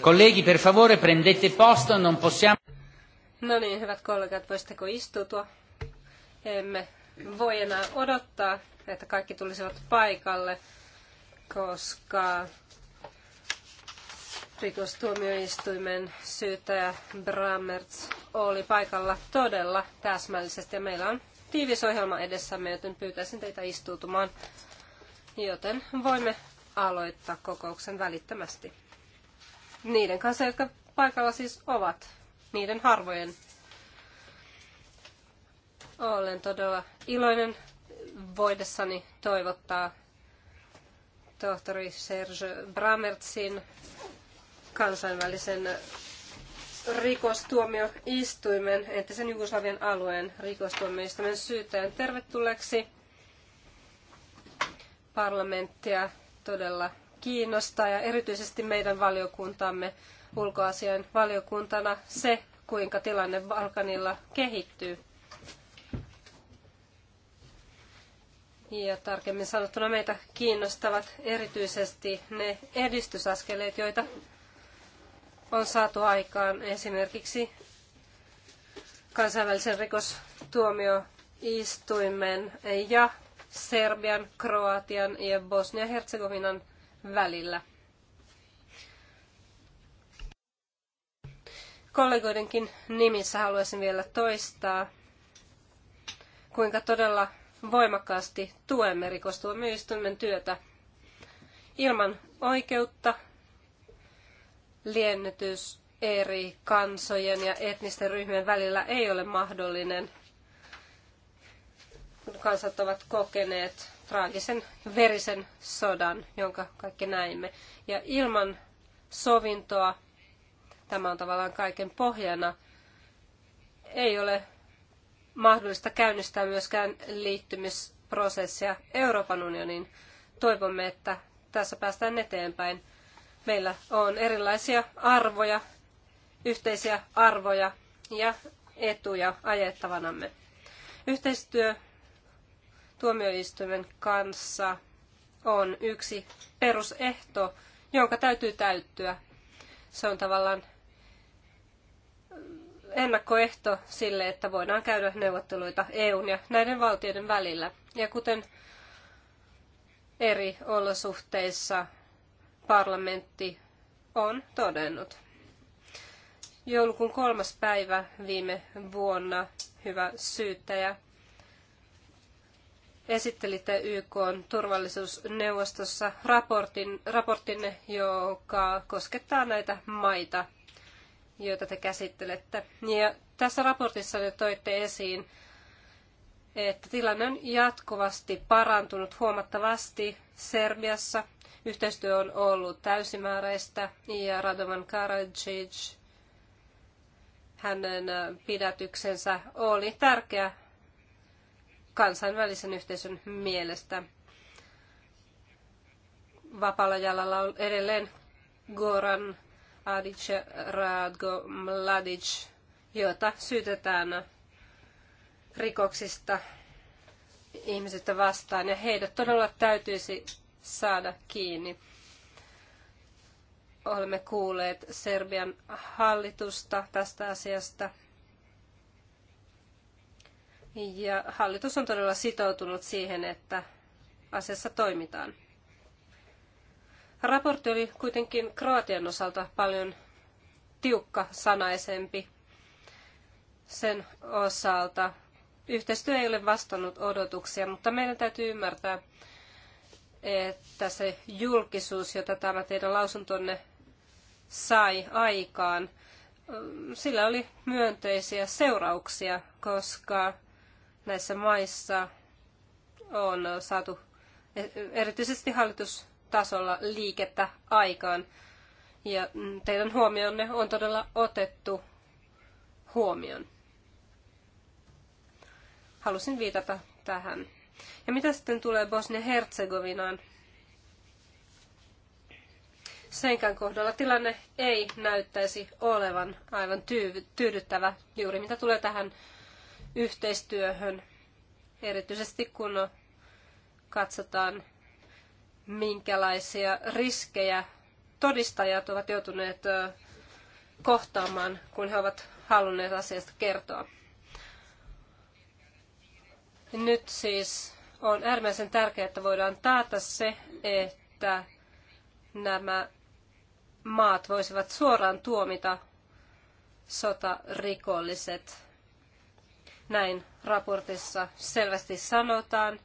Colleghi, per favore, prendete posto, non possiamo... No niin, hyvät kollegat, voisitteko istutua? Emme voi enää odottaa, että kaikki tulisivat paikalle, koska rikostuomioistuimen syyttäjä Brammerts oli paikalla todella täsmällisesti ja meillä on tiivis ohjelma edessämme, joten pyytäisin teitä istuutumaan, joten voimme aloittaa kokouksen välittömästi niiden kanssa, jotka paikalla siis ovat, niiden harvojen. Olen todella iloinen voidessani toivottaa tohtori Serge Bramertsin kansainvälisen rikostuomioistuimen, entisen Jugoslavian alueen rikostuomioistuimen syyttäjän tervetulleeksi parlamenttia todella kiinnostaa ja erityisesti meidän valiokuntamme ulkoasian valiokuntana se, kuinka tilanne Balkanilla kehittyy. Ja tarkemmin sanottuna meitä kiinnostavat erityisesti ne edistysaskeleet, joita on saatu aikaan esimerkiksi kansainvälisen rikostuomioistuimen ja Serbian, Kroatian ja Bosnia-Herzegovinan välillä. Kollegoidenkin nimissä haluaisin vielä toistaa, kuinka todella voimakkaasti tuemme rikostuomioistuimen työtä ilman oikeutta liennytys eri kansojen ja etnisten ryhmien välillä ei ole mahdollinen. Kansat ovat kokeneet traagisen verisen sodan, jonka kaikki näimme. Ja ilman sovintoa, tämä on tavallaan kaiken pohjana, ei ole mahdollista käynnistää myöskään liittymisprosessia Euroopan unioniin. Toivomme, että tässä päästään eteenpäin. Meillä on erilaisia arvoja, yhteisiä arvoja ja etuja ajettavanamme. Yhteistyö tuomioistuimen kanssa on yksi perusehto, jonka täytyy täyttyä. Se on tavallaan ennakkoehto sille, että voidaan käydä neuvotteluita EUn ja näiden valtioiden välillä. Ja kuten eri olosuhteissa parlamentti on todennut. Joulukuun kolmas päivä viime vuonna hyvä syyttäjä esittelitte YK turvallisuusneuvostossa raportin, raportinne, joka koskettaa näitä maita, joita te käsittelette. Ja tässä raportissa te toitte esiin, että tilanne on jatkuvasti parantunut huomattavasti Serbiassa. Yhteistyö on ollut täysimääräistä ja Radovan Karadžić hänen pidätyksensä oli tärkeä kansainvälisen yhteisön mielestä vapaalla jalalla on edelleen Goran Adic Radko Mladic, jota syytetään rikoksista ihmisyyttä vastaan ja heidät todella täytyisi saada kiinni. Olemme kuulleet Serbian hallitusta tästä asiasta ja hallitus on todella sitoutunut siihen, että asiassa toimitaan. Raportti oli kuitenkin Kroatian osalta paljon tiukka sanaisempi sen osalta. Yhteistyö ei ole vastannut odotuksia, mutta meidän täytyy ymmärtää, että se julkisuus, jota tämä teidän lausuntonne sai aikaan, sillä oli myönteisiä seurauksia, koska näissä maissa on saatu erityisesti hallitustasolla liikettä aikaan. Ja teidän huomionne on todella otettu huomioon. Halusin viitata tähän. Ja mitä sitten tulee Bosnia-Herzegovinaan? Senkään kohdalla tilanne ei näyttäisi olevan aivan tyydyttävä juuri mitä tulee tähän yhteistyöhön, erityisesti kun katsotaan, minkälaisia riskejä todistajat ovat joutuneet kohtaamaan, kun he ovat halunneet asiasta kertoa. Nyt siis on äärimmäisen tärkeää, että voidaan taata se, että nämä maat voisivat suoraan tuomita sotarikolliset näin raportissa selvästi sanotaan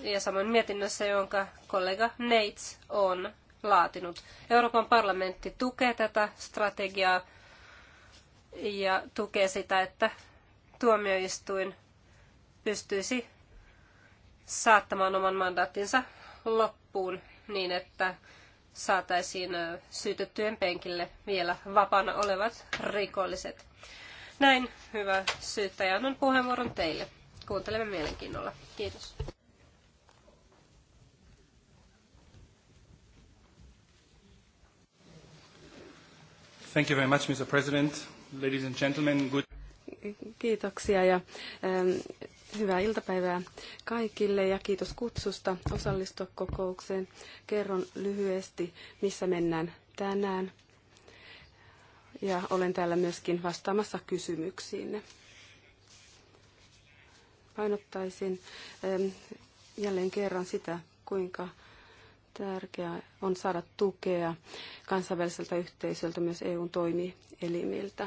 ja samoin mietinnössä, jonka kollega Neitz on laatinut. Euroopan parlamentti tukee tätä strategiaa ja tukee sitä, että tuomioistuin pystyisi saattamaan oman mandaattinsa loppuun niin, että saataisiin syytettyjen penkille vielä vapaana olevat rikolliset. Näin hyvä syyttäjä. Annan puheenvuoron teille. Kuuntelemme mielenkiinnolla. Kiitos. Thank you very much, Mr. President. Ladies and gentlemen, good... Kiitoksia ja ähm, hyvää iltapäivää kaikille ja kiitos kutsusta osallistua kokoukseen. Kerron lyhyesti, missä mennään tänään ja olen täällä myöskin vastaamassa kysymyksiinne. Painottaisin jälleen kerran sitä, kuinka tärkeää on saada tukea kansainväliseltä yhteisöltä myös EUn toimielimiltä.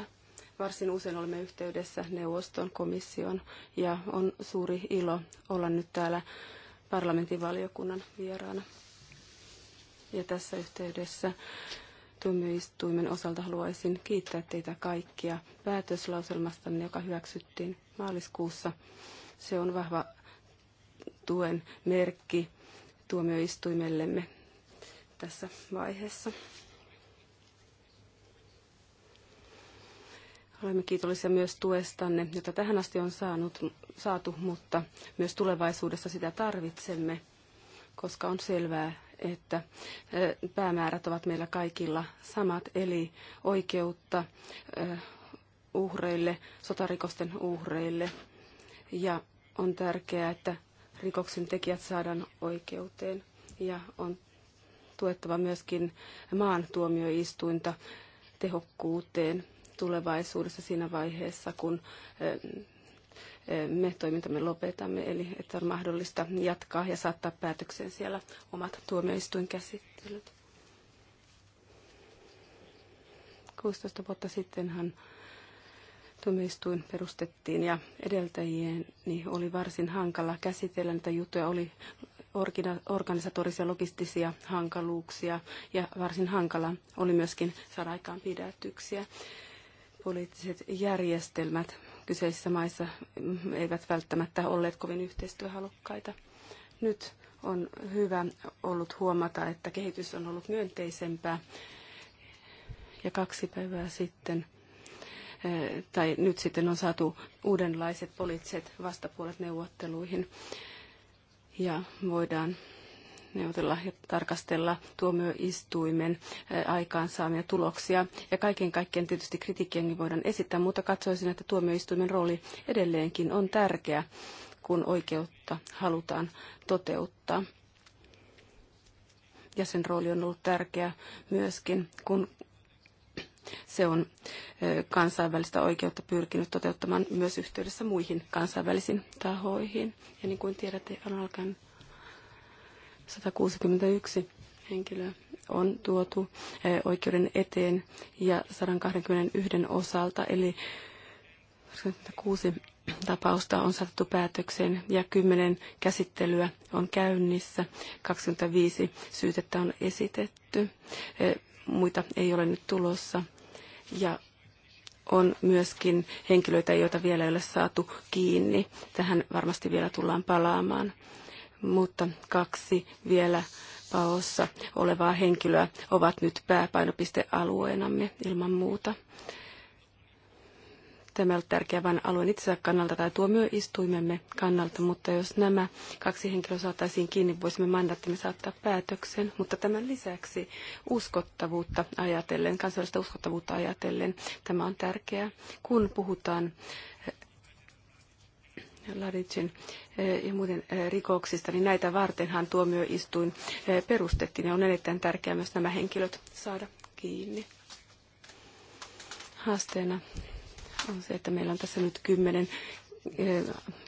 Varsin usein olemme yhteydessä neuvoston, komission ja on suuri ilo olla nyt täällä parlamentin valiokunnan vieraana. Ja tässä yhteydessä tuomioistuimen osalta haluaisin kiittää teitä kaikkia päätöslauselmastanne, joka hyväksyttiin maaliskuussa. Se on vahva tuen merkki tuomioistuimellemme tässä vaiheessa. Olemme kiitollisia myös tuestanne, jota tähän asti on saanut, saatu, mutta myös tulevaisuudessa sitä tarvitsemme, koska on selvää, että päämäärät ovat meillä kaikilla samat, eli oikeutta uhreille, sotarikosten uhreille. Ja on tärkeää, että rikoksen tekijät saadaan oikeuteen ja on tuettava myöskin maan tuomioistuinta tehokkuuteen tulevaisuudessa siinä vaiheessa, kun me toimintamme lopetamme, eli että on mahdollista jatkaa ja saattaa päätökseen siellä omat tuomioistuinkäsittelyt. 16 vuotta sittenhan tuomioistuin perustettiin ja edeltäjien niin oli varsin hankala käsitellä näitä juttuja. Oli organisatorisia logistisia hankaluuksia ja varsin hankala oli myöskin saada aikaan pidätyksiä. Poliittiset järjestelmät kyseisissä maissa mm, eivät välttämättä olleet kovin yhteistyöhalukkaita. Nyt on hyvä ollut huomata, että kehitys on ollut myönteisempää. Ja kaksi päivää sitten, eh, tai nyt sitten on saatu uudenlaiset poliittiset vastapuolet neuvotteluihin. Ja voidaan neuvotella ja tarkastella tuomioistuimen eh, aikaansaamia tuloksia. Ja kaiken kaikkiaan tietysti kritiikkiäkin voidaan esittää, mutta katsoisin, että tuomioistuimen rooli edelleenkin on tärkeä, kun oikeutta halutaan toteuttaa. Ja sen rooli on ollut tärkeä myöskin, kun se on eh, kansainvälistä oikeutta pyrkinyt toteuttamaan myös yhteydessä muihin kansainvälisiin tahoihin. Ja niin kuin tiedätte, on alkanut 161 henkilöä on tuotu eh, oikeuden eteen ja 121 osalta, eli 26 tapausta on saatettu päätökseen ja 10 käsittelyä on käynnissä, 25 syytettä on esitetty, eh, muita ei ole nyt tulossa ja on myöskin henkilöitä, joita vielä ei ole saatu kiinni. Tähän varmasti vielä tullaan palaamaan mutta kaksi vielä paossa olevaa henkilöä ovat nyt pääpainopistealueenamme ilman muuta. Tämä on tärkeä vain alueen itsensä kannalta tai tuomioistuimemme kannalta, mutta jos nämä kaksi henkilöä saataisiin kiinni, voisimme mandaattimme saattaa päätöksen. Mutta tämän lisäksi uskottavuutta ajatellen, kansallista uskottavuutta ajatellen, tämä on tärkeää, kun puhutaan Laditsin eh, ja muiden eh, rikoksista, niin näitä vartenhan tuomioistuin eh, perustettiin ja on erittäin tärkeää myös nämä henkilöt saada kiinni. Haasteena on se, että meillä on tässä nyt kymmenen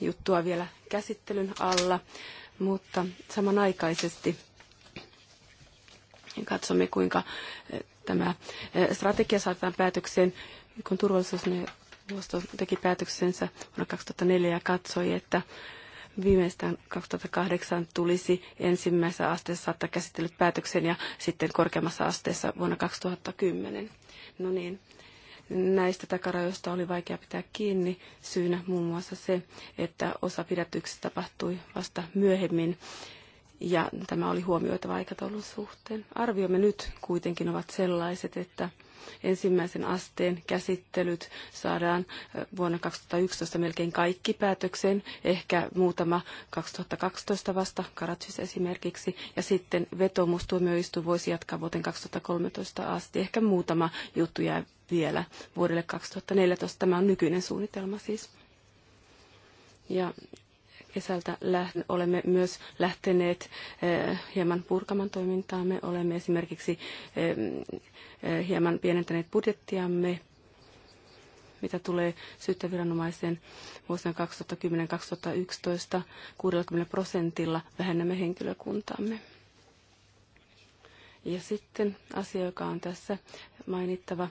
juttua vielä käsittelyn alla, mutta samanaikaisesti katsomme, kuinka tämä strategia saatetaan päätökseen kun turvallisuusneuvosto Neuvosto teki päätöksensä vuonna 2004 ja katsoi, että viimeistään 2008 tulisi ensimmäisessä asteessa saattaa käsittelyt päätöksen ja sitten korkeammassa asteessa vuonna 2010. No niin, näistä takarajoista oli vaikea pitää kiinni. Syynä muun muassa se, että osa pidätyksistä tapahtui vasta myöhemmin ja tämä oli huomioitava aikataulun suhteen. Arviomme nyt kuitenkin ovat sellaiset, että Ensimmäisen asteen käsittelyt saadaan vuonna 2011 melkein kaikki päätökseen, ehkä muutama 2012 vasta, Karatsys esimerkiksi, ja sitten vetomustuomioistuin voisi jatkaa vuoteen 2013 asti, ehkä muutama juttu jää vielä vuodelle 2014. Tämä on nykyinen suunnitelma siis. Ja kesältä läht- olemme myös lähteneet eh, hieman purkamaan toimintaamme. Olemme esimerkiksi eh, hieman pienentäneet budjettiamme mitä tulee syyttäviranomaisen vuosina 2010-2011 60 prosentilla vähennämme henkilökuntaamme. Ja sitten asia, joka on tässä mainittava,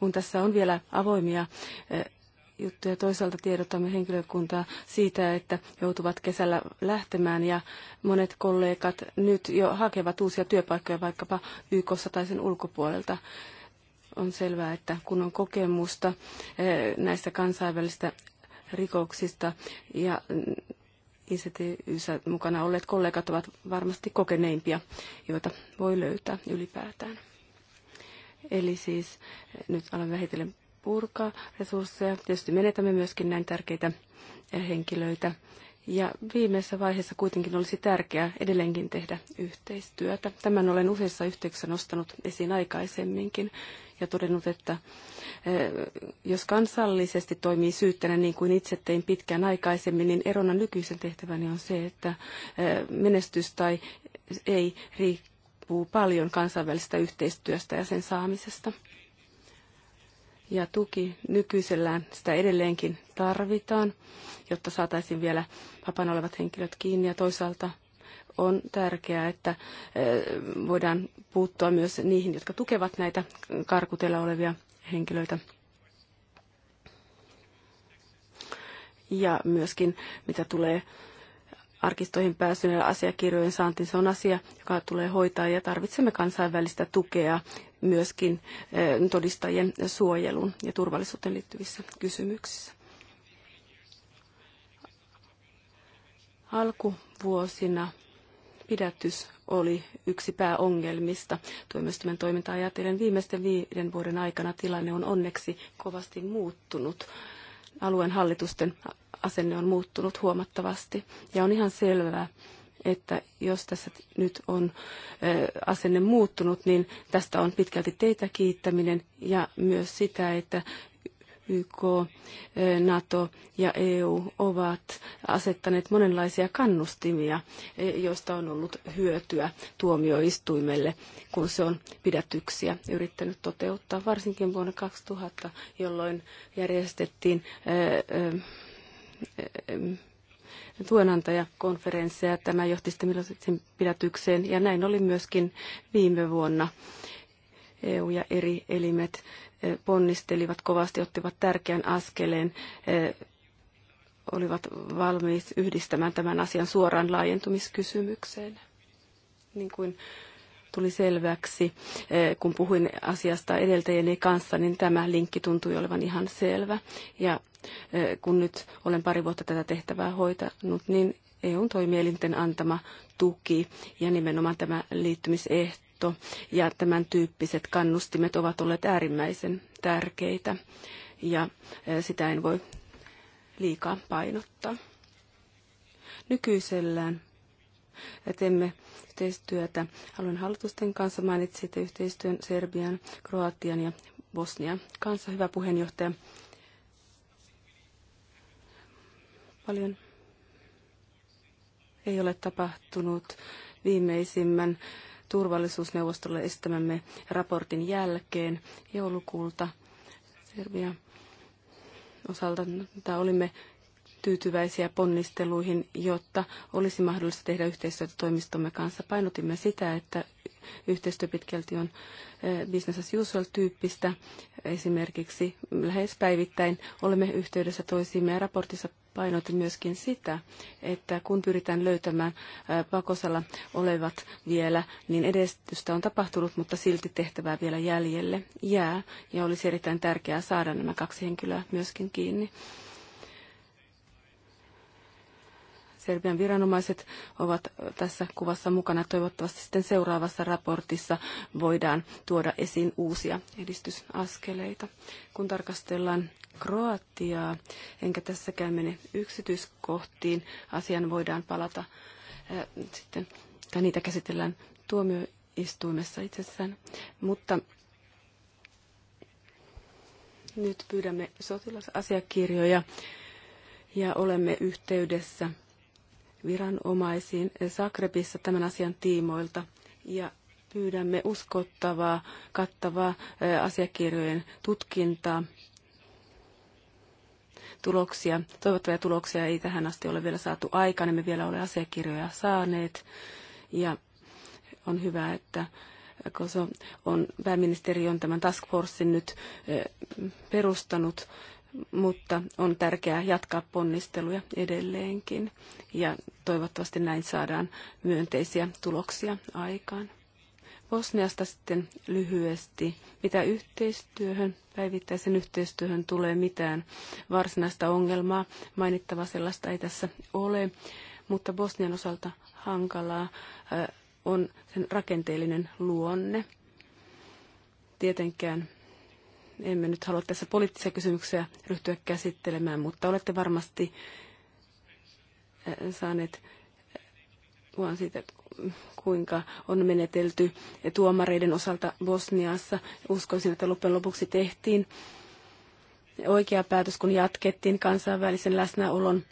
kun tässä on vielä avoimia eh, juttuja. Toisaalta tiedotamme henkilökuntaa siitä, että joutuvat kesällä lähtemään ja monet kollegat nyt jo hakevat uusia työpaikkoja vaikkapa YKssa tai sen ulkopuolelta. On selvää, että kun on kokemusta eh, näistä kansainvälisistä rikoksista ja ICTYssä mukana olleet kollegat ovat varmasti kokeneimpia, joita voi löytää ylipäätään. Eli siis eh, nyt alamme vähitellen purkaa resursseja. Tietysti menetämme myöskin näin tärkeitä eh, henkilöitä. Ja viimeisessä vaiheessa kuitenkin olisi tärkeää edelleenkin tehdä yhteistyötä. Tämän olen useissa yhteyksissä nostanut esiin aikaisemminkin ja todennut, että eh, jos kansallisesti toimii syyttänä niin kuin itse tein pitkään aikaisemmin, niin erona nykyisen tehtäväni on se, että menestys tai ei riippuu paljon kansainvälisestä yhteistyöstä ja sen saamisesta. Ja tuki nykyisellään sitä edelleenkin tarvitaan, jotta saataisiin vielä vapaana olevat henkilöt kiinni ja toisaalta on tärkeää, että eh, voidaan puuttua myös niihin, jotka tukevat näitä karkutella olevia henkilöitä. Ja myöskin mitä tulee arkistoihin pääsyn ja asiakirjojen saantiin. Se on asia, joka tulee hoitaa ja tarvitsemme kansainvälistä tukea myöskin eh, todistajien suojelun ja turvallisuuteen liittyvissä kysymyksissä. Alkuvuosina pidätys oli yksi pääongelmista. Tuomioistuimen toimintaa ajatellen viimeisten viiden vuoden aikana tilanne on onneksi kovasti muuttunut. Alueen hallitusten asenne on muuttunut huomattavasti. Ja on ihan selvää, että jos tässä nyt on asenne muuttunut, niin tästä on pitkälti teitä kiittäminen ja myös sitä, että YK, NATO ja EU ovat asettaneet monenlaisia kannustimia, e, joista on ollut hyötyä tuomioistuimelle, kun se on pidätyksiä yrittänyt toteuttaa, varsinkin vuonna 2000, jolloin järjestettiin Eh, tuenantajakonferensseja. Tämä johti sitten Milosevicin pidätykseen ja näin oli myöskin viime vuonna. EU ja eri elimet eh, ponnistelivat kovasti, ottivat tärkeän askeleen, eh, olivat valmiit yhdistämään tämän asian suoraan laajentumiskysymykseen. Niin kuin tuli selväksi, kun puhuin asiasta edeltäjieni kanssa, niin tämä linkki tuntui olevan ihan selvä. Ja Eh, kun nyt olen pari vuotta tätä tehtävää hoitanut, niin EUn toimielinten antama tuki ja nimenomaan tämä liittymisehto ja tämän tyyppiset kannustimet ovat olleet äärimmäisen tärkeitä ja eh, sitä en voi liikaa painottaa. Nykyisellään eh, teemme yhteistyötä alueen hallitusten kanssa. Mainitsitte yhteistyön Serbian, Kroatian ja Bosnian kanssa. Hyvä puheenjohtaja. Paljon ei ole tapahtunut viimeisimmän turvallisuusneuvostolle estämämme raportin jälkeen joulukuulta Serbia osalta. että olimme tyytyväisiä ponnisteluihin, jotta olisi mahdollista tehdä yhteistyötä toimistomme kanssa. Painotimme sitä, että yhteistyö pitkälti on eh, business as usual-tyyppistä. Esimerkiksi lähes päivittäin olemme yhteydessä toisiimme ja raportissa painotti myöskin sitä, että kun pyritään löytämään pakosalla olevat vielä, niin edistystä on tapahtunut, mutta silti tehtävää vielä jäljelle jää. Ja olisi erittäin tärkeää saada nämä kaksi henkilöä myöskin kiinni. Serbian viranomaiset ovat tässä kuvassa mukana. Toivottavasti sitten seuraavassa raportissa voidaan tuoda esiin uusia edistysaskeleita. Kun tarkastellaan Kroatiaa, enkä tässäkään mene yksityiskohtiin, asian voidaan palata sitten, tai niitä käsitellään tuomioistuimessa itsessään, mutta nyt pyydämme sotilasasiakirjoja ja olemme yhteydessä viranomaisiin Sakrebissa tämän asian tiimoilta ja pyydämme uskottavaa, kattavaa asiakirjojen tutkintaa. Tuloksia, toivottavia tuloksia ei tähän asti ole vielä saatu aikaan, emme vielä ole asiakirjoja saaneet. Ja on hyvä, että Koso on, pääministeri on tämän task nyt perustanut mutta on tärkeää jatkaa ponnisteluja edelleenkin ja toivottavasti näin saadaan myönteisiä tuloksia aikaan. Bosniasta sitten lyhyesti. Mitä yhteistyöhön, päivittäisen yhteistyöhön tulee mitään varsinaista ongelmaa, mainittava sellaista ei tässä ole, mutta Bosnian osalta hankalaa äh, on sen rakenteellinen luonne. Tietenkään emme nyt halua tässä poliittisia kysymyksiä ryhtyä käsittelemään, mutta olette varmasti äh, saaneet vaan äh, siitä, kuinka on menetelty tuomareiden osalta Bosniassa. Uskoisin, että loppujen lopuksi tehtiin oikea päätös, kun jatkettiin kansainvälisen läsnäolon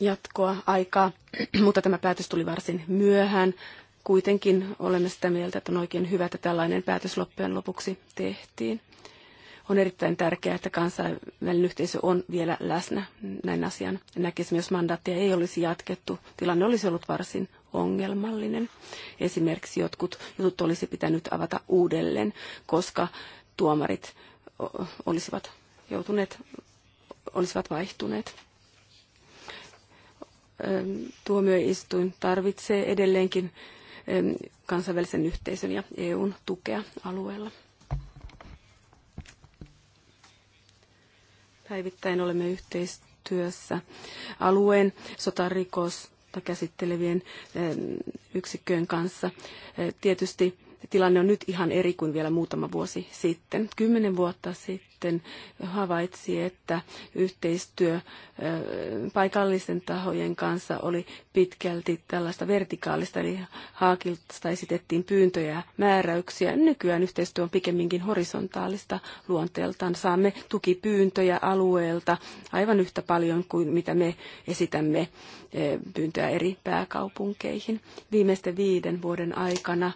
jatkoa aikaa, mutta tämä päätös tuli varsin myöhään kuitenkin olemme sitä mieltä, että on oikein hyvä, että tällainen päätös loppujen lopuksi tehtiin. On erittäin tärkeää, että kansainvälinen yhteisö on vielä läsnä näin asian näkisimme, jos mandaattia ei olisi jatkettu. Tilanne olisi ollut varsin ongelmallinen. Esimerkiksi jotkut jutut olisi pitänyt avata uudelleen, koska tuomarit olisivat joutuneet, olisivat vaihtuneet tuomioistuin tarvitsee edelleenkin kansainvälisen yhteisön ja EUn tukea alueella. Päivittäin olemme yhteistyössä alueen sotarikos käsittelevien yksikköjen kanssa. Tietysti tilanne on nyt ihan eri kuin vielä muutama vuosi sitten. Kymmenen vuotta sitten havaitsi, että yhteistyö paikallisten tahojen kanssa oli pitkälti tällaista vertikaalista, eli haakilta esitettiin pyyntöjä ja määräyksiä. Nykyään yhteistyö on pikemminkin horisontaalista luonteeltaan. Saamme tukipyyntöjä alueelta aivan yhtä paljon kuin mitä me esitämme pyyntöjä eri pääkaupunkeihin. Viimeisten viiden vuoden aikana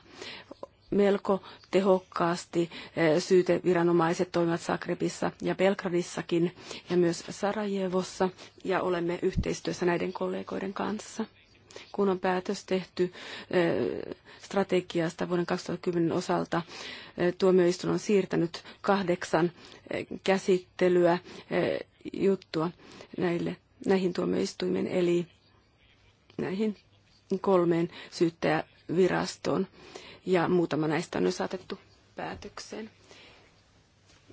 melko tehokkaasti. Eh, syyteviranomaiset toimivat Sakrebissa ja Belgradissakin ja myös Sarajevossa ja olemme yhteistyössä näiden kollegoiden kanssa. Kun on päätös tehty eh, strategiasta vuoden 2010 osalta, eh, tuomioistuin on siirtänyt kahdeksan käsittelyä juttua näille, näihin tuomioistuimen eli näihin kolmeen syyttäjävirastoon. virastoon ja muutama näistä on jo saatettu päätökseen.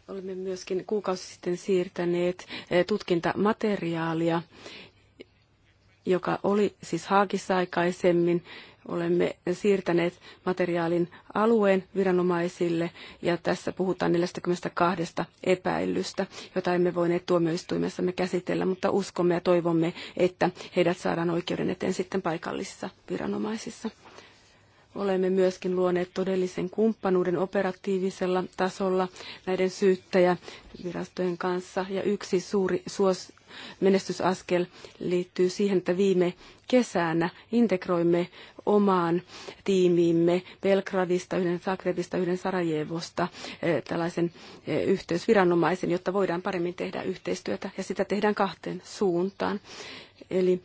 Olemme myöskin kuukausi sitten siirtäneet eh, tutkintamateriaalia, joka oli siis haakissa aikaisemmin. Olemme siirtäneet materiaalin alueen viranomaisille ja tässä puhutaan 42 epäilystä, jota emme voineet tuomioistuimessamme käsitellä, mutta uskomme ja toivomme, että heidät saadaan oikeuden eteen sitten paikallisissa viranomaisissa. Olemme myöskin luoneet todellisen kumppanuuden operatiivisella tasolla näiden syyttäjävirastojen kanssa. Ja yksi suuri suos menestysaskel liittyy siihen, että viime kesänä integroimme omaan tiimiimme Belgradista, yhden Zagrebista, yhden Sarajevosta eh, tällaisen eh, yhteysviranomaisen, jotta voidaan paremmin tehdä yhteistyötä ja sitä tehdään kahteen suuntaan. Eli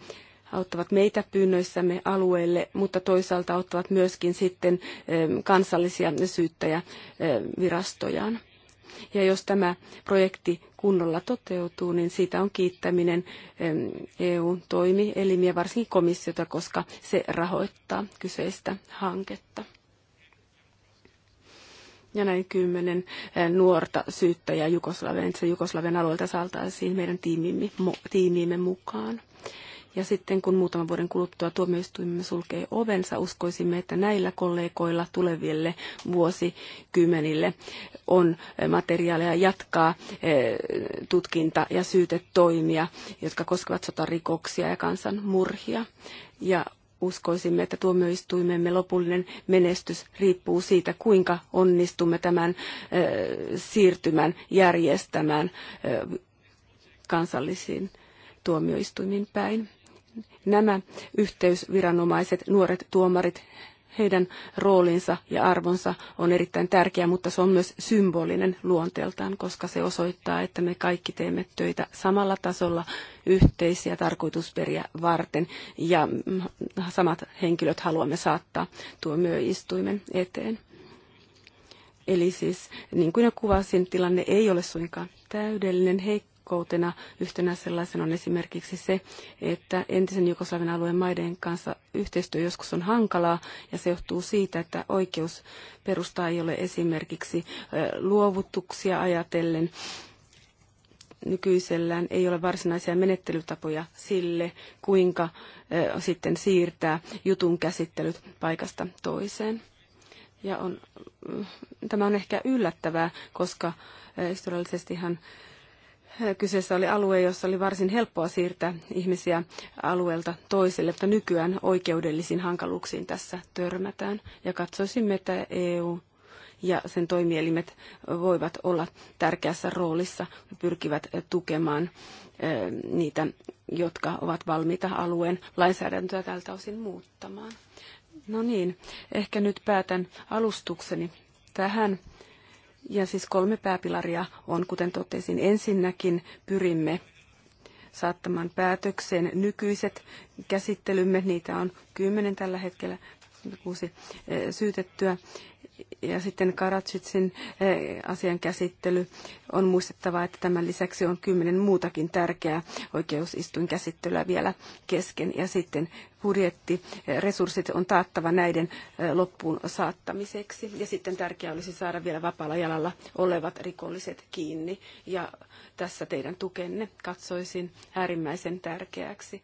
auttavat meitä pyynnöissämme alueelle, mutta toisaalta auttavat myöskin sitten kansallisia syyttäjävirastojaan. Ja jos tämä projekti kunnolla toteutuu, niin siitä on kiittäminen EU-toimielimiä, varsinkin komissiota, koska se rahoittaa kyseistä hanketta. Ja näin kymmenen nuorta syyttäjää Jugoslavian, Jugoslavian alueelta saataisiin meidän tiimiimme, tiimiimme mukaan. Ja sitten kun muutaman vuoden kuluttua tuomioistuimme sulkee ovensa, uskoisimme, että näillä kollegoilla tuleville vuosikymmenille on eh, materiaalia jatkaa eh, tutkinta- ja syytetoimia, jotka koskevat sotarikoksia ja kansanmurhia. Ja uskoisimme, että tuomioistuimemme lopullinen menestys riippuu siitä, kuinka onnistumme tämän eh, siirtymän järjestämään kansallisiin tuomioistuimiin päin nämä yhteysviranomaiset, nuoret tuomarit, heidän roolinsa ja arvonsa on erittäin tärkeä, mutta se on myös symbolinen luonteeltaan, koska se osoittaa, että me kaikki teemme töitä samalla tasolla yhteisiä tarkoitusperiä varten ja mm, samat henkilöt haluamme saattaa tuomioistuimen eteen. Eli siis, niin kuin jo kuvasin, tilanne ei ole suinkaan täydellinen, heikko heikkoutena yhtenä sellaisen on esimerkiksi se, että entisen Jugoslavin alueen maiden kanssa yhteistyö joskus on hankalaa ja se johtuu siitä, että oikeus perustaa ei ole esimerkiksi luovutuksia ajatellen nykyisellään ei ole varsinaisia menettelytapoja sille, kuinka sitten siirtää jutun käsittelyt paikasta toiseen. Ja on, tämä on ehkä yllättävää, koska historiallisestihan Kyseessä oli alue, jossa oli varsin helppoa siirtää ihmisiä alueelta toiselle, mutta nykyään oikeudellisiin hankaluuksiin tässä törmätään. Ja katsoisimme, että EU ja sen toimielimet voivat olla tärkeässä roolissa, pyrkivät tukemaan niitä, jotka ovat valmiita alueen lainsäädäntöä tältä osin muuttamaan. No niin, ehkä nyt päätän alustukseni tähän ja siis kolme pääpilaria on, kuten totesin, ensinnäkin pyrimme saattamaan päätökseen nykyiset käsittelymme, niitä on kymmenen tällä hetkellä kuusi e, syytettyä. Ja sitten Karatsitsin e, asian käsittely. On muistettava, että tämän lisäksi on kymmenen muutakin tärkeää oikeusistuin käsittelyä vielä kesken. Ja sitten budjetti, e, resurssit on taattava näiden loppuun saattamiseksi. Ja sitten tärkeää olisi saada vielä vapaalla jalalla olevat rikolliset kiinni. Ja tässä teidän tukenne katsoisin äärimmäisen tärkeäksi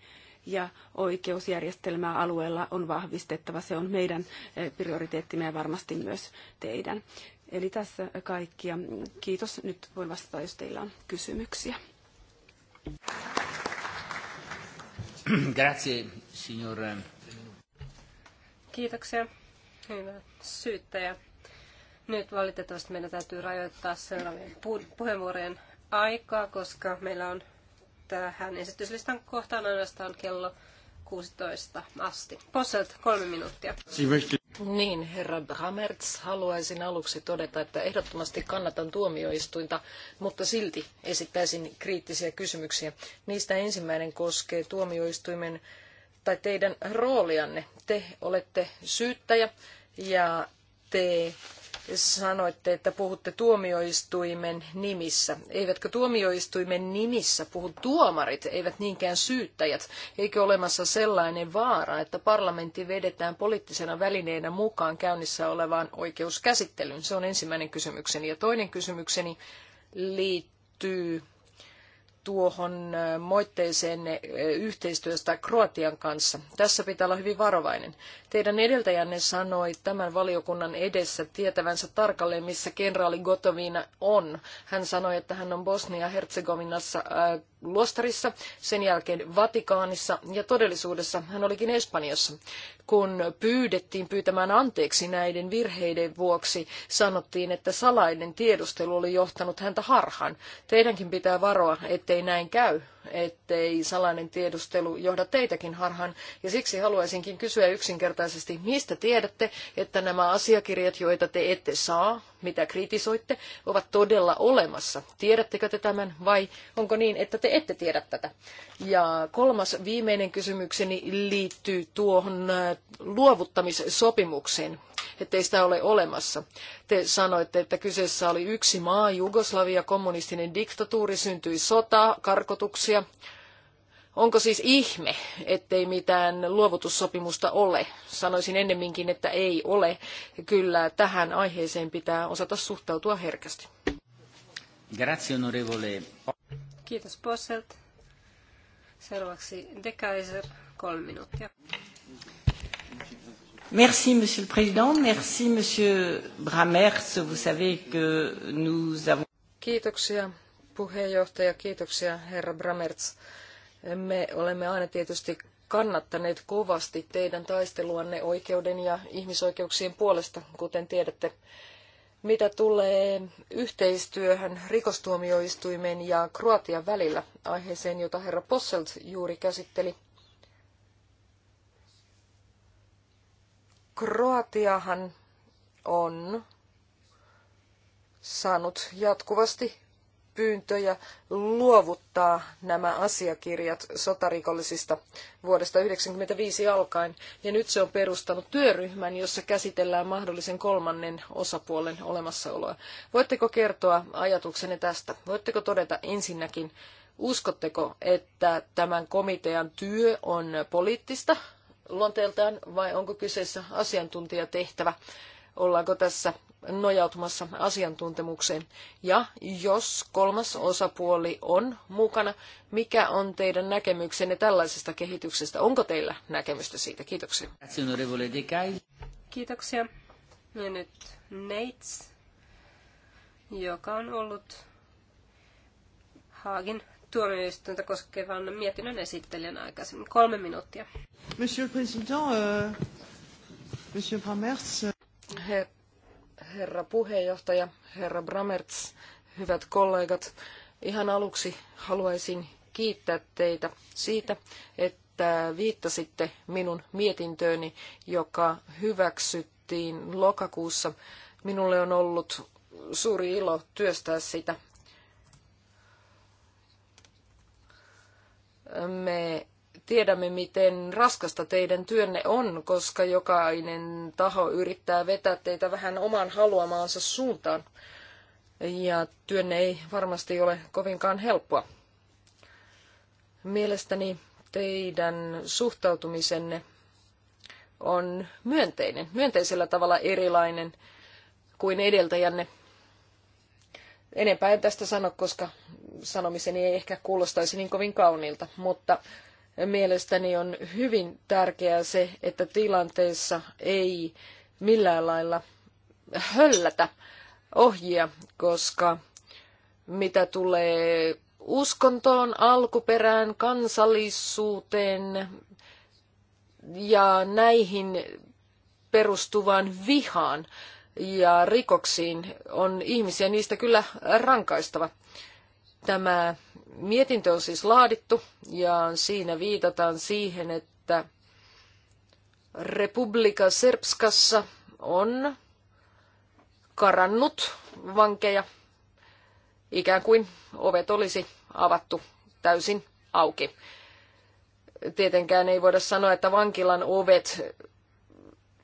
ja oikeusjärjestelmää alueella on vahvistettava. Se on meidän eh, prioriteettimme ja varmasti myös teidän. Eli tässä kaikki ja kiitos. Nyt voin vastata, jos teillä on kysymyksiä. Grazie, signor. Kiitoksia. Hyvä syyttäjä. Nyt valitettavasti meidän täytyy rajoittaa seuraavien puheenvuorojen aikaa, koska meillä on tähän esityslistan kohtaan ainoastaan kello 16 asti. Posselt kolme minuuttia. Niin, herra Bramertz, haluaisin aluksi todeta, että ehdottomasti kannatan tuomioistuinta, mutta silti esittäisin kriittisiä kysymyksiä. Niistä ensimmäinen koskee tuomioistuimen tai teidän roolianne. Te olette syyttäjä ja te sanoitte, että puhutte tuomioistuimen nimissä. Eivätkö tuomioistuimen nimissä puhu tuomarit, eivät niinkään syyttäjät? Eikö olemassa sellainen vaara, että parlamentti vedetään poliittisena välineenä mukaan käynnissä olevaan oikeuskäsittelyyn? Se on ensimmäinen kysymykseni. Ja toinen kysymykseni liittyy tuohon moitteeseen yhteistyöstä Kroatian kanssa. Tässä pitää olla hyvin varovainen. Teidän edeltäjänne sanoi tämän valiokunnan edessä tietävänsä tarkalleen, missä kenraali Gotovina on. Hän sanoi, että hän on Bosnia-Herzegovinassa luostarissa, sen jälkeen Vatikaanissa ja todellisuudessa hän olikin Espanjassa. Kun pyydettiin pyytämään anteeksi näiden virheiden vuoksi, sanottiin, että salainen tiedustelu oli johtanut häntä harhaan. Teidänkin pitää varoa, ettei näin käy, ettei salainen tiedustelu johda teitäkin harhaan, ja siksi haluaisinkin kysyä yksinkertaisesti, mistä tiedätte, että nämä asiakirjat, joita te ette saa, mitä kritisoitte, ovat todella olemassa. Tiedättekö te tämän vai onko niin, että te ette tiedä tätä? Ja kolmas viimeinen kysymykseni liittyy tuohon äh, luovuttamissopimukseen ettei sitä ole olemassa. Te sanoitte, että kyseessä oli yksi maa, Jugoslavia, kommunistinen diktatuuri, syntyi sota, karkotuksia. Onko siis ihme, ettei mitään luovutussopimusta ole? Sanoisin ennemminkin, että ei ole. Kyllä tähän aiheeseen pitää osata suhtautua herkästi. Grazie, onorevole. Kiitos Posselt. Seuraavaksi De Kaiser, kolme minuuttia. Merci, Monsieur le Président. Merci, Monsieur Bramers. Vous savez que nous avons... Kiitoksia, puheenjohtaja. Kiitoksia, herra Bramerts. Me olemme aina tietysti kannattaneet kovasti teidän taisteluanne oikeuden ja ihmisoikeuksien puolesta, kuten tiedätte. Mitä tulee yhteistyöhön rikostuomioistuimen ja Kroatian välillä, aiheeseen, jota herra Posselt juuri käsitteli, Kroatiahan on saanut jatkuvasti pyyntöjä luovuttaa nämä asiakirjat sotarikollisista vuodesta 1995 alkaen, ja nyt se on perustanut työryhmän, jossa käsitellään mahdollisen kolmannen osapuolen olemassaoloa. Voitteko kertoa ajatuksenne tästä? Voitteko todeta ensinnäkin, uskotteko, että tämän komitean työ on poliittista luonteeltaan vai onko kyseessä asiantuntijatehtävä? Ollaanko tässä nojautumassa asiantuntemukseen? Ja jos kolmas osapuoli on mukana, mikä on teidän näkemyksenne tällaisesta kehityksestä? Onko teillä näkemystä siitä? Kiitoksia. Kiitoksia. Ja nyt Nates joka on ollut Haagin tuomioistuinta koskevan mietinnön esittelijän aikaisemmin. Kolme minuuttia. Monsieur le Président, euh, Monsieur herra puheenjohtaja, herra Bramertz, hyvät kollegat. Ihan aluksi haluaisin kiittää teitä siitä, että viittasitte minun mietintööni, joka hyväksyttiin lokakuussa. Minulle on ollut suuri ilo työstää sitä me tiedämme, miten raskasta teidän työnne on, koska jokainen taho yrittää vetää teitä vähän oman haluamaansa suuntaan. Ja työnne ei varmasti ole kovinkaan helppoa. Mielestäni teidän suhtautumisenne on myönteinen, myönteisellä tavalla erilainen kuin edeltäjänne. Enempää en tästä sano, koska sanomiseni ei ehkä kuulostaisi niin kovin kauniilta, mutta mielestäni on hyvin tärkeää se, että tilanteessa ei millään lailla höllätä ohjia, koska mitä tulee uskontoon, alkuperään, kansallisuuteen ja näihin perustuvaan vihaan ja rikoksiin on ihmisiä niistä kyllä rankaistava. Tämä mietintö on siis laadittu ja siinä viitataan siihen, että Republika Serbskassa on karannut vankeja, ikään kuin ovet olisi avattu täysin auki. Tietenkään ei voida sanoa, että vankilan ovet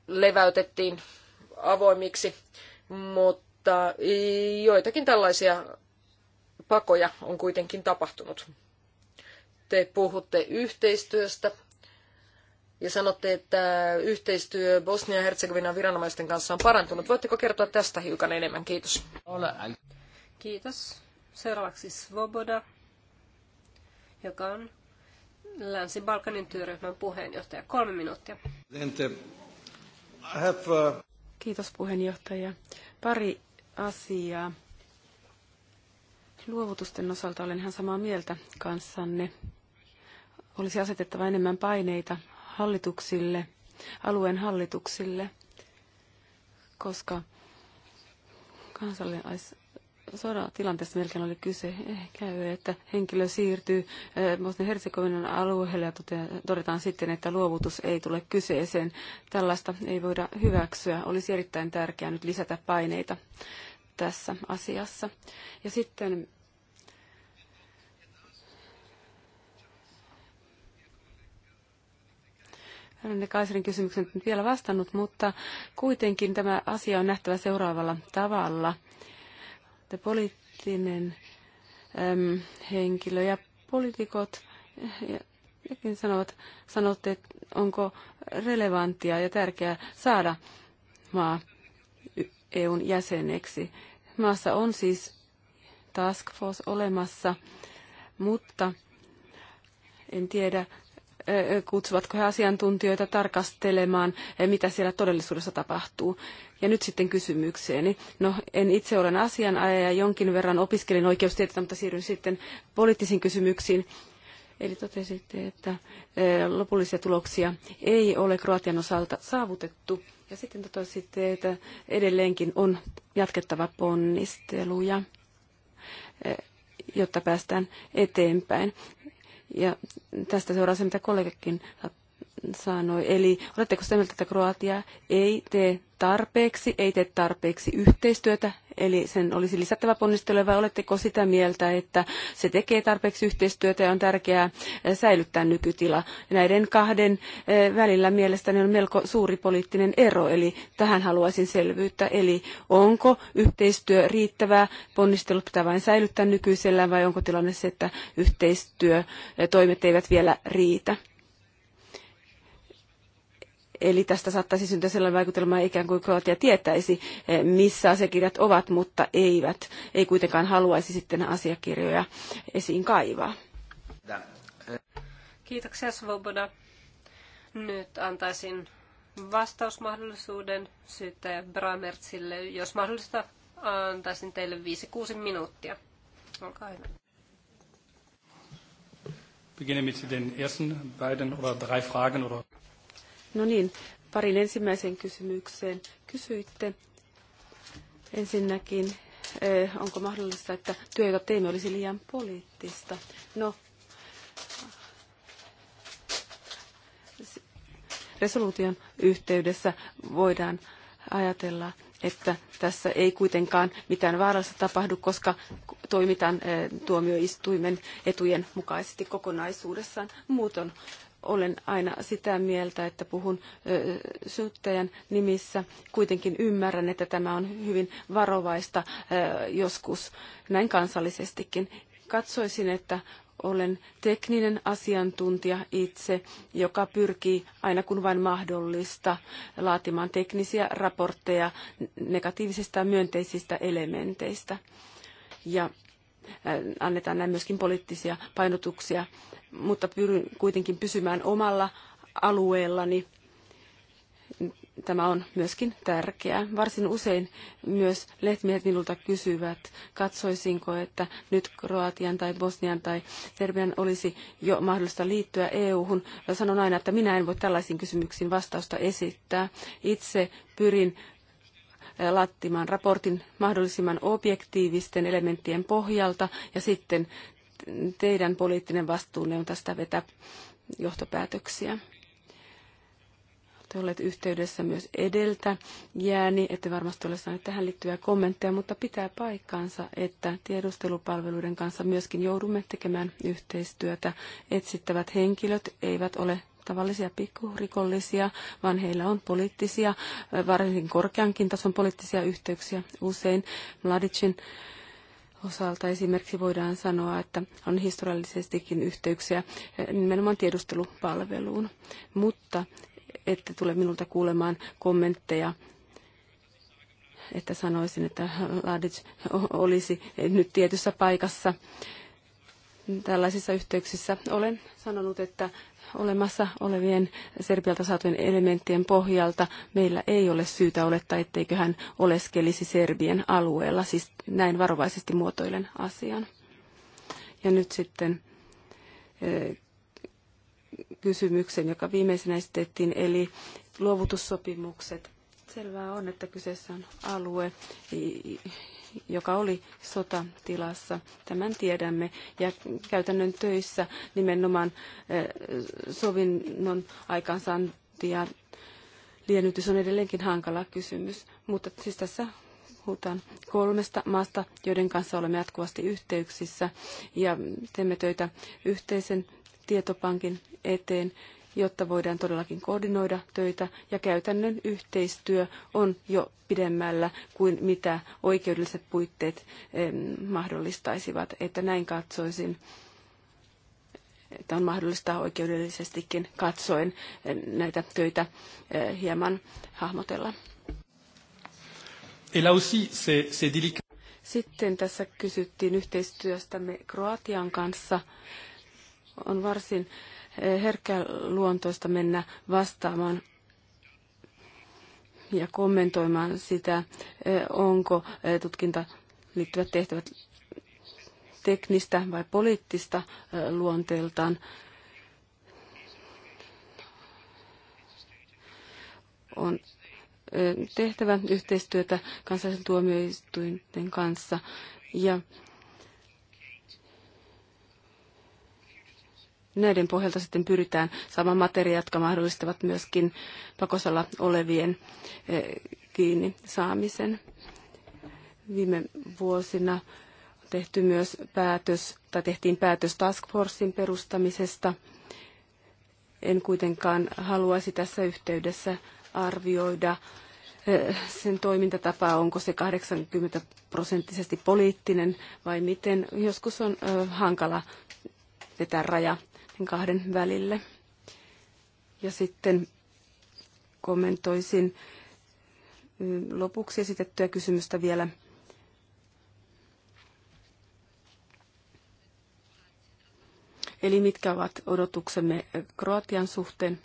leväytettiin avoimiksi, mutta joitakin tällaisia pakoja on kuitenkin tapahtunut. Te puhutte yhteistyöstä ja sanotte, että yhteistyö Bosnia ja Herzegovinan viranomaisten kanssa on parantunut. Voitteko kertoa tästä hiukan enemmän? Kiitos. Kiitos. Seuraavaksi Svoboda, joka on Länsi-Balkanin työryhmän puheenjohtaja. Kolme minuuttia. Uh, Kiitos puheenjohtaja. Pari asiaa. Luovutusten osalta olen ihan samaa mieltä kanssanne. Olisi asetettava enemmän paineita hallituksille, alueen hallituksille, koska kansalais sodan tilanteessa melkein oli kyse, ehkä että henkilö siirtyy eh, Bosnia-Herzegovinan alueelle ja todetaan sitten, että luovutus ei tule kyseeseen. Tällaista ei voida hyväksyä. Olisi erittäin tärkeää nyt lisätä paineita tässä asiassa. Ja sitten Rönne Kaiserin kysymyksen nyt vielä vastannut, mutta kuitenkin tämä asia on nähtävä seuraavalla tavalla. Te poliittinen äm, henkilö ja poliitikot ja, jokin sanovat, sanotte, että onko relevanttia ja tärkeää saada maa EUn jäseneksi. Maassa on siis task force olemassa, mutta en tiedä, kutsuvatko he asiantuntijoita tarkastelemaan, eh, mitä siellä todellisuudessa tapahtuu. Ja nyt sitten kysymykseeni. No, en itse olen asianajaja, jonkin verran opiskelin oikeustieteitä, mutta siirryn sitten poliittisiin kysymyksiin. Eli totesitte, että eh, lopullisia tuloksia ei ole Kroatian osalta saavutettu. Ja sitten totesitte, että edelleenkin on jatkettava ponnisteluja eh, jotta päästään eteenpäin. Ja tästä seuraa se, mitä kollegakin sanoi. Eli oletteko sitä mieltä, että Kroatia ei tee tarpeeksi, ei tee tarpeeksi yhteistyötä, eli sen olisi lisättävä ponnisteluja, vai oletteko sitä mieltä, että se tekee tarpeeksi yhteistyötä ja on tärkeää eh, säilyttää nykytila? Näiden kahden eh, välillä mielestäni on melko suuri poliittinen ero, eli tähän haluaisin selvyyttä, eli onko yhteistyö riittävää, ponnistelut pitää vain säilyttää nykyisellään, vai onko tilanne se, että yhteistyötoimet eivät vielä riitä? Eli tästä saattaisi syntyä sellainen vaikutelma, ikään kuin Kroatia tietäisi, eh, missä asiakirjat ovat, mutta eivät, ei kuitenkaan haluaisi sitten asiakirjoja esiin kaivaa. Kiitoksia Svoboda. Nyt antaisin vastausmahdollisuuden syyttäjä Bramertsille. Jos mahdollista, antaisin teille 5-6 minuuttia. Olkaa hyvä. Beginne mit den ersten beiden oder drei Fragen oder No niin, parin ensimmäiseen kysymykseen kysyitte. Ensinnäkin, eh, onko mahdollista, että työ, jota teemme, olisi liian poliittista? No, resoluution yhteydessä voidaan ajatella, että tässä ei kuitenkaan mitään vaarallista tapahdu, koska toimitaan eh, tuomioistuimen etujen mukaisesti kokonaisuudessaan. Muuton olen aina sitä mieltä, että puhun ö, syyttäjän nimissä. Kuitenkin ymmärrän, että tämä on hyvin varovaista joskus näin kansallisestikin. Katsoisin, että olen tekninen asiantuntija itse, joka pyrkii aina kun vain mahdollista laatimaan teknisiä raportteja negatiivisista ja myönteisistä elementeistä. Ja annetaan näin myöskin poliittisia painotuksia, mutta pyrin kuitenkin pysymään omalla alueellani. Tämä on myöskin tärkeää. Varsin usein myös lehtimiehet minulta kysyvät, katsoisinko, että nyt Kroatian tai Bosnian tai Serbian olisi jo mahdollista liittyä EU-hun. Sanon aina, että minä en voi tällaisiin kysymyksiin vastausta esittää. Itse pyrin laattimaan raportin mahdollisimman objektiivisten elementtien pohjalta ja sitten teidän poliittinen vastuunne on tästä vetää johtopäätöksiä. Olette olleet yhteydessä myös edeltä jääni, ette varmasti ole saaneet tähän liittyviä kommentteja, mutta pitää paikkaansa, että tiedustelupalveluiden kanssa myöskin joudumme tekemään yhteistyötä. Etsittävät henkilöt eivät ole tavallisia pikkurikollisia, vaan heillä on poliittisia, varsin korkeankin tason poliittisia yhteyksiä usein. Mladicin osalta esimerkiksi voidaan sanoa, että on historiallisestikin yhteyksiä nimenomaan tiedustelupalveluun, mutta ette tule minulta kuulemaan kommentteja että sanoisin, että Ladic olisi nyt tietyssä paikassa tällaisissa yhteyksissä. Olen sanonut, että olemassa olevien Serbialta saatujen elementtien pohjalta meillä ei ole syytä olettaa, etteikö hän oleskelisi Serbien alueella. Siis näin varovaisesti muotoilen asian. Ja nyt sitten eh, kysymyksen, joka viimeisenä esitettiin, eli luovutussopimukset. Selvää on, että kyseessä on alue, joka oli sotatilassa. Tämän tiedämme. Ja käytännön töissä nimenomaan eh, sovinnon aikaansaanti ja liennytys on edelleenkin hankala kysymys. Mutta siis tässä puhutaan kolmesta maasta, joiden kanssa olemme jatkuvasti yhteyksissä ja teemme töitä yhteisen tietopankin eteen, jotta voidaan todellakin koordinoida töitä ja käytännön yhteistyö on jo pidemmällä kuin mitä oikeudelliset puitteet mahdollistaisivat, että näin katsoisin että on mahdollista oikeudellisestikin katsoen näitä töitä e, hieman hahmotella. Sitten tässä kysyttiin yhteistyöstämme Kroatian kanssa. On varsin Eh, herkkää luontoista mennä vastaamaan ja kommentoimaan sitä, eh, onko eh, tutkinta liittyvät tehtävät teknistä vai poliittista luonteeltaan. On tehtävä yhteistyötä kansallisen tuomioistuinten kanssa ja näiden pohjalta sitten pyritään saamaan materiaalia, jotka mahdollistavat myöskin pakosalla olevien eh, kiinni saamisen. Viime vuosina tehty myös päätös, tai tehtiin päätös Task Forcein perustamisesta. En kuitenkaan haluaisi tässä yhteydessä arvioida eh, sen toimintatapa, onko se 80 prosenttisesti poliittinen vai miten. Joskus on eh, hankala vetää raja kahden välille. Ja sitten kommentoisin lopuksi esitettyä kysymystä vielä. Eli mitkä ovat odotuksemme Kroatian suhteen?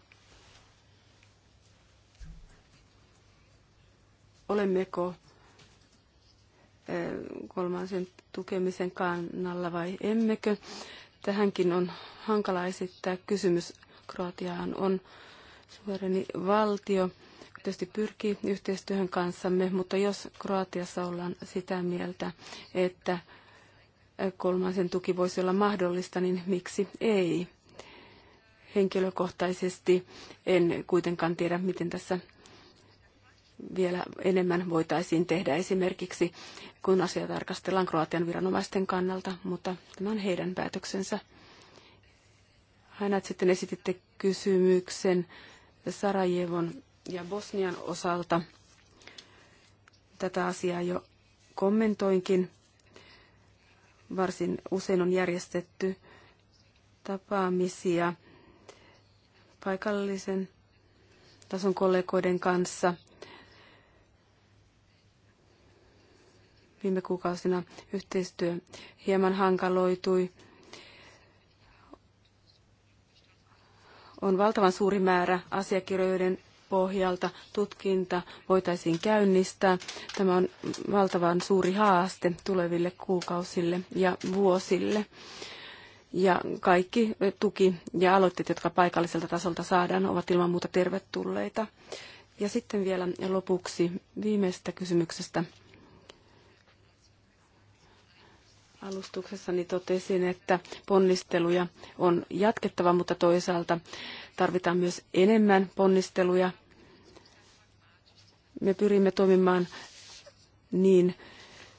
Olemmeko kolmansen tukemisen kannalla vai emmekö? Tähänkin on hankala esittää kysymys. Kroatiahan on suvereni valtio, tietysti pyrkii yhteistyöhön kanssamme, mutta jos Kroatiassa ollaan sitä mieltä, että kolmansen tuki voisi olla mahdollista, niin miksi ei? Henkilökohtaisesti en kuitenkaan tiedä, miten tässä vielä enemmän voitaisiin tehdä esimerkiksi, kun asia tarkastellaan Kroatian viranomaisten kannalta, mutta tämä on heidän päätöksensä. Aina sitten esititte kysymyksen Sarajevon ja Bosnian osalta. Tätä asiaa jo kommentoinkin. Varsin usein on järjestetty tapaamisia paikallisen tason kollegoiden kanssa – Viime kuukausina yhteistyö hieman hankaloitui. On valtavan suuri määrä asiakirjojen pohjalta tutkinta voitaisiin käynnistää. Tämä on valtavan suuri haaste tuleville kuukausille ja vuosille. Ja kaikki tuki ja aloitteet, jotka paikalliselta tasolta saadaan, ovat ilman muuta tervetulleita. Ja sitten vielä lopuksi viimeisestä kysymyksestä. Alustuksessani totesin, että ponnisteluja on jatkettava, mutta toisaalta tarvitaan myös enemmän ponnisteluja. Me pyrimme toimimaan niin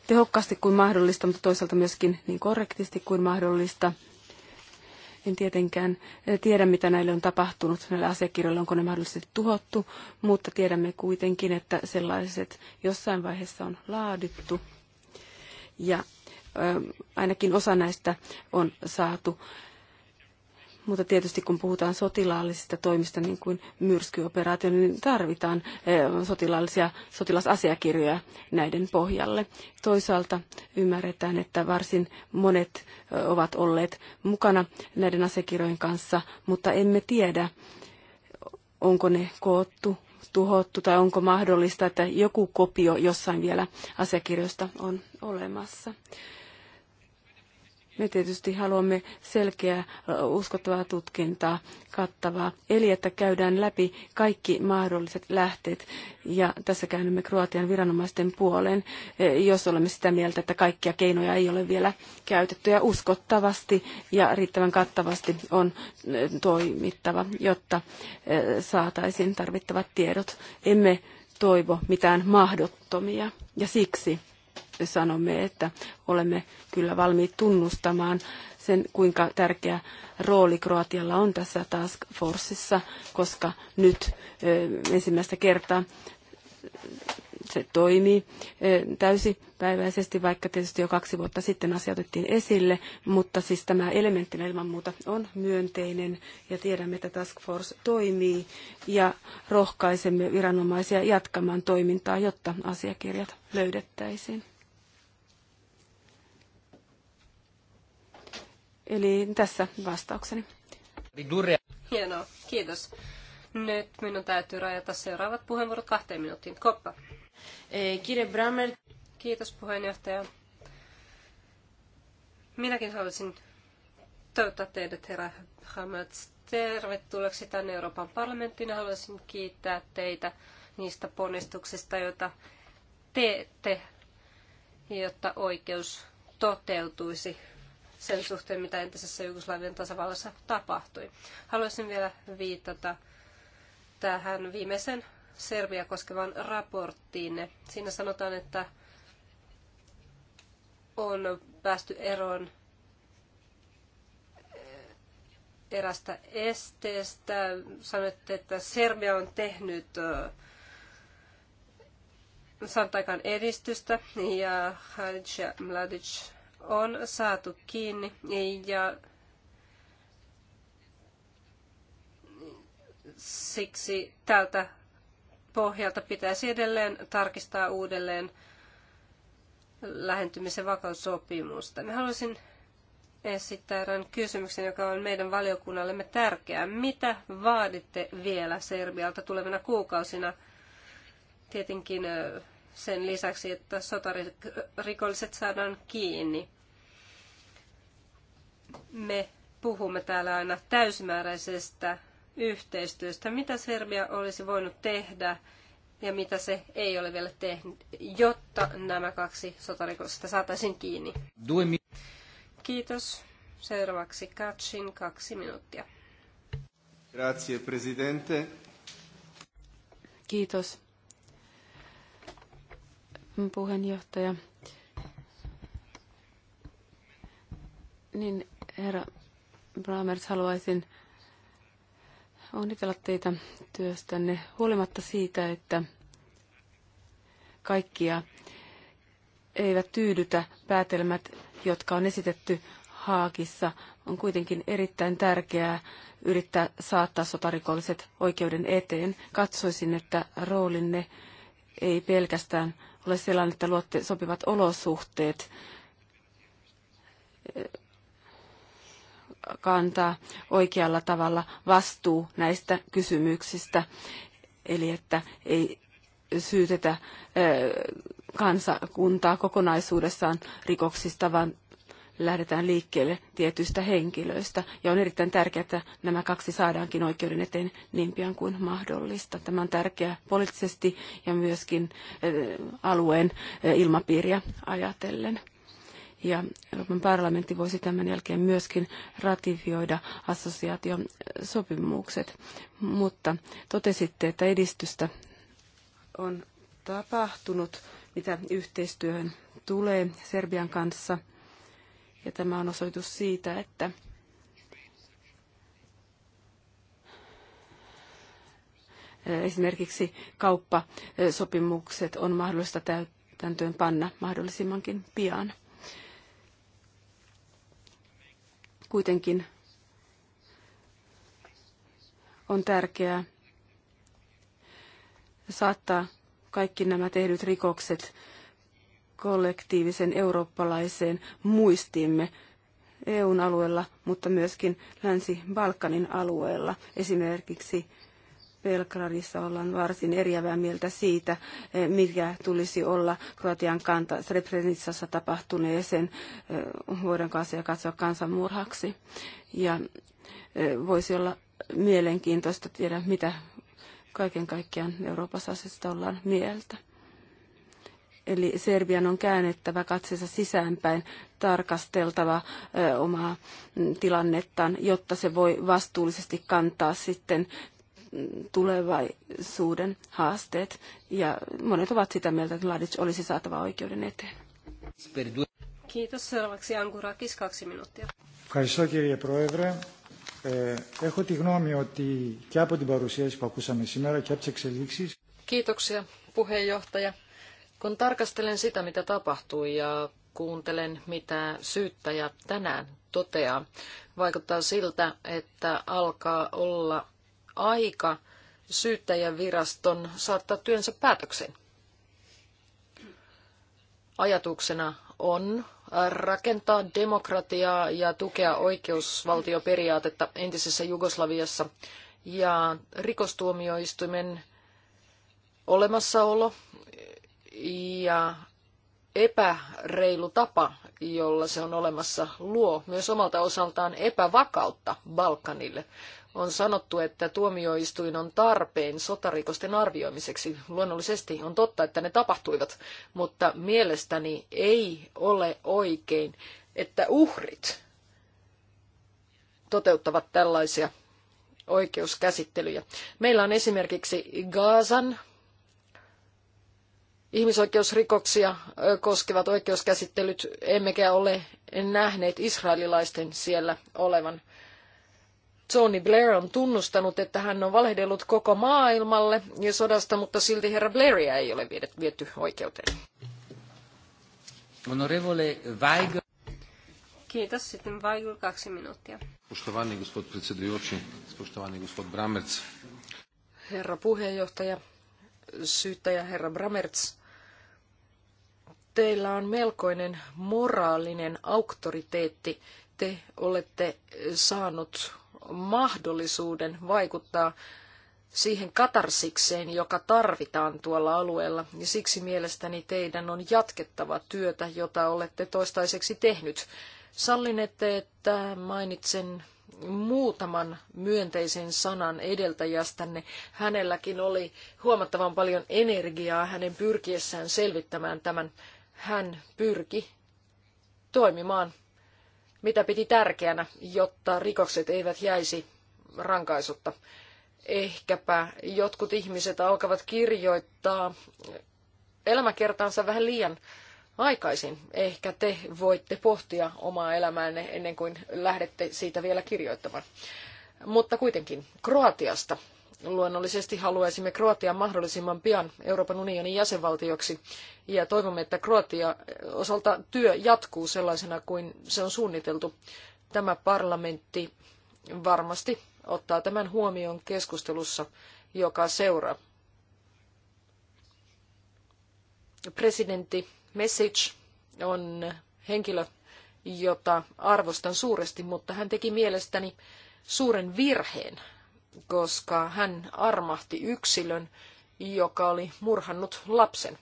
tehokkaasti kuin mahdollista, mutta toisaalta myöskin niin korrektisti kuin mahdollista. En tietenkään tiedä, mitä näille on tapahtunut, näille asiakirjoille, onko ne mahdollisesti tuhottu, mutta tiedämme kuitenkin, että sellaiset jossain vaiheessa on laadittu. Ja ainakin osa näistä on saatu. Mutta tietysti kun puhutaan sotilaallisista toimista, niin kuin myrskyoperaatio, niin tarvitaan sotilaallisia sotilasasiakirjoja näiden pohjalle. Toisaalta ymmärretään, että varsin monet ovat olleet mukana näiden asiakirjojen kanssa, mutta emme tiedä, onko ne koottu, tuhottu tai onko mahdollista, että joku kopio jossain vielä asiakirjoista on olemassa. Me tietysti haluamme selkeää, uskottavaa tutkintaa, kattavaa, eli että käydään läpi kaikki mahdolliset lähteet. Ja tässä käännymme Kroatian viranomaisten puoleen, e, jos olemme sitä mieltä, että kaikkia keinoja ei ole vielä käytetty. Ja uskottavasti ja riittävän kattavasti on e, toimittava, jotta e, saataisiin tarvittavat tiedot. Emme toivo mitään mahdottomia. Ja siksi sanomme, että olemme kyllä valmiit tunnustamaan sen, kuinka tärkeä rooli Kroatialla on tässä Task Forceissa, koska nyt ensimmäistä kertaa se toimii täysipäiväisesti, vaikka tietysti jo kaksi vuotta sitten asia otettiin esille, mutta siis tämä elementtinä ilman muuta on myönteinen ja tiedämme, että Task Force toimii ja rohkaisemme viranomaisia jatkamaan toimintaa, jotta asiakirjat löydettäisiin. Eli tässä vastaukseni. Hienoa, kiitos. Nyt minun täytyy rajata seuraavat puheenvuorot kahteen minuuttiin. Koppa. Eh, Kire Brammer. Kiitos puheenjohtaja. Minäkin haluaisin toivottaa teidät, herra Hamad, tervetulleeksi tänne Euroopan parlamenttiin. Haluaisin kiittää teitä niistä ponnistuksista, joita teette, jotta oikeus toteutuisi sen suhteen, mitä entisessä Jugoslavian tasavallassa tapahtui. Haluaisin vielä viitata tähän viimeisen Serbia koskevaan raporttiin, Siinä sanotaan, että on päästy eroon erästä esteestä. Sanoitte, että Serbia on tehnyt sanotaan edistystä ja Hadja Mladic on saatu kiinni ja siksi tältä pohjalta pitäisi edelleen tarkistaa uudelleen lähentymisen vakaussopimusta. Mä haluaisin esittää erään kysymyksen, joka on meidän valiokunnallemme tärkeä. Mitä vaaditte vielä Serbialta tulevina kuukausina? Tietenkin sen lisäksi, että sotarikolliset saadaan kiinni. Me puhumme täällä aina täysimääräisestä yhteistyöstä, mitä Serbia olisi voinut tehdä ja mitä se ei ole vielä tehnyt, jotta nämä kaksi sotarikollista saataisiin kiinni. Kiitos. Seuraavaksi Katsin kaksi minuuttia. Grazie, presidente. Kiitos puheenjohtaja. Niin, herra Bramers, haluaisin onnitella teitä työstänne huolimatta siitä, että kaikkia eivät tyydytä päätelmät, jotka on esitetty Haakissa. On kuitenkin erittäin tärkeää yrittää saattaa sotarikolliset oikeuden eteen. Katsoisin, että roolinne ei pelkästään ole sellainen, että luotte sopivat olosuhteet kantaa oikealla tavalla vastuu näistä kysymyksistä. Eli että ei syytetä kansakuntaa kokonaisuudessaan rikoksista, vaan lähdetään liikkeelle tietyistä henkilöistä. Ja on erittäin tärkeää, että nämä kaksi saadaankin oikeuden eteen niin pian kuin mahdollista. Tämä on tärkeää poliittisesti ja myöskin eh, alueen eh, ilmapiiriä ajatellen. Ja Euroopan parlamentti voisi tämän jälkeen myöskin ratifioida assosiaatiosopimukset. Mutta totesitte, että edistystä on tapahtunut, mitä yhteistyöhön tulee Serbian kanssa – ja tämä on osoitus siitä, että esimerkiksi kauppasopimukset on mahdollista täytäntöön panna mahdollisimmankin pian. Kuitenkin on tärkeää saattaa kaikki nämä tehdyt rikokset kollektiivisen eurooppalaiseen muistiimme EUn alueella, mutta myöskin Länsi-Balkanin alueella. Esimerkiksi Belgradissa ollaan varsin eriävää mieltä siitä, eh, mikä tulisi olla Kroatian kanta Srebrenicassa tapahtuneeseen, eh, voidaanko asia katsoa kansanmurhaksi. Ja eh, voisi olla mielenkiintoista tiedä, mitä kaiken kaikkiaan Euroopassa asiasta ollaan mieltä. Eli Serbian on käännettävä katsensa sisäänpäin, tarkasteltava ö, omaa mm, tilannettaan, jotta se voi vastuullisesti kantaa sitten mm, tulevaisuuden haasteet. Ja monet ovat sitä mieltä, että Mladic olisi saatava oikeuden eteen. Kiitos. Seuraavaksi Ankurakis, kaksi minuuttia. Ευχαριστώ κύριε Πρόεδρε. Ε, έχω τη γνώμη ότι και από την παρουσίαση που ακούσαμε σήμερα και από τις εξελίξεις... Kiitoksia puheenjohtaja. Kun tarkastelen sitä, mitä tapahtui ja kuuntelen, mitä syyttäjä tänään toteaa, vaikuttaa siltä, että alkaa olla aika syyttäjän viraston saattaa työnsä päätöksen. Ajatuksena on rakentaa demokratiaa ja tukea oikeusvaltioperiaatetta entisessä Jugoslaviassa ja rikostuomioistuimen olemassaolo ja epäreilu tapa, jolla se on olemassa, luo myös omalta osaltaan epävakautta Balkanille. On sanottu, että tuomioistuin on tarpeen sotarikosten arvioimiseksi. Luonnollisesti on totta, että ne tapahtuivat, mutta mielestäni ei ole oikein, että uhrit toteuttavat tällaisia oikeuskäsittelyjä. Meillä on esimerkiksi Gaasan ihmisoikeusrikoksia koskevat oikeuskäsittelyt emmekä ole nähneet israelilaisten siellä olevan. Tony Blair on tunnustanut, että hän on valehdellut koko maailmalle ja sodasta, mutta silti herra Blairia ei ole viety oikeuteen. Honorevole Weigl. Kiitos. Sitten Weigl kaksi minuuttia. Spoštovani gospod predsedujoči, spoštovani gospod Bramerc. Herra puheenjohtaja, syyttäjä herra Bramerts teillä on melkoinen moraalinen auktoriteetti. Te olette saanut mahdollisuuden vaikuttaa siihen katarsikseen, joka tarvitaan tuolla alueella, ja siksi mielestäni teidän on jatkettava työtä, jota olette toistaiseksi tehnyt. Sallinette, että mainitsen muutaman myönteisen sanan edeltäjästänne. Hänelläkin oli huomattavan paljon energiaa hänen pyrkiessään selvittämään tämän hän pyrki toimimaan, mitä piti tärkeänä, jotta rikokset eivät jäisi rankaisutta. Ehkäpä jotkut ihmiset alkavat kirjoittaa elämäkertaansa vähän liian aikaisin. Ehkä te voitte pohtia omaa elämäänne ennen kuin lähdette siitä vielä kirjoittamaan. Mutta kuitenkin Kroatiasta Luonnollisesti haluaisimme Kroatian mahdollisimman pian Euroopan unionin jäsenvaltioksi ja toivomme, että Kroatia osalta työ jatkuu sellaisena kuin se on suunniteltu. Tämä parlamentti varmasti ottaa tämän huomioon keskustelussa, joka seuraa. Presidentti Message on henkilö, jota arvostan suuresti, mutta hän teki mielestäni suuren virheen koska hän armahti yksilön, joka oli murhannut lapsen.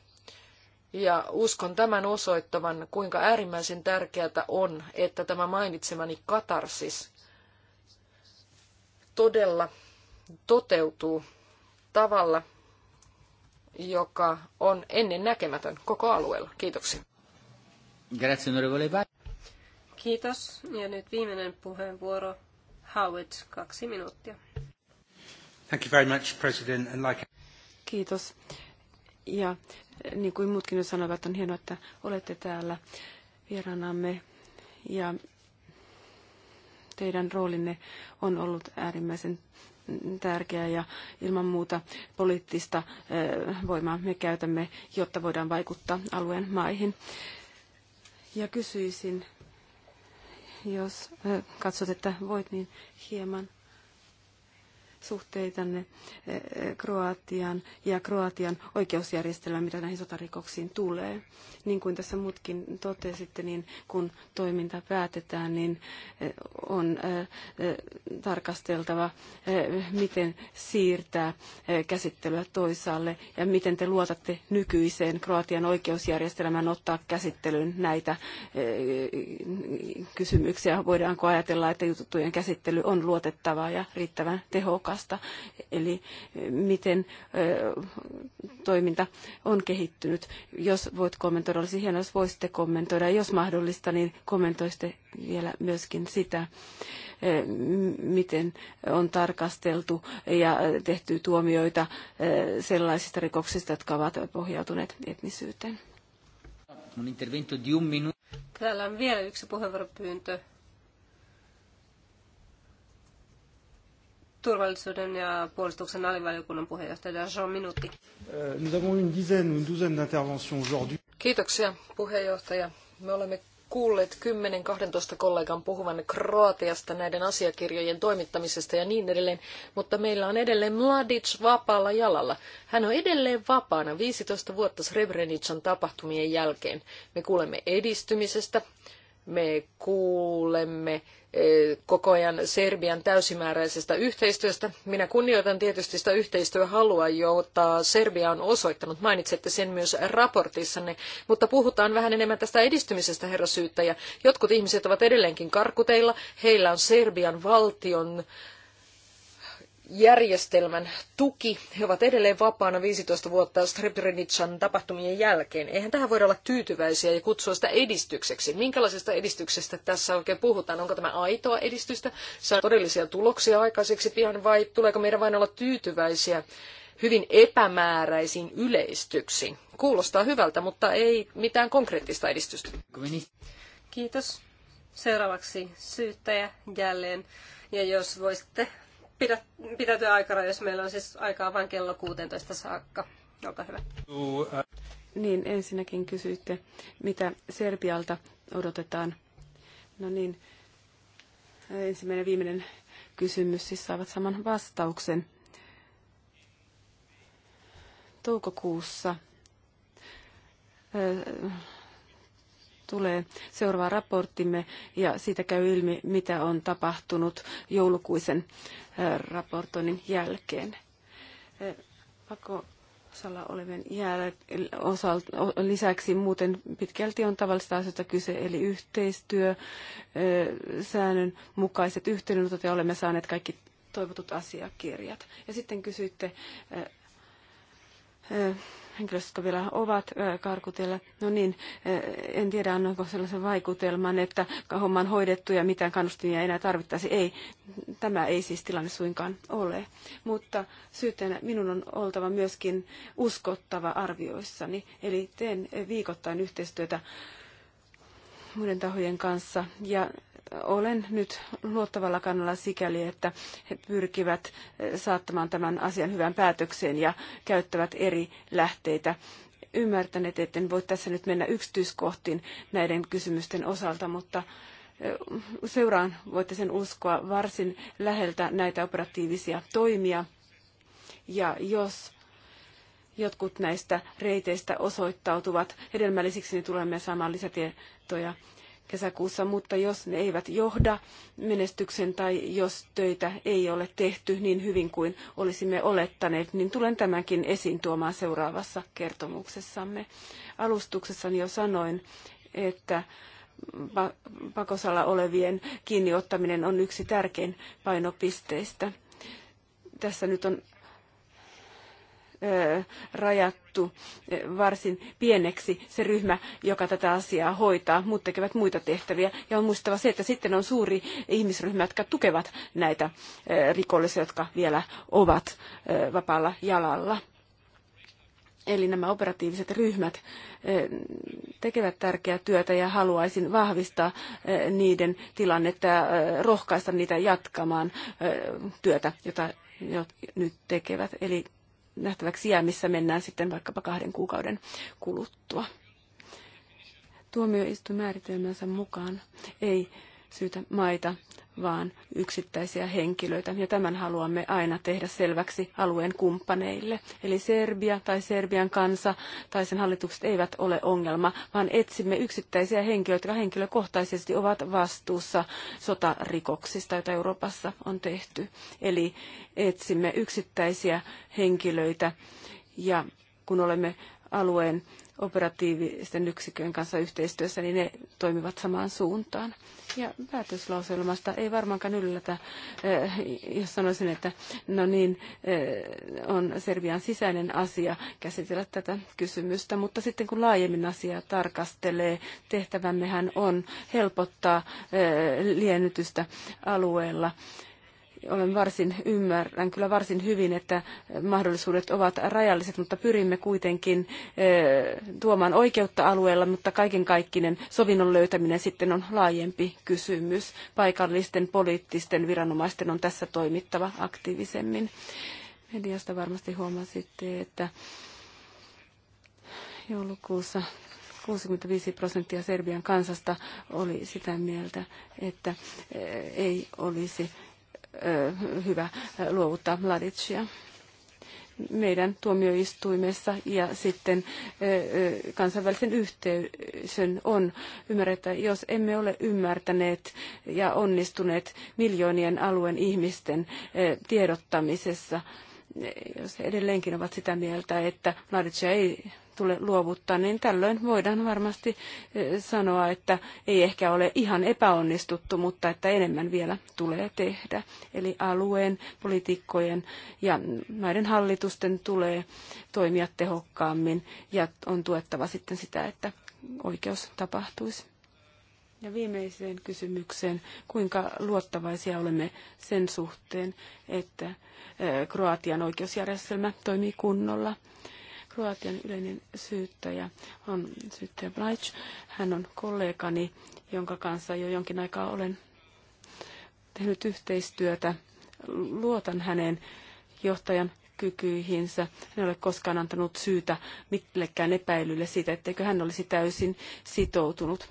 Ja uskon tämän osoittavan, kuinka äärimmäisen tärkeätä on, että tämä mainitsemani katarsis todella toteutuu tavalla, joka on ennen näkemätön koko alueella. Kiitoksia. Kiitos. Ja nyt viimeinen puheenvuoro. Howard, kaksi minuuttia. Thank you very much, President. And like... Kiitos. Ja eh, niin kuin muutkin jo sanoivat, on hienoa, että olette täällä vieraanamme. Ja teidän roolinne on ollut äärimmäisen tärkeä ja ilman muuta poliittista eh, voimaa me käytämme, jotta voidaan vaikuttaa alueen maihin. Ja kysyisin, jos eh, katsot, että voit, niin hieman suhteitanne eh, eh, Kroatian ja Kroatian oikeusjärjestelmään, mitä näihin sotarikoksiin tulee. Niin kuin tässä muutkin totesitte, niin kun toiminta päätetään, niin eh, on tarkasteltava, miten siirtää käsittelyä toisaalle ja miten te luotatte nykyiseen Kroatian oikeusjärjestelmään ottaa käsittelyyn näitä kysymyksiä. Voidaanko ajatella, että jututujen käsittely on luotettavaa ja riittävän tehokasta? tehokasta, eli eh, miten eh, toiminta on kehittynyt. Jos voit kommentoida, olisi hienoa, jos voisitte kommentoida. Jos mahdollista, niin kommentoisitte vielä myöskin sitä, eh, miten on tarkasteltu ja tehty tuomioita sellaisista rikoksista, jotka ovat pohjautuneet etnisyyteen. Täällä on vielä yksi puheenvuoropyyntö. turvallisuuden ja puolustuksen alivaliokunnan puheenjohtaja Dajon Minuutti. Euh, nous avons une dizaine, une douzaine d'interventions aujourd'hui. Kiitoksia puheenjohtaja. Me olemme kuulleet 10-12 kollegan puhuvan Kroatiasta näiden asiakirjojen toimittamisesta ja niin edelleen, mutta meillä on edelleen Mladic vapaalla jalalla. Hän on edelleen vapaana 15 vuotta Srebrenican tapahtumien jälkeen. Me kuulemme edistymisestä, me kuulemme eh, koko ajan Serbian täysimääräisestä yhteistyöstä. Minä kunnioitan tietysti sitä yhteistyöhalua, jota Serbia on osoittanut. Mainitsette sen myös raportissanne, mutta puhutaan vähän enemmän tästä edistymisestä, herra syyttäjä. Jotkut ihmiset ovat edelleenkin karkuteilla. Heillä on Serbian valtion järjestelmän tuki. He ovat edelleen vapaana 15 vuotta Srebrenican tapahtumien jälkeen. Eihän tähän voida olla tyytyväisiä ja kutsua sitä edistykseksi. Minkälaisesta edistyksestä tässä oikein puhutaan? Onko tämä aitoa edistystä? Saa todellisia tuloksia aikaiseksi pian vai tuleeko meidän vain olla tyytyväisiä hyvin epämääräisiin yleistyksiin? Kuulostaa hyvältä, mutta ei mitään konkreettista edistystä. Kiitos. Seuraavaksi syyttäjä jälleen. Ja jos voisitte pidä, aikaa, jos Meillä on siis aikaa vain kello 16 saakka. Olkaa hyvä. Niin, ensinnäkin kysyitte, mitä Serbialta odotetaan. No niin, ensimmäinen ja viimeinen kysymys siis saavat saman vastauksen. Toukokuussa tulee seuraava raporttimme ja siitä käy ilmi, mitä on tapahtunut joulukuisen raportoinnin jälkeen. Pako osalla olevien jäl- lisäksi muuten pitkälti on tavallista asioista kyse, eli yhteistyö, säännön mukaiset yhteydenotot ja olemme saaneet kaikki toivotut asiakirjat. Ja sitten kysyitte henkilöstö vielä ovat karkutella. No niin, en tiedä annoinko sellaisen vaikutelman, että homma on hoidettu ja mitään kannustimia ei enää tarvittaisi. Ei, tämä ei siis tilanne suinkaan ole. Mutta syyttäjänä minun on oltava myöskin uskottava arvioissani. Eli teen viikoittain yhteistyötä muiden tahojen kanssa ja olen nyt luottavalla kannalla sikäli, että he pyrkivät eh, saattamaan tämän asian hyvään päätökseen ja käyttävät eri lähteitä ymmärtäneet, etten voi tässä nyt mennä yksityiskohtiin näiden kysymysten osalta, mutta eh, seuraan voitte sen uskoa varsin läheltä näitä operatiivisia toimia. Ja jos jotkut näistä reiteistä osoittautuvat hedelmällisiksi, niin tulemme saamaan lisätietoja kesäkuussa, mutta jos ne eivät johda menestyksen tai jos töitä ei ole tehty niin hyvin kuin olisimme olettaneet, niin tulen tämänkin esiin tuomaan seuraavassa kertomuksessamme. Alustuksessani jo sanoin, että pakosalla olevien kiinniottaminen on yksi tärkein painopisteistä. Tässä nyt on rajattu varsin pieneksi se ryhmä, joka tätä asiaa hoitaa. Muut tekevät muita tehtäviä. Ja on muistava se, että sitten on suuri ihmisryhmä, jotka tukevat näitä rikollisia, jotka vielä ovat vapaalla jalalla. Eli nämä operatiiviset ryhmät tekevät tärkeää työtä ja haluaisin vahvistaa niiden tilannetta ja rohkaista niitä jatkamaan työtä, jota nyt tekevät. Eli nähtäväksi jää, missä mennään sitten vaikkapa kahden kuukauden kuluttua. määritelmänsä mukaan ei syytä maita, vaan yksittäisiä henkilöitä. Ja tämän haluamme aina tehdä selväksi alueen kumppaneille. Eli Serbia tai Serbian kansa tai sen hallitukset eivät ole ongelma, vaan etsimme yksittäisiä henkilöitä, jotka henkilökohtaisesti ovat vastuussa sotarikoksista, joita Euroopassa on tehty. Eli etsimme yksittäisiä henkilöitä ja kun olemme alueen operatiivisten yksikön kanssa yhteistyössä, niin ne toimivat samaan suuntaan. Ja päätöslauselmasta ei varmaankaan yllätä, eh, jos sanoisin, että no niin, eh, on Serbian sisäinen asia käsitellä tätä kysymystä, mutta sitten kun laajemmin asiaa tarkastelee, tehtävämmehän on helpottaa eh, liennytystä alueella olen varsin, ymmärrän kyllä varsin hyvin, että mahdollisuudet ovat rajalliset, mutta pyrimme kuitenkin eh, tuomaan oikeutta alueella, mutta kaiken kaikkinen sovinnon löytäminen sitten on laajempi kysymys. Paikallisten poliittisten viranomaisten on tässä toimittava aktiivisemmin. Mediasta varmasti huomasitte, että joulukuussa 65 prosenttia Serbian kansasta oli sitä mieltä, että eh, ei olisi hyvä luovuttaa Mladicia meidän tuomioistuimessa ja sitten kansainvälisen yhteisön on ymmärrettävä, jos emme ole ymmärtäneet ja onnistuneet miljoonien alueen ihmisten tiedottamisessa, jos he edelleenkin ovat sitä mieltä, että Mladicia ei tule luovuttaa, niin tällöin voidaan varmasti eh, sanoa, että ei ehkä ole ihan epäonnistuttu, mutta että enemmän vielä tulee tehdä. Eli alueen, poliitikkojen ja näiden hallitusten tulee toimia tehokkaammin ja on tuettava sitten sitä, että oikeus tapahtuisi. Ja viimeiseen kysymykseen, kuinka luottavaisia olemme sen suhteen, että eh, Kroatian oikeusjärjestelmä toimii kunnolla. Kroatian yleinen syyttäjä on syyttäjä Blaic. Hän on kollegani, jonka kanssa jo jonkin aikaa olen tehnyt yhteistyötä. Luotan hänen johtajan kykyihinsä. Hän ei ole koskaan antanut syytä millekään epäilylle siitä, etteikö hän olisi täysin sitoutunut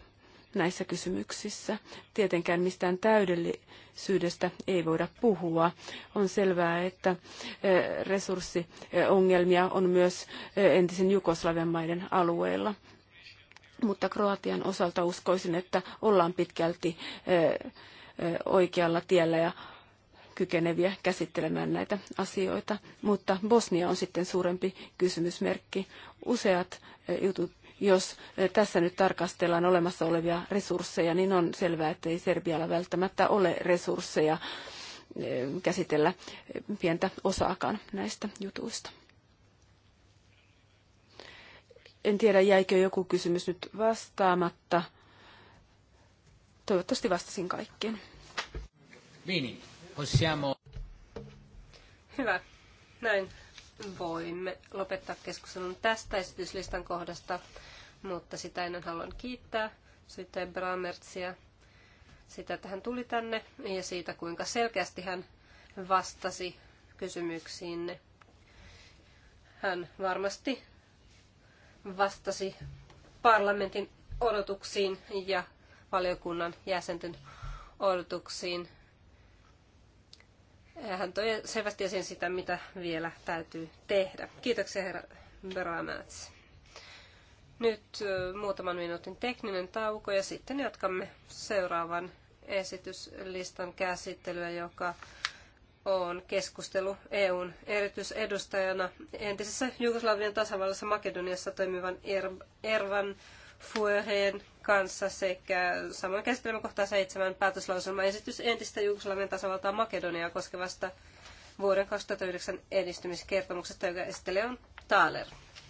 näissä kysymyksissä. Tietenkään mistään täydellisyydestä ei voida puhua. On selvää, että eh, resurssiongelmia on myös eh, entisen Jugoslavian maiden alueilla. Mutta Kroatian osalta uskoisin, että ollaan pitkälti eh, oikealla tiellä ja kykeneviä käsittelemään näitä asioita, mutta Bosnia on sitten suurempi kysymysmerkki. Useat jutut jos eh, tässä nyt tarkastellaan olemassa olevia resursseja, niin on selvää, että ei Serbialla välttämättä ole resursseja eh, käsitellä eh, pientä osaakaan näistä jutuista. En tiedä, jäikö joku kysymys nyt vastaamatta. Toivottavasti vastasin kaikkiin. possiamo... Hyvä. Näin voimme lopettaa keskustelun tästä esityslistan kohdasta, mutta sitä ennen haluan kiittää syyttäjä Bramertsia sitä, että hän tuli tänne ja siitä, kuinka selkeästi hän vastasi kysymyksiinne. Hän varmasti vastasi parlamentin odotuksiin ja valiokunnan jäsenten odotuksiin hän toi selvästi esiin sitä, mitä vielä täytyy tehdä. Kiitoksia herra Bramäts. Nyt muutaman minuutin tekninen tauko ja sitten jatkamme seuraavan esityslistan käsittelyä, joka on keskustelu EUn erityisedustajana entisessä Jugoslavian tasavallassa Makedoniassa toimivan Ervan Fuereen kanssa sekä samoin käsittelemme kohtaa seitsemän päätöslauselmaesitys entistä Jugoslavian tasavaltaa Makedoniaa koskevasta vuoden 2009 edistymiskertomuksesta, joka esittelee on Thaler.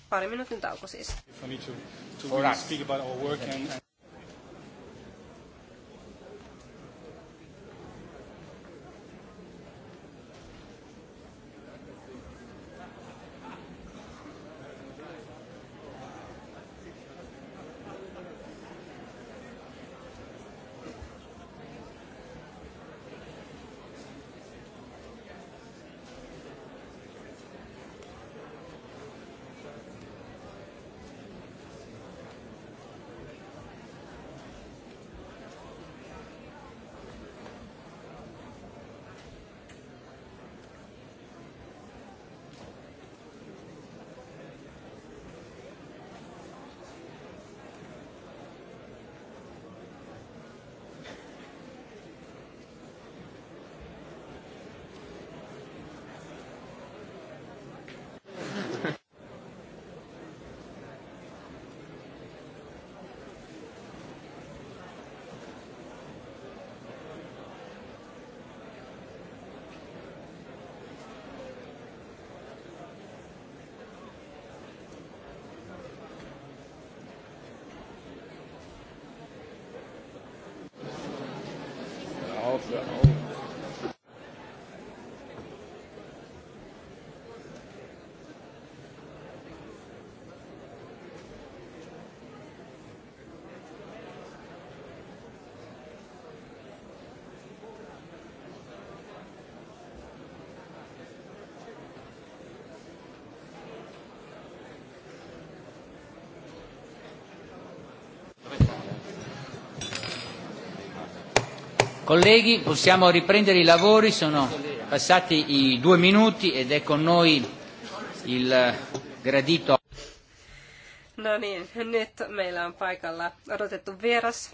Pari minuutin tauko siis. Colleghi, possiamo riprendere i lavori, sono passati i due minuti ed è con noi il gradito. No niin, nyt meillä on paikalla odotettu vieras,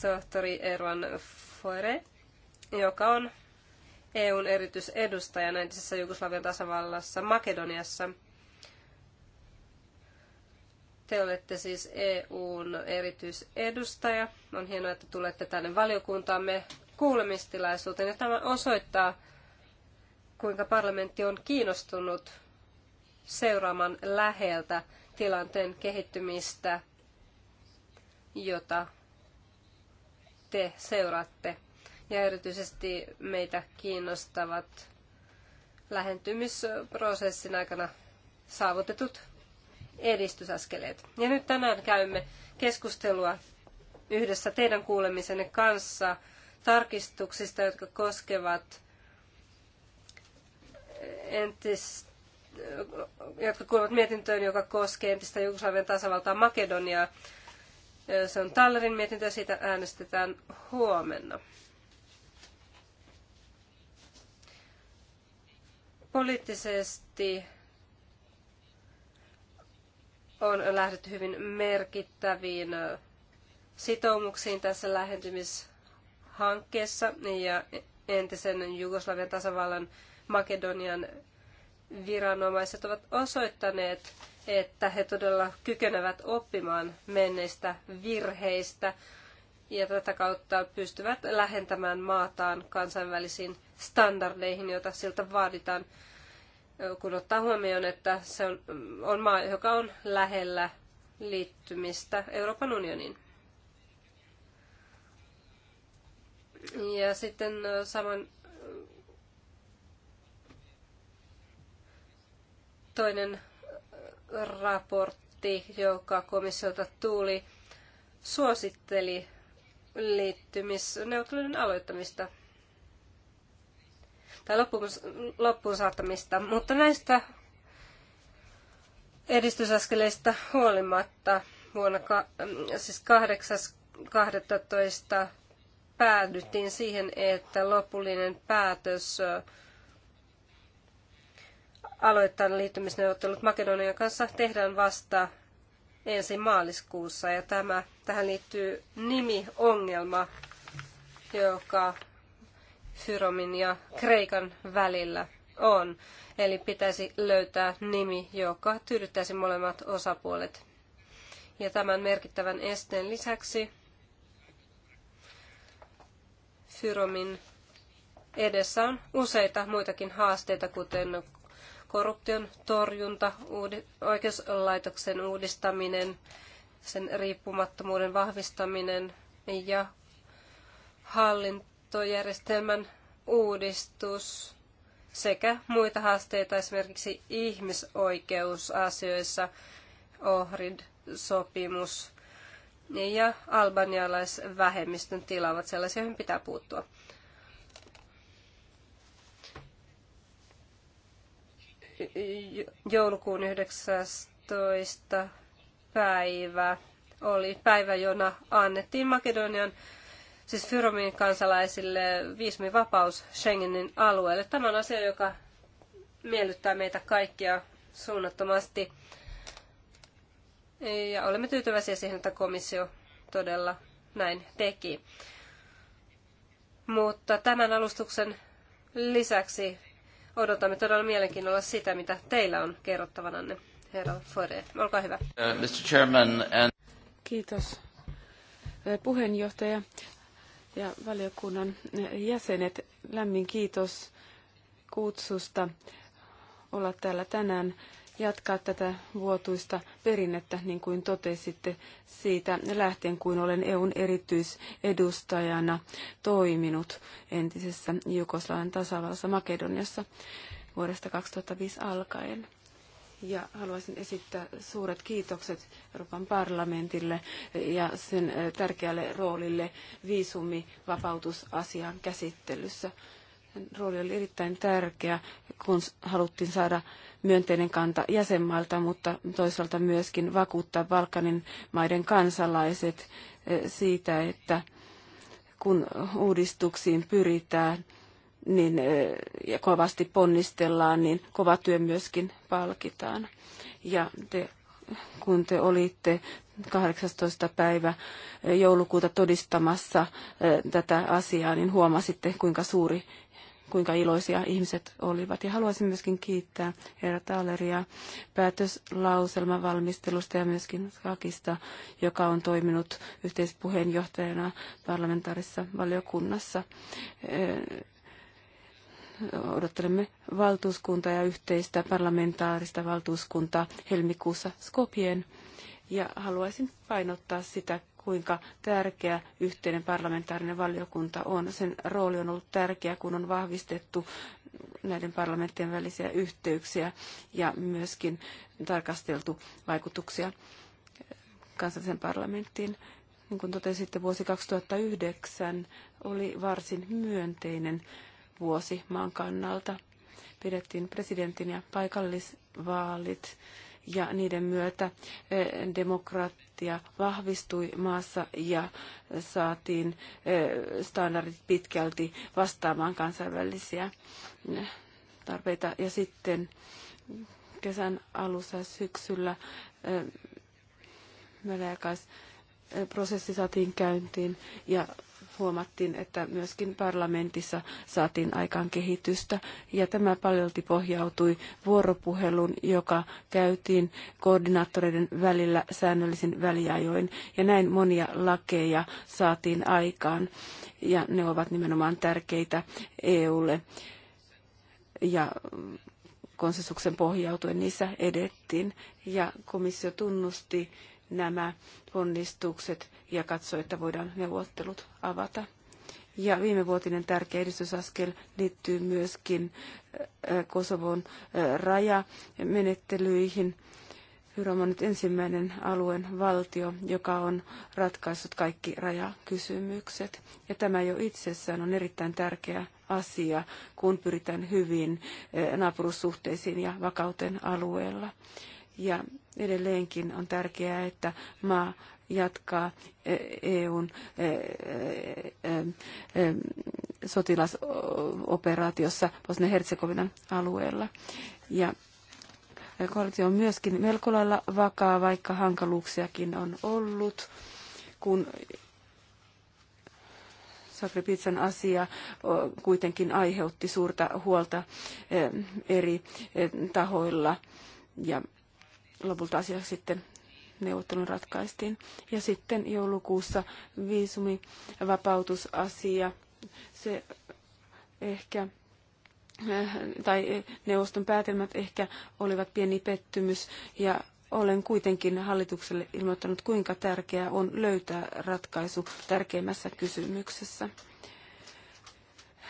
tohtori Erwan Foire, joka on EUn erityisedustaja entisessä Jugoslavian tasavallassa Makedoniassa – te olette siis EUn erityisedustaja. On hienoa, että tulette tänne valiokuntaamme kuulemistilaisuuteen. Ja tämä osoittaa, kuinka parlamentti on kiinnostunut seuraamaan läheltä tilanteen kehittymistä, jota te seuraatte. Ja erityisesti meitä kiinnostavat lähentymisprosessin aikana saavutetut edistysaskeleet. Ja nyt tänään käymme keskustelua yhdessä teidän kuulemisenne kanssa tarkistuksista, jotka koskevat eh, entis, jotka kuuluvat mietintöön, joka koskee entistä Jugoslavian tasavaltaa Makedoniaa. Eh, se on Tallerin mietintö ja siitä äänestetään huomenna. Poliittisesti on lähdetty hyvin merkittäviin sitoumuksiin tässä lähentymishankkeessa ja entisen Jugoslavian tasavallan Makedonian viranomaiset ovat osoittaneet, että he todella kykenevät oppimaan menneistä virheistä ja tätä kautta pystyvät lähentämään maataan kansainvälisiin standardeihin, joita siltä vaaditaan kun ottaa huomioon, että se on, on maa, joka on lähellä liittymistä Euroopan unioniin. Ja sitten saman toinen raportti, joka komissiolta tuli, suositteli liittymisneuvottelujen aloittamista tai loppuun, loppuun saattamista. Mutta näistä edistysaskeleista huolimatta vuonna siis 8.12. päädyttiin siihen, että lopullinen päätös aloittaa liittymisneuvottelut Makedonian kanssa tehdään vasta ensi maaliskuussa. Ja tämä, tähän liittyy nimiongelma, joka Fyromin ja Kreikan välillä on. Eli pitäisi löytää nimi, joka tyydyttäisi molemmat osapuolet. Ja tämän merkittävän esteen lisäksi Fyromin edessä on useita muitakin haasteita, kuten korruption torjunta, oikeuslaitoksen uudistaminen, sen riippumattomuuden vahvistaminen ja hallinto tietojärjestelmän uudistus sekä muita haasteita esimerkiksi ihmisoikeusasioissa, OHRID-sopimus ja albanialaisvähemmistön tila ovat sellaisia, joihin pitää puuttua. Joulukuun 19. päivä oli päivä, jona annettiin Makedonian siis Fyromin kansalaisille viisumivapaus Schengenin alueelle. Tämä on asia, joka miellyttää meitä kaikkia suunnattomasti. Ja olemme tyytyväisiä siihen, että komissio todella näin teki. Mutta tämän alustuksen lisäksi odotamme todella mielenkiinnolla sitä, mitä teillä on kerrottavananne, herra Fore. Olkaa hyvä. Uh, Mr. Chairman and... Kiitos eh, puheenjohtaja ja valiokunnan jäsenet, lämmin kiitos kutsusta olla täällä tänään jatkaa tätä vuotuista perinnettä, niin kuin totesitte, siitä lähtien, kuin olen EUn erityisedustajana toiminut entisessä Jugoslavian tasavallassa Makedoniassa vuodesta 2005 alkaen ja haluaisin esittää suuret kiitokset Euroopan parlamentille ja sen eh, tärkeälle roolille viisumivapautusasian käsittelyssä. Sen rooli oli erittäin tärkeä, kun haluttiin saada myönteinen kanta jäsenmailta, mutta toisaalta myöskin vakuuttaa Balkanin maiden kansalaiset eh, siitä, että kun uudistuksiin pyritään, niin, ja kovasti ponnistellaan, niin kova työ myöskin palkitaan. Ja te, kun te olitte 18. päivä joulukuuta todistamassa tätä asiaa, niin huomasitte, kuinka suuri kuinka iloisia ihmiset olivat. Ja haluaisin myöskin kiittää herra Taaleria päätöslauselman valmistelusta ja myöskin Skakista, joka on toiminut yhteispuheenjohtajana parlamentaarissa valiokunnassa odottelemme valtuuskuntaa ja yhteistä parlamentaarista valtuuskuntaa helmikuussa Skopien. Ja haluaisin painottaa sitä, kuinka tärkeä yhteinen parlamentaarinen valiokunta on. Sen rooli on ollut tärkeä, kun on vahvistettu näiden parlamenttien välisiä yhteyksiä ja myöskin tarkasteltu vaikutuksia kansallisen parlamenttiin. Niin kuin totesitte, vuosi 2009 oli varsin myönteinen vuosi maan kannalta. Pidettiin presidentin ja paikallisvaalit ja niiden myötä eh, demokratia vahvistui maassa ja saatiin eh, standardit pitkälti vastaamaan kansainvälisiä eh, tarpeita. Ja sitten kesän alussa syksyllä väliaikaisprosessi saatiin käyntiin ja huomattiin, että myöskin parlamentissa saatiin aikaan kehitystä. Ja tämä paljolti pohjautui vuoropuheluun, joka käytiin koordinaattoreiden välillä säännöllisin väliajoin. Ja näin monia lakeja saatiin aikaan. Ja ne ovat nimenomaan tärkeitä EUlle. Ja konsensuksen pohjautuen niissä edettiin. Ja komissio tunnusti nämä ponnistukset ja katsoo, että voidaan neuvottelut avata. Ja viimevuotinen tärkeä edistysaskel liittyy myöskin äh, Kosovon äh, rajamenettelyihin. Fyrom on nyt ensimmäinen alueen valtio, joka on ratkaissut kaikki rajakysymykset. Ja tämä jo itsessään on erittäin tärkeä asia, kun pyritään hyvin äh, naapurussuhteisiin ja vakauteen alueella. Ja edelleenkin on tärkeää, että maa jatkaa e, EUn e, e, sotilasoperaatiossa Bosnia-Herzegovinan alueella. Ja koalitio on myöskin melko lailla vakaa, vaikka hankaluuksiakin on ollut, kun Sakripitsan asia kuitenkin aiheutti suurta huolta eri tahoilla ja lopulta asia sitten neuvottelun ratkaistiin. Ja sitten joulukuussa viisumivapautusasia, se ehkä eh, tai neuvoston päätelmät ehkä olivat pieni pettymys ja olen kuitenkin hallitukselle ilmoittanut, kuinka tärkeää on löytää ratkaisu tärkeimmässä kysymyksessä.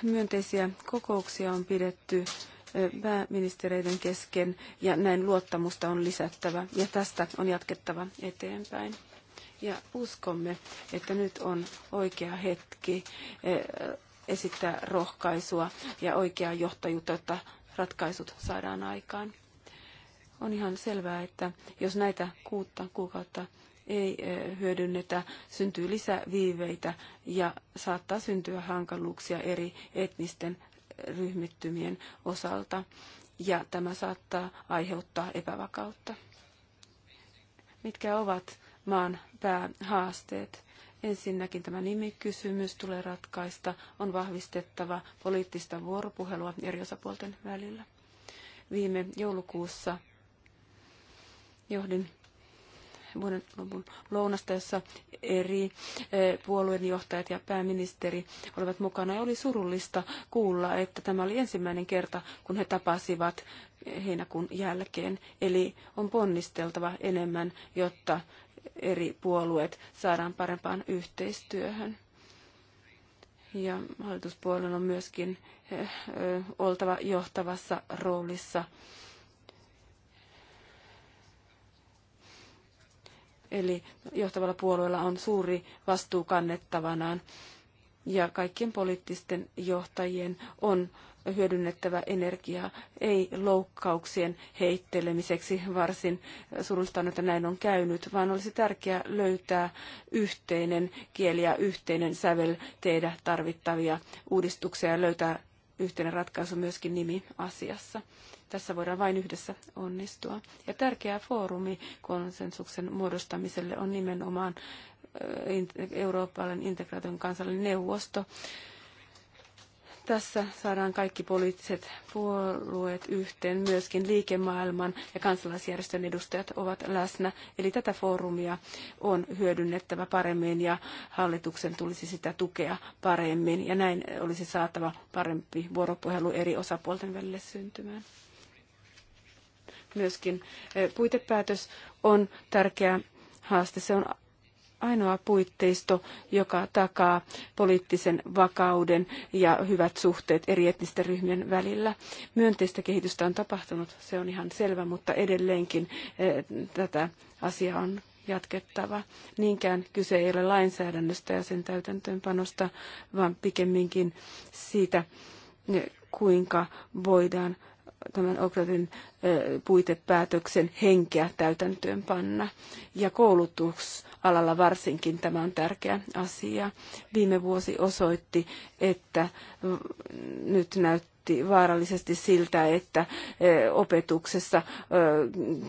Myönteisiä kokouksia on pidetty pääministereiden kesken ja näin luottamusta on lisättävä ja tästä on jatkettava eteenpäin. Ja uskomme, että nyt on oikea hetki eh, esittää rohkaisua ja oikeaa johtajuutta, jotta ratkaisut saadaan aikaan. On ihan selvää, että jos näitä kuutta kuukautta ei eh, hyödynnetä, syntyy lisäviiveitä ja saattaa syntyä hankaluuksia eri etnisten ryhmittymien osalta, ja tämä saattaa aiheuttaa epävakautta. Mitkä ovat maan päähaasteet? Ensinnäkin tämä nimikysymys tulee ratkaista, on vahvistettava poliittista vuoropuhelua eri osapuolten välillä. Viime joulukuussa johdin vuoden lopun lounasta, jossa eri eh, puolueiden johtajat ja pääministeri olivat mukana. Ja oli surullista kuulla, että tämä oli ensimmäinen kerta, kun he tapasivat eh, heinäkuun jälkeen. Eli on ponnisteltava enemmän, jotta eri puolueet saadaan parempaan yhteistyöhön. Ja hallituspuolueen on myöskin eh, oltava johtavassa roolissa Eli johtavalla puolueella on suuri vastuu kannettavanaan ja kaikkien poliittisten johtajien on hyödynnettävä energiaa, ei loukkauksien heittelemiseksi. Varsin surullista on, että näin on käynyt, vaan olisi tärkeää löytää yhteinen kieli ja yhteinen sävel tehdä tarvittavia uudistuksia ja löytää yhteinen ratkaisu myöskin nimi asiassa. Tässä voidaan vain yhdessä onnistua. Ja tärkeä foorumi konsensuksen muodostamiselle on nimenomaan eurooppalainen integraation kansallinen neuvosto. Tässä saadaan kaikki poliittiset puolueet yhteen, myöskin liikemaailman ja kansalaisjärjestön edustajat ovat läsnä. Eli tätä foorumia on hyödynnettävä paremmin ja hallituksen tulisi sitä tukea paremmin ja näin olisi saatava parempi vuoropuhelu eri osapuolten välille syntymään myöskin eh, puitepäätös on tärkeä haaste. Se on ainoa puitteisto, joka takaa poliittisen vakauden ja hyvät suhteet eri etnisten ryhmien välillä. Myönteistä kehitystä on tapahtunut, se on ihan selvä, mutta edelleenkin eh, tätä asiaa on jatkettava. Niinkään kyse ei ole lainsäädännöstä ja sen täytäntöönpanosta, vaan pikemminkin siitä, eh, kuinka voidaan tämän Ogravin puitepäätöksen henkeä panna Ja koulutusalalla varsinkin tämä on tärkeä asia. Viime vuosi osoitti, että mm, nyt näyttää vaikutti vaarallisesti siltä, että e, opetuksessa e,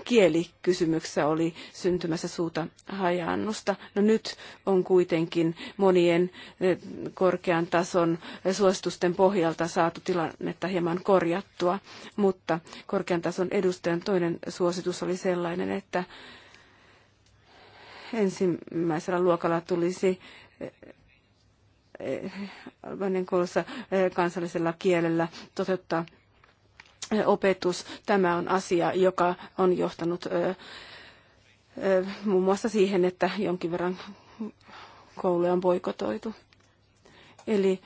kielikysymyksessä oli syntymässä suuta hajaannusta. No nyt on kuitenkin monien e, korkean tason suositusten pohjalta saatu tilannetta hieman korjattua, mutta korkean tason edustajan toinen suositus oli sellainen, että ensimmäisellä luokalla tulisi albanian koulussa eh, kansallisella kielellä toteuttaa eh, opetus. Tämä on asia, joka on johtanut eh, muun muassa siihen, että jonkin verran kouluja on boikotoitu. Eli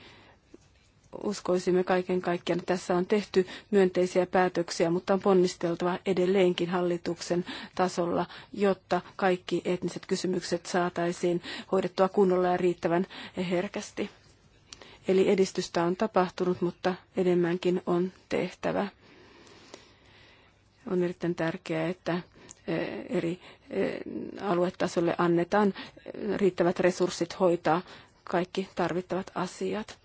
uskoisimme kaiken kaikkiaan, että tässä on tehty myönteisiä päätöksiä, mutta on ponnisteltava edelleenkin hallituksen tasolla, jotta kaikki etniset kysymykset saataisiin hoidettua kunnolla ja riittävän herkästi. Eli edistystä on tapahtunut, mutta enemmänkin on tehtävä. On erittäin tärkeää, että e, eri e, aluetasolle annetaan riittävät resurssit hoitaa kaikki tarvittavat asiat.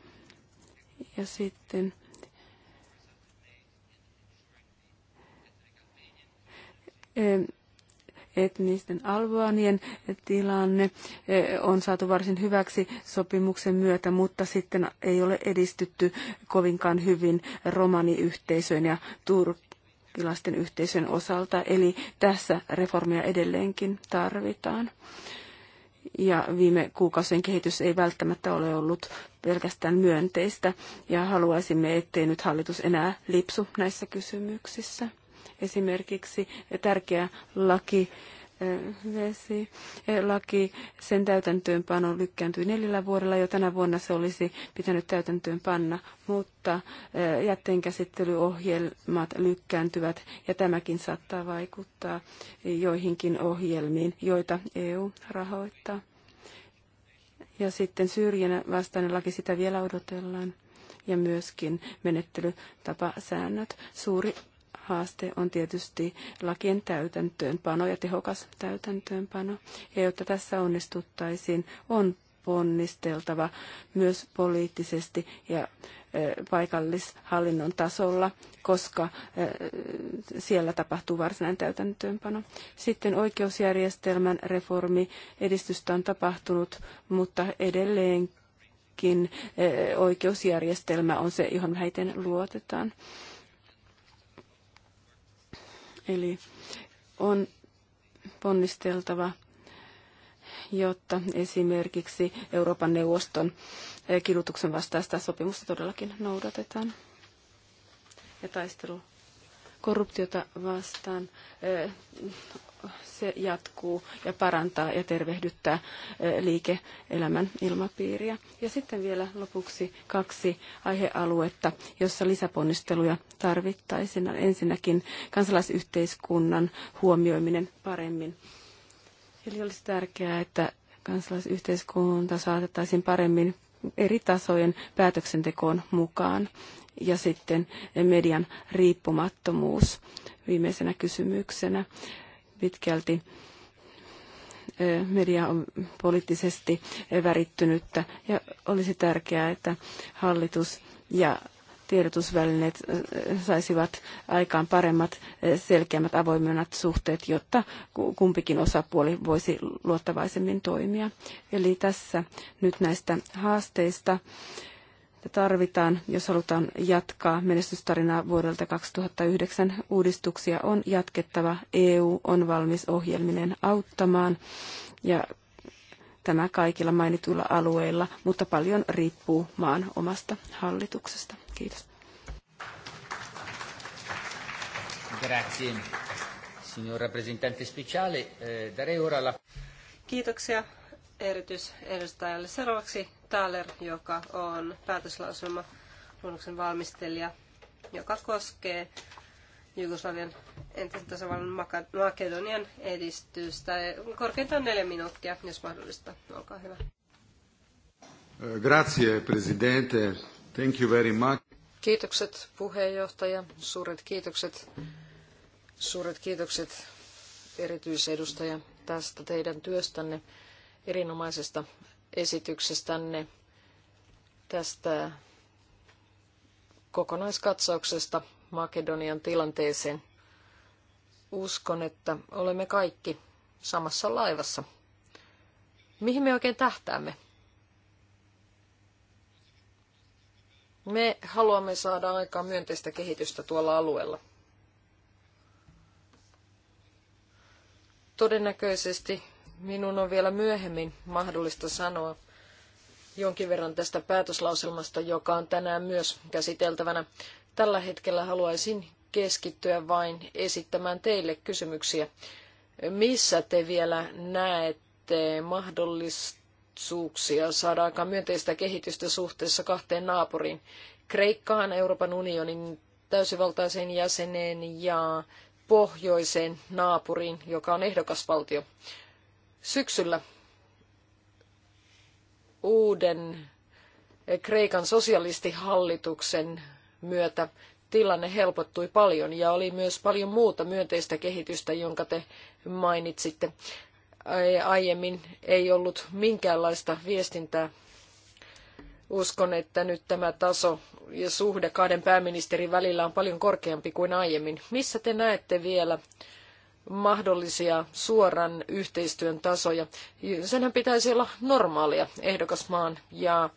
Ja sitten etnisten alvoanien tilanne eh, on saatu varsin hyväksi sopimuksen myötä, mutta sitten ei ole edistytty kovinkaan hyvin romaniyhteisöjen ja turkilaisten yhteisön osalta. Eli tässä reformia edelleenkin tarvitaan ja viime kuukausien kehitys ei välttämättä ole ollut pelkästään myönteistä ja haluaisimme, ettei nyt hallitus enää lipsu näissä kysymyksissä. Esimerkiksi tärkeä laki vesilaki, e, sen täytäntöönpano lykkääntyi neljällä vuodella, jo tänä vuonna se olisi pitänyt täytäntöönpanna, mutta e, jätteenkäsittelyohjelmat lykkääntyvät ja tämäkin saattaa vaikuttaa joihinkin ohjelmiin, joita EU rahoittaa. Ja sitten syrjän vastainen laki, sitä vielä odotellaan ja myöskin menettelytapasäännöt. Suuri haaste on tietysti lakien täytäntöönpano ja tehokas täytäntöönpano. Ja jotta tässä onnistuttaisiin, on ponnisteltava myös poliittisesti ja paikallishallinnon tasolla, koska siellä tapahtuu varsinainen täytäntöönpano. Sitten oikeusjärjestelmän reformi, edistystä on tapahtunut, mutta edelleenkin oikeusjärjestelmä on se, johon häiten luotetaan. Eli on ponnisteltava, jotta esimerkiksi Euroopan neuvoston eh, kidutuksen vastaista sopimusta todellakin noudatetaan. Ja taistelu korruptiota vastaan eh, se jatkuu ja parantaa ja tervehdyttää liike-elämän ilmapiiriä. Ja sitten vielä lopuksi kaksi aihealuetta, jossa lisäponnisteluja tarvittaisiin. Ensinnäkin kansalaisyhteiskunnan huomioiminen paremmin. Eli olisi tärkeää, että kansalaisyhteiskunta saatettaisiin paremmin eri tasojen päätöksentekoon mukaan. Ja sitten median riippumattomuus viimeisenä kysymyksenä pitkälti media on poliittisesti värittynyttä ja olisi tärkeää, että hallitus ja tiedotusvälineet saisivat aikaan paremmat, selkeämmät, avoimemmat suhteet, jotta kumpikin osapuoli voisi luottavaisemmin toimia. Eli tässä nyt näistä haasteista tarvitaan, jos halutaan jatkaa menestystarinaa vuodelta 2009. Uudistuksia on jatkettava. EU on valmis ohjelminen auttamaan ja tämä kaikilla mainituilla alueilla, mutta paljon riippuu maan omasta hallituksesta. Kiitos. Grazie, signor rappresentante speciale. Eh, darei ora la... Kiitoksia erityisedustajalle. Seuraavaksi Thaler, joka on päätöslauselma luonnoksen valmistelija, joka koskee Jugoslavian entisen tasavallan Makedonian edistystä. Korkeintaan neljä minuuttia, jos mahdollista. Olkaa hyvä. Grazie, presidente. Thank you very much. Kiitokset puheenjohtaja, suuret kiitokset, suuret kiitokset erityisedustaja tästä teidän työstänne, erinomaisesta esityksestänne tästä kokonaiskatsauksesta Makedonian tilanteeseen. Uskon, että olemme kaikki samassa laivassa. Mihin me oikein tähtäämme? Me haluamme saada aikaan myönteistä kehitystä tuolla alueella. Todennäköisesti minun on vielä myöhemmin mahdollista sanoa jonkin verran tästä päätöslauselmasta, joka on tänään myös käsiteltävänä. Tällä hetkellä haluaisin keskittyä vain esittämään teille kysymyksiä. Missä te vielä näette mahdollisuuksia saada aikaan myönteistä kehitystä suhteessa kahteen naapuriin? Kreikkaan, Euroopan unionin täysivaltaisen jäsenen ja pohjoiseen naapuriin, joka on ehdokasvaltio syksyllä uuden Kreikan sosialistihallituksen myötä tilanne helpottui paljon ja oli myös paljon muuta myönteistä kehitystä, jonka te mainitsitte. Aiemmin ei ollut minkäänlaista viestintää. Uskon, että nyt tämä taso ja suhde kahden pääministerin välillä on paljon korkeampi kuin aiemmin. Missä te näette vielä mahdollisia suoran yhteistyön tasoja. Senhän pitäisi olla normaalia ehdokasmaan ja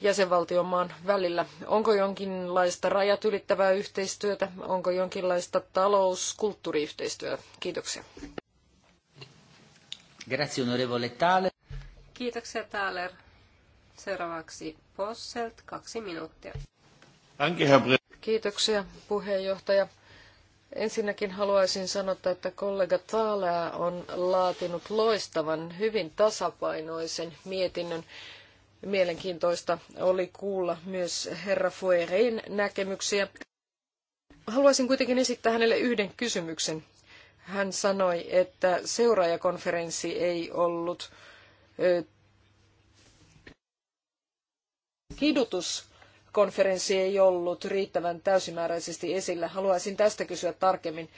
jäsenvaltiomaan välillä. Onko jonkinlaista rajat ylittävää yhteistyötä? Onko jonkinlaista talouskulttuuriyhteistyötä? Kiitoksia. Grazie onorevole Thaler. Kiitoksia Thaler. Seuraavaksi Posselt, kaksi minuuttia. Kiitoksia puheenjohtaja. Ensinnäkin haluaisin sanoa, että kollega Taalea on laatinut loistavan, hyvin tasapainoisen mietinnön. Mielenkiintoista oli kuulla myös herra Fuerin näkemyksiä. Haluaisin kuitenkin esittää hänelle yhden kysymyksen. Hän sanoi, että seuraajakonferenssi ei ollut kidutus konferenssi ei ollut riittävän täysimääräisesti esillä. Haluaisin tästä kysyä tarkemmin.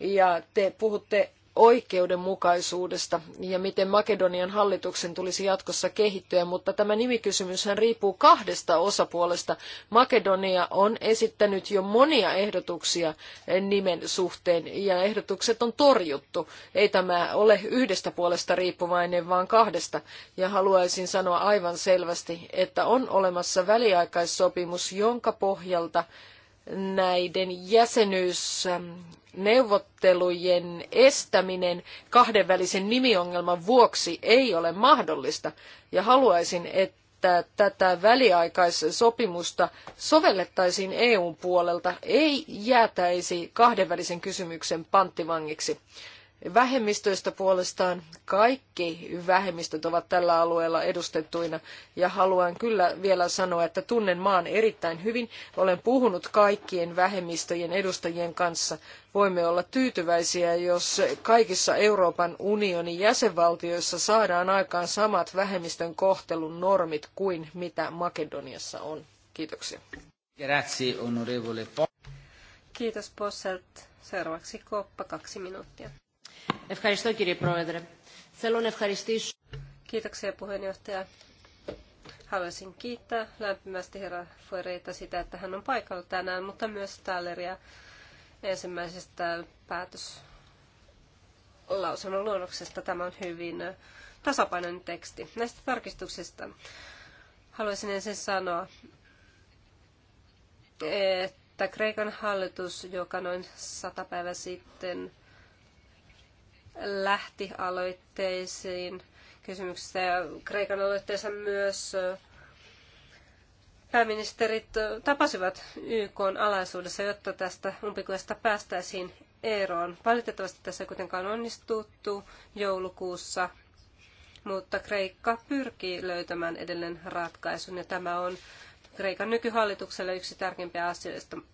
Ja te puhutte oikeudenmukaisuudesta ja miten Makedonian hallituksen tulisi jatkossa kehittyä, mutta tämä nimikysymyshän riippuu kahdesta osapuolesta. Makedonia on esittänyt jo monia ehdotuksia nimen suhteen ja ehdotukset on torjuttu. Ei tämä ole yhdestä puolesta riippuvainen, vaan kahdesta. Ja haluaisin sanoa aivan selvästi, että on olemassa väliaikaissopimus, jonka pohjalta näiden jäsenyysneuvottelujen estäminen kahdenvälisen nimiongelman vuoksi ei ole mahdollista. Ja haluaisin, että tätä väliaikaissopimusta sovellettaisiin EUn puolelta, ei jäätäisi kahdenvälisen kysymyksen panttivangiksi. Vähemmistöistä puolestaan kaikki vähemmistöt ovat tällä alueella edustettuina ja haluan kyllä vielä sanoa, että tunnen maan erittäin hyvin. Olen puhunut kaikkien vähemmistöjen edustajien kanssa. Voimme olla tyytyväisiä, jos kaikissa Euroopan unionin jäsenvaltioissa saadaan aikaan samat vähemmistön kohtelun normit kuin mitä Makedoniassa on. Kiitoksia. Grazie, onorevole Kiitos Posselt. Seuraavaksi Koppa, kaksi minuuttia. Ευχαριστώ κύριε Πρόεδρε. Θέλω να ευχαριστήσω. Kiitoksia puheenjohtaja. Haluaisin kiittää lämpimästi herra Fuereita sitä, että hän on paikalla tänään, mutta myös Talleria ensimmäisestä päätöslausunnon luonnoksesta. Tämä on hyvin tasapainoinen teksti. Näistä tarkistuksista haluaisin ensin sanoa, että Kreikan hallitus, joka noin sata päivää sitten lähti aloitteisiin kysymyksistä ja Kreikan aloitteessa myös pääministerit tapasivat YK alaisuudessa, jotta tästä umpikujasta päästäisiin eroon. Valitettavasti tässä ei kuitenkaan onnistuttu joulukuussa, mutta Kreikka pyrkii löytämään edelleen ratkaisun ja tämä on Kreikan nykyhallitukselle yksi tärkeimpiä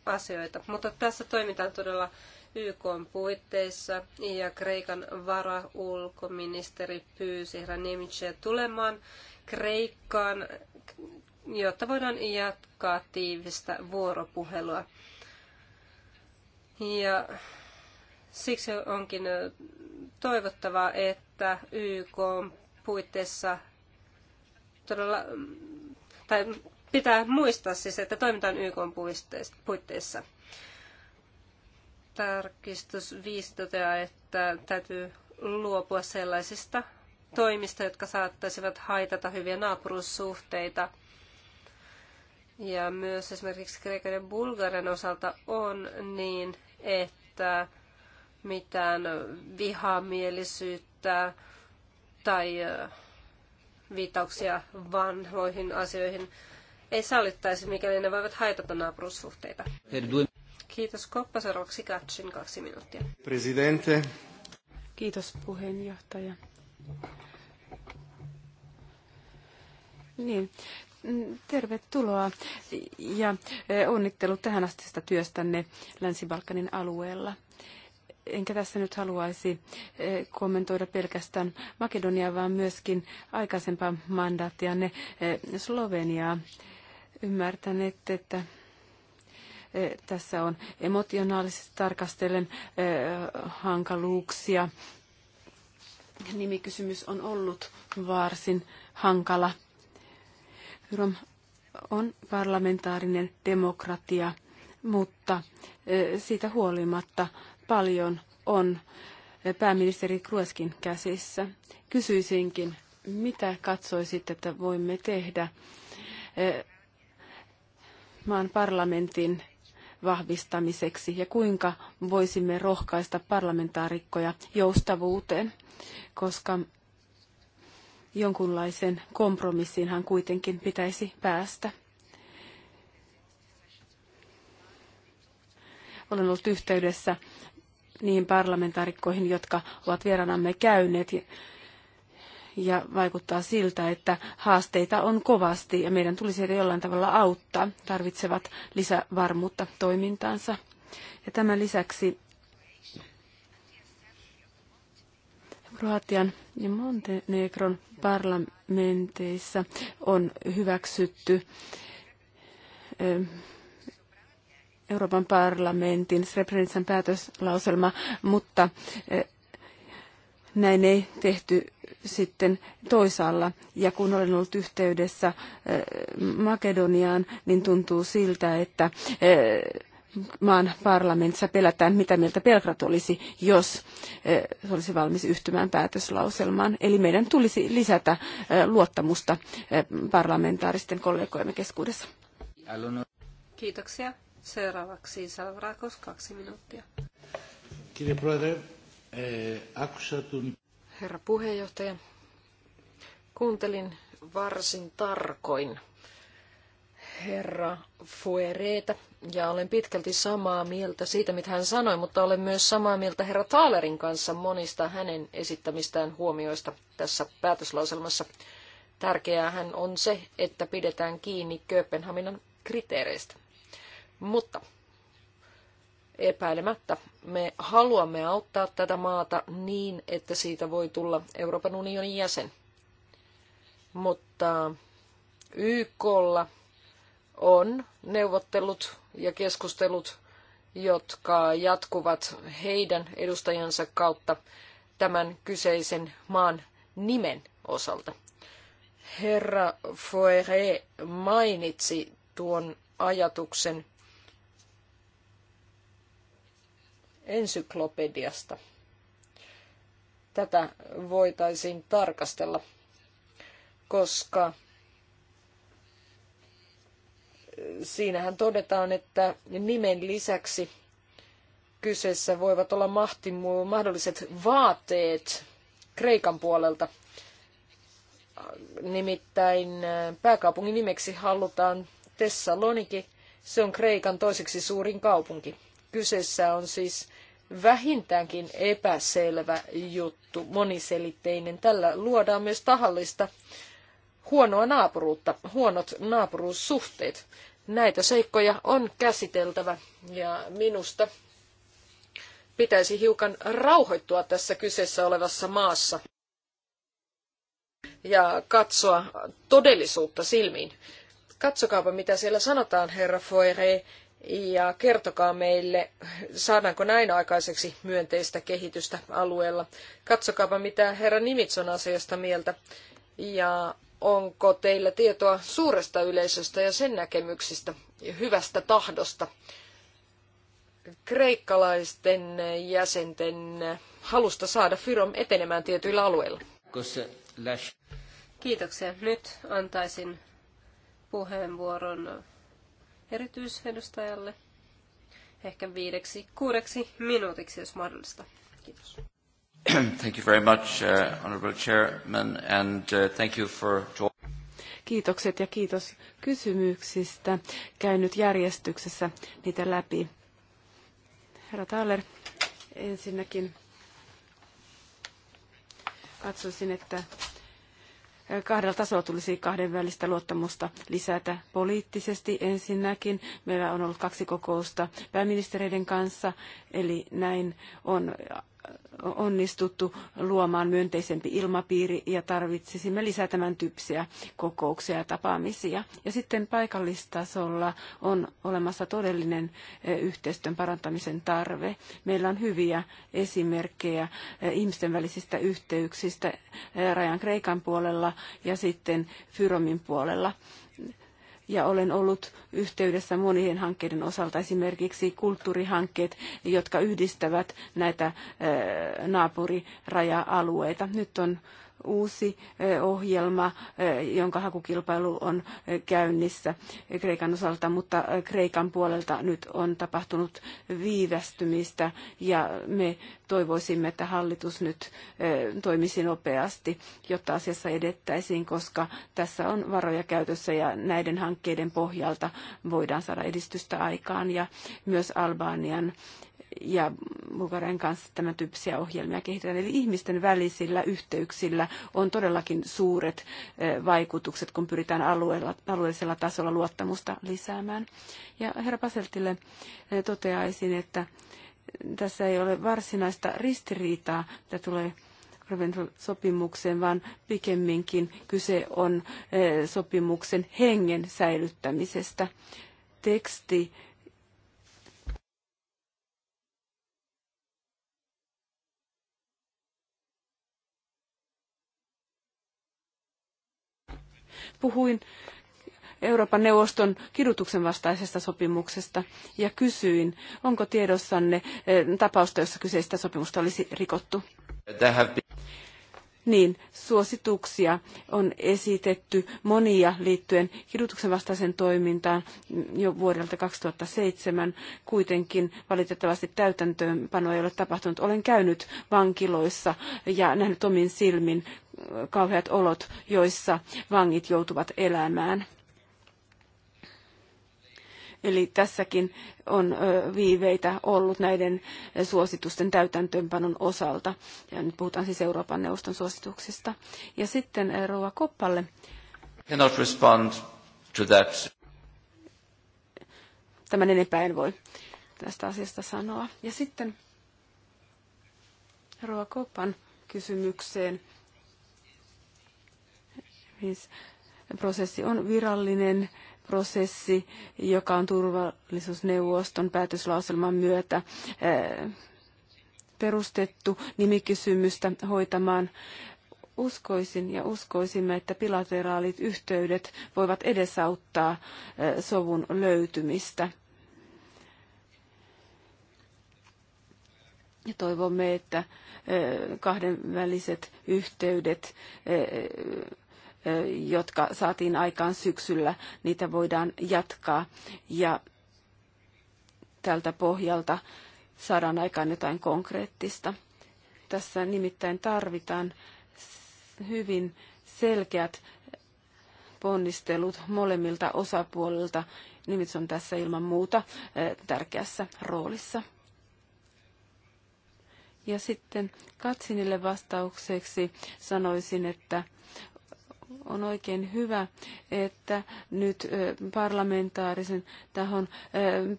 asioita. Mutta tässä toimitaan todella YK puitteissa ja Kreikan varaulkoministeri pyysi herra Nimitse tulemaan Kreikkaan, jotta voidaan jatkaa tiivistä vuoropuhelua. Ja siksi onkin toivottavaa, että YK puitteissa todella, tai pitää muistaa siis, että toimitaan YK puitteissa. Tarkistus 5 toteaa, että täytyy luopua sellaisista toimista, jotka saattaisivat haitata hyviä naapuruussuhteita. Ja myös esimerkiksi Kreikan ja Bulgarian osalta on niin, että mitään vihamielisyyttä tai viittauksia vanhoihin asioihin ei sallittaisi, mikäli ne voivat haitata naapuruussuhteita. Kiitos Koppa. Katsin kaksi minuuttia. Presidente. Kiitos puheenjohtaja. Niin, tervetuloa ja e, onnittelut tähän astista työstänne Länsi-Balkanin alueella. Enkä tässä nyt haluaisi e, kommentoida pelkästään Makedoniaa, vaan myöskin aikaisempaa mandaattianne e, Sloveniaa. Ymmärtäneet, että tässä on emotionaalisesti tarkastellen hankaluuksia. Nimikysymys on ollut varsin hankala. Fyrom on parlamentaarinen demokratia, mutta siitä huolimatta paljon on pääministeri Krueskin käsissä. Kysyisinkin, mitä katsoisit, että voimme tehdä maan parlamentin vahvistamiseksi ja kuinka voisimme rohkaista parlamentaarikkoja joustavuuteen, koska jonkunlaisen kompromissiinhan kuitenkin pitäisi päästä. Olen ollut yhteydessä niihin parlamentaarikkoihin, jotka ovat vieraanamme käyneet ja vaikuttaa siltä, että haasteita on kovasti ja meidän tulisi heitä jollain tavalla auttaa, tarvitsevat lisävarmuutta toimintaansa. Ja tämän lisäksi Kroatian ja Montenegron parlamenteissa on hyväksytty ähm, Euroopan parlamentin Srebrenican päätöslauselma, mutta äh, näin ei tehty sitten toisaalla. Ja kun olen ollut yhteydessä eh, Makedoniaan, niin tuntuu siltä, että eh, maan parlamentissa pelätään, mitä mieltä Belgrad olisi, jos äh, olisi valmis yhtymään päätöslauselmaan. Eli meidän tulisi lisätä luottamusta parlamentaaristen kollegojemme keskuudessa. Kiitoksia. Seuraavaksi Salvrakos kaksi minuuttia. Κύριε Eh, ε, herra puheenjohtaja. Kuuntelin varsin tarkoin herra Fuereetä ja olen pitkälti samaa mieltä siitä, mitä hän sanoi, mutta olen myös samaa mieltä herra Taalerin kanssa monista hänen esittämistään huomioista tässä päätöslauselmassa. Tärkeäähän on se, että pidetään kiinni Kööpenhaminan kriteereistä. Mutta epäilemättä. Me haluamme auttaa tätä maata niin, että siitä voi tulla Euroopan unionin jäsen. Mutta YKlla on neuvottelut ja keskustelut, jotka jatkuvat heidän edustajansa kautta tämän kyseisen maan nimen osalta. Herra Foere mainitsi tuon ajatuksen ensyklopediasta. Tätä voitaisiin tarkastella, koska siinähän todetaan, että nimen lisäksi kyseessä voivat olla mahtimu, mahdolliset vaateet Kreikan puolelta. Nimittäin äh, pääkaupungin nimeksi halutaan Tessaloniki. Se on Kreikan toiseksi suurin kaupunki. Kyseessä on siis vähintäänkin epäselvä juttu, moniselitteinen. Tällä luodaan myös tahallista huonoa naapuruutta, huonot naapuruussuhteet. Näitä seikkoja on käsiteltävä ja minusta pitäisi hiukan rauhoittua tässä kyseessä olevassa maassa ja katsoa todellisuutta silmiin. Katsokaapa, mitä siellä sanotaan, herra Foire, ja kertokaa meille, saadaanko näin aikaiseksi myönteistä kehitystä alueella. Katsokaapa, mitä herra Nimitz on asiasta mieltä ja onko teillä tietoa suuresta yleisöstä ja sen näkemyksistä ja hyvästä tahdosta kreikkalaisten jäsenten halusta saada Fyrom etenemään tietyillä alueilla. Kiitoksia. Nyt antaisin puheenvuoron erityisedustajalle ehkä viideksi, kuudeksi minuutiksi, jos mahdollista. Kiitos. Thank you very much, uh, Honorable Chairman, and uh, thank you for... Kiitokset ja kiitos kysymyksistä. Käyn nyt järjestyksessä niitä läpi. Herra Thaler, ensinnäkin katsoisin, että kahdella tasolla tulisi kahdenvälistä luottamusta lisätä poliittisesti ensinnäkin. Meillä on ollut kaksi kokousta pääministereiden kanssa, eli näin on onnistuttu luomaan myönteisempi ilmapiiri ja tarvitsisimme lisää tämän tyyppisiä kokouksia ja tapaamisia. Ja sitten paikallistasolla on olemassa todellinen eh, yhteistyön parantamisen tarve. Meillä on hyviä esimerkkejä eh, ihmisten välisistä yhteyksistä eh, rajan Kreikan puolella ja sitten Fyromin puolella ja olen ollut yhteydessä monien hankkeiden osalta, esimerkiksi kulttuurihankkeet, jotka yhdistävät näitä naapuriraja-alueita. Nyt on uusi eh, ohjelma, eh, jonka hakukilpailu on eh, käynnissä Kreikan osalta, mutta Kreikan puolelta nyt on tapahtunut viivästymistä ja me toivoisimme, että hallitus nyt toimisi nopeasti, jotta asiassa edettäisiin, koska tässä on varoja käytössä ja näiden hankkeiden pohjalta voidaan saada edistystä aikaan ja myös Albanian ja Bulgarian kanssa tämän tyyppisiä ohjelmia kehitetään. Eli ihmisten välisillä yhteyksillä on todellakin suuret vaikutukset, kun pyritään alueella, alueellisella tasolla luottamusta lisäämään. Ja herra Paseltille toteaisin, että tässä ei ole varsinaista ristiriitaa, mitä tulee sopimukseen, vaan pikemminkin kyse on sopimuksen hengen säilyttämisestä. Teksti puhuin Euroopan neuvoston kidutuksen vastaisesta sopimuksesta ja kysyin, onko tiedossanne eh, tapausta, jossa kyseistä sopimusta olisi rikottu. Niin, suosituksia on esitetty monia liittyen kidutuksen vastaiseen toimintaan jo vuodelta 2007. Kuitenkin valitettavasti täytäntöönpano ei ole tapahtunut. Olen käynyt vankiloissa ja nähnyt omin silmin, kauheat olot, joissa vangit joutuvat elämään. Eli tässäkin on viiveitä ollut näiden suositusten täytäntöönpanon osalta. Ja nyt puhutaan siis Euroopan neuvoston suosituksista. Ja sitten Rouva Koppalle. Cannot respond to that. Tämän enempää en voi tästä asiasta sanoa. Ja sitten Rouva Koppan kysymykseen Siis prosessi on virallinen prosessi, joka on turvallisuusneuvoston päätöslauselman myötä eh, perustettu nimikysymystä hoitamaan. Uskoisin ja uskoisimme, että bilateraalit yhteydet voivat edesauttaa eh, sovun löytymistä. Ja toivomme, että eh, kahdenväliset yhteydet jotka saatiin aikaan syksyllä, niitä voidaan jatkaa ja tältä pohjalta saadaan aikaan jotain konkreettista. Tässä nimittäin tarvitaan hyvin selkeät ponnistelut molemmilta osapuolilta. Nimitys on tässä ilman muuta tärkeässä roolissa. Ja sitten Katsinille vastaukseksi sanoisin, että on oikein hyvä, että nyt parlamentaarisen tahon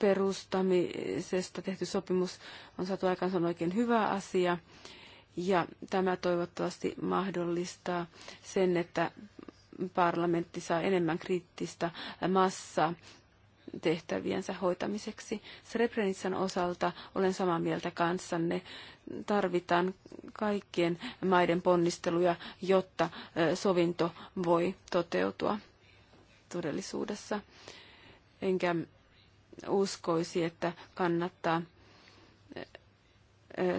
perustamisesta tehty sopimus on saatu aikaan. Se on oikein hyvä asia. Ja tämä toivottavasti mahdollistaa sen, että parlamentti saa enemmän kriittistä massaa tehtäviensä hoitamiseksi. Srebrenitsan osalta olen samaa mieltä kanssanne. Tarvitaan kaikkien maiden ponnisteluja, jotta sovinto voi toteutua todellisuudessa. Enkä uskoisi, että kannattaa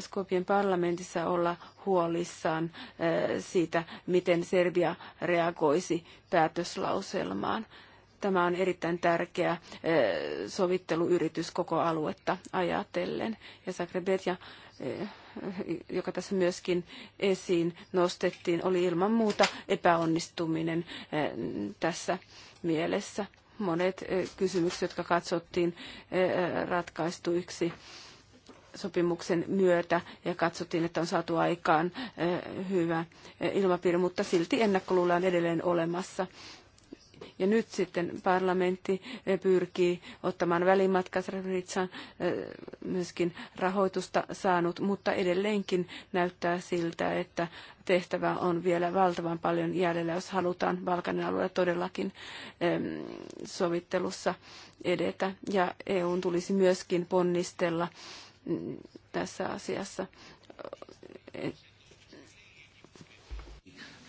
Skopien parlamentissa olla huolissaan siitä, miten Serbia reagoisi päätöslauselmaan. Tämä on erittäin tärkeä eh, sovitteluyritys koko aluetta ajatellen. Ja Zagrebet ja eh, joka tässä myöskin esiin nostettiin, oli ilman muuta epäonnistuminen eh, tässä mielessä. Monet kysymykset, jotka katsottiin ratkaistuiksi sopimuksen myötä ja katsottiin, että on saatu aikaan hyvä ilmapiiri, mutta silti ennakkoluulla on edelleen olemassa. Ja nyt sitten parlamentti eh, pyrkii ottamaan välimatkasravitsaan eh, myöskin rahoitusta saanut, mutta edelleenkin näyttää siltä, että tehtävä on vielä valtavan paljon jäljellä, jos halutaan Balkanin alueella todellakin sovittelussa edetä. Ja EUn tulisi myöskin ponnistella mm, tässä asiassa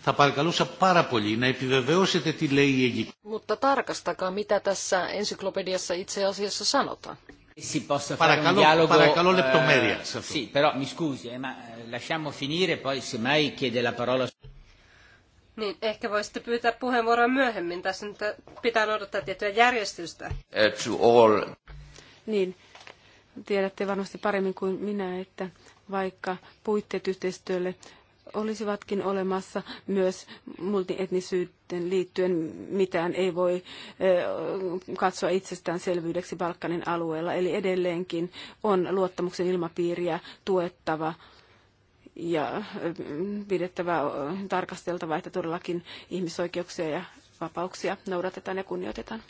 Θα παρακαλούσα πάρα πολύ να επιβεβαιώσετε τι λέει η Αιγύπτου. Mutta tarkastakaa, mitä tässä ensiklopediassa itse asiassa sanotaan. Si possa παρακαλώ, fare un dialogo, παρακαλώ λεπτομέρεια uh, σε αυτό. Sì, però mi scusi, eh, ma eh, lasciamo finire, poi se mai chiede la parola... Niin, ehkä voisitte pyytää puheenvuoroa myöhemmin. Tässä nyt pitää noudattaa tiettyä järjestystä. Eh, to all. Niin, tiedätte varmasti paremmin kuin minä, että vaikka puitteet yhteistyölle olisivatkin olemassa myös multietnisyyteen liittyen. Mitään ei voi katsoa itsestäänselvyydeksi Balkanin alueella, eli edelleenkin on luottamuksen ilmapiiriä tuettava ja pidettävä, tarkasteltava, että todellakin ihmisoikeuksia ja vapauksia noudatetaan ja kunnioitetaan.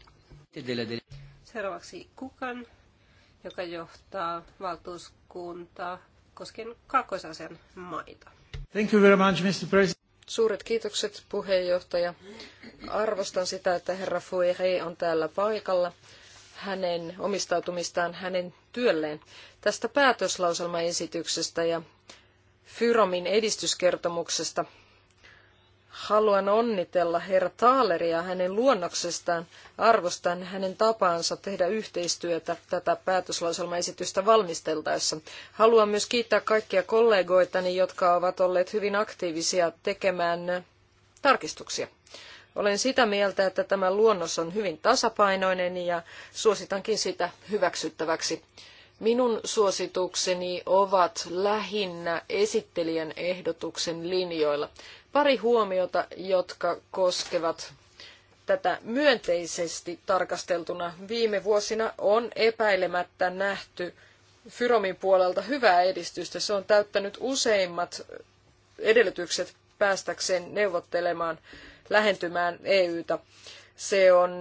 Seuraavaksi Kukan, joka johtaa valtuuskuntaa koskien kaakkoisasian maita. Thank you very much, Mr. President. Suuret kiitokset puheenjohtaja. Arvostan sitä, että herra Fuere on täällä paikalla hänen omistautumistaan hänen työlleen. Tästä päätöslauselmaesityksestä ja Fyromin edistyskertomuksesta haluan onnitella herra Taaleria hänen luonnoksestaan. Arvostan hänen tapaansa tehdä yhteistyötä tätä päätöslauselmaesitystä valmisteltaessa. Haluan myös kiittää kaikkia kollegoitani, jotka ovat olleet hyvin aktiivisia tekemään tarkistuksia. Olen sitä mieltä, että tämä luonnos on hyvin tasapainoinen ja suositankin sitä hyväksyttäväksi. Minun suositukseni ovat lähinnä esittelijän ehdotuksen linjoilla. Pari huomiota, jotka koskevat tätä myönteisesti tarkasteltuna viime vuosina on epäilemättä nähty Fyromin puolelta hyvää edistystä. Se on täyttänyt useimmat edellytykset päästäkseen neuvottelemaan lähentymään EUta. Se on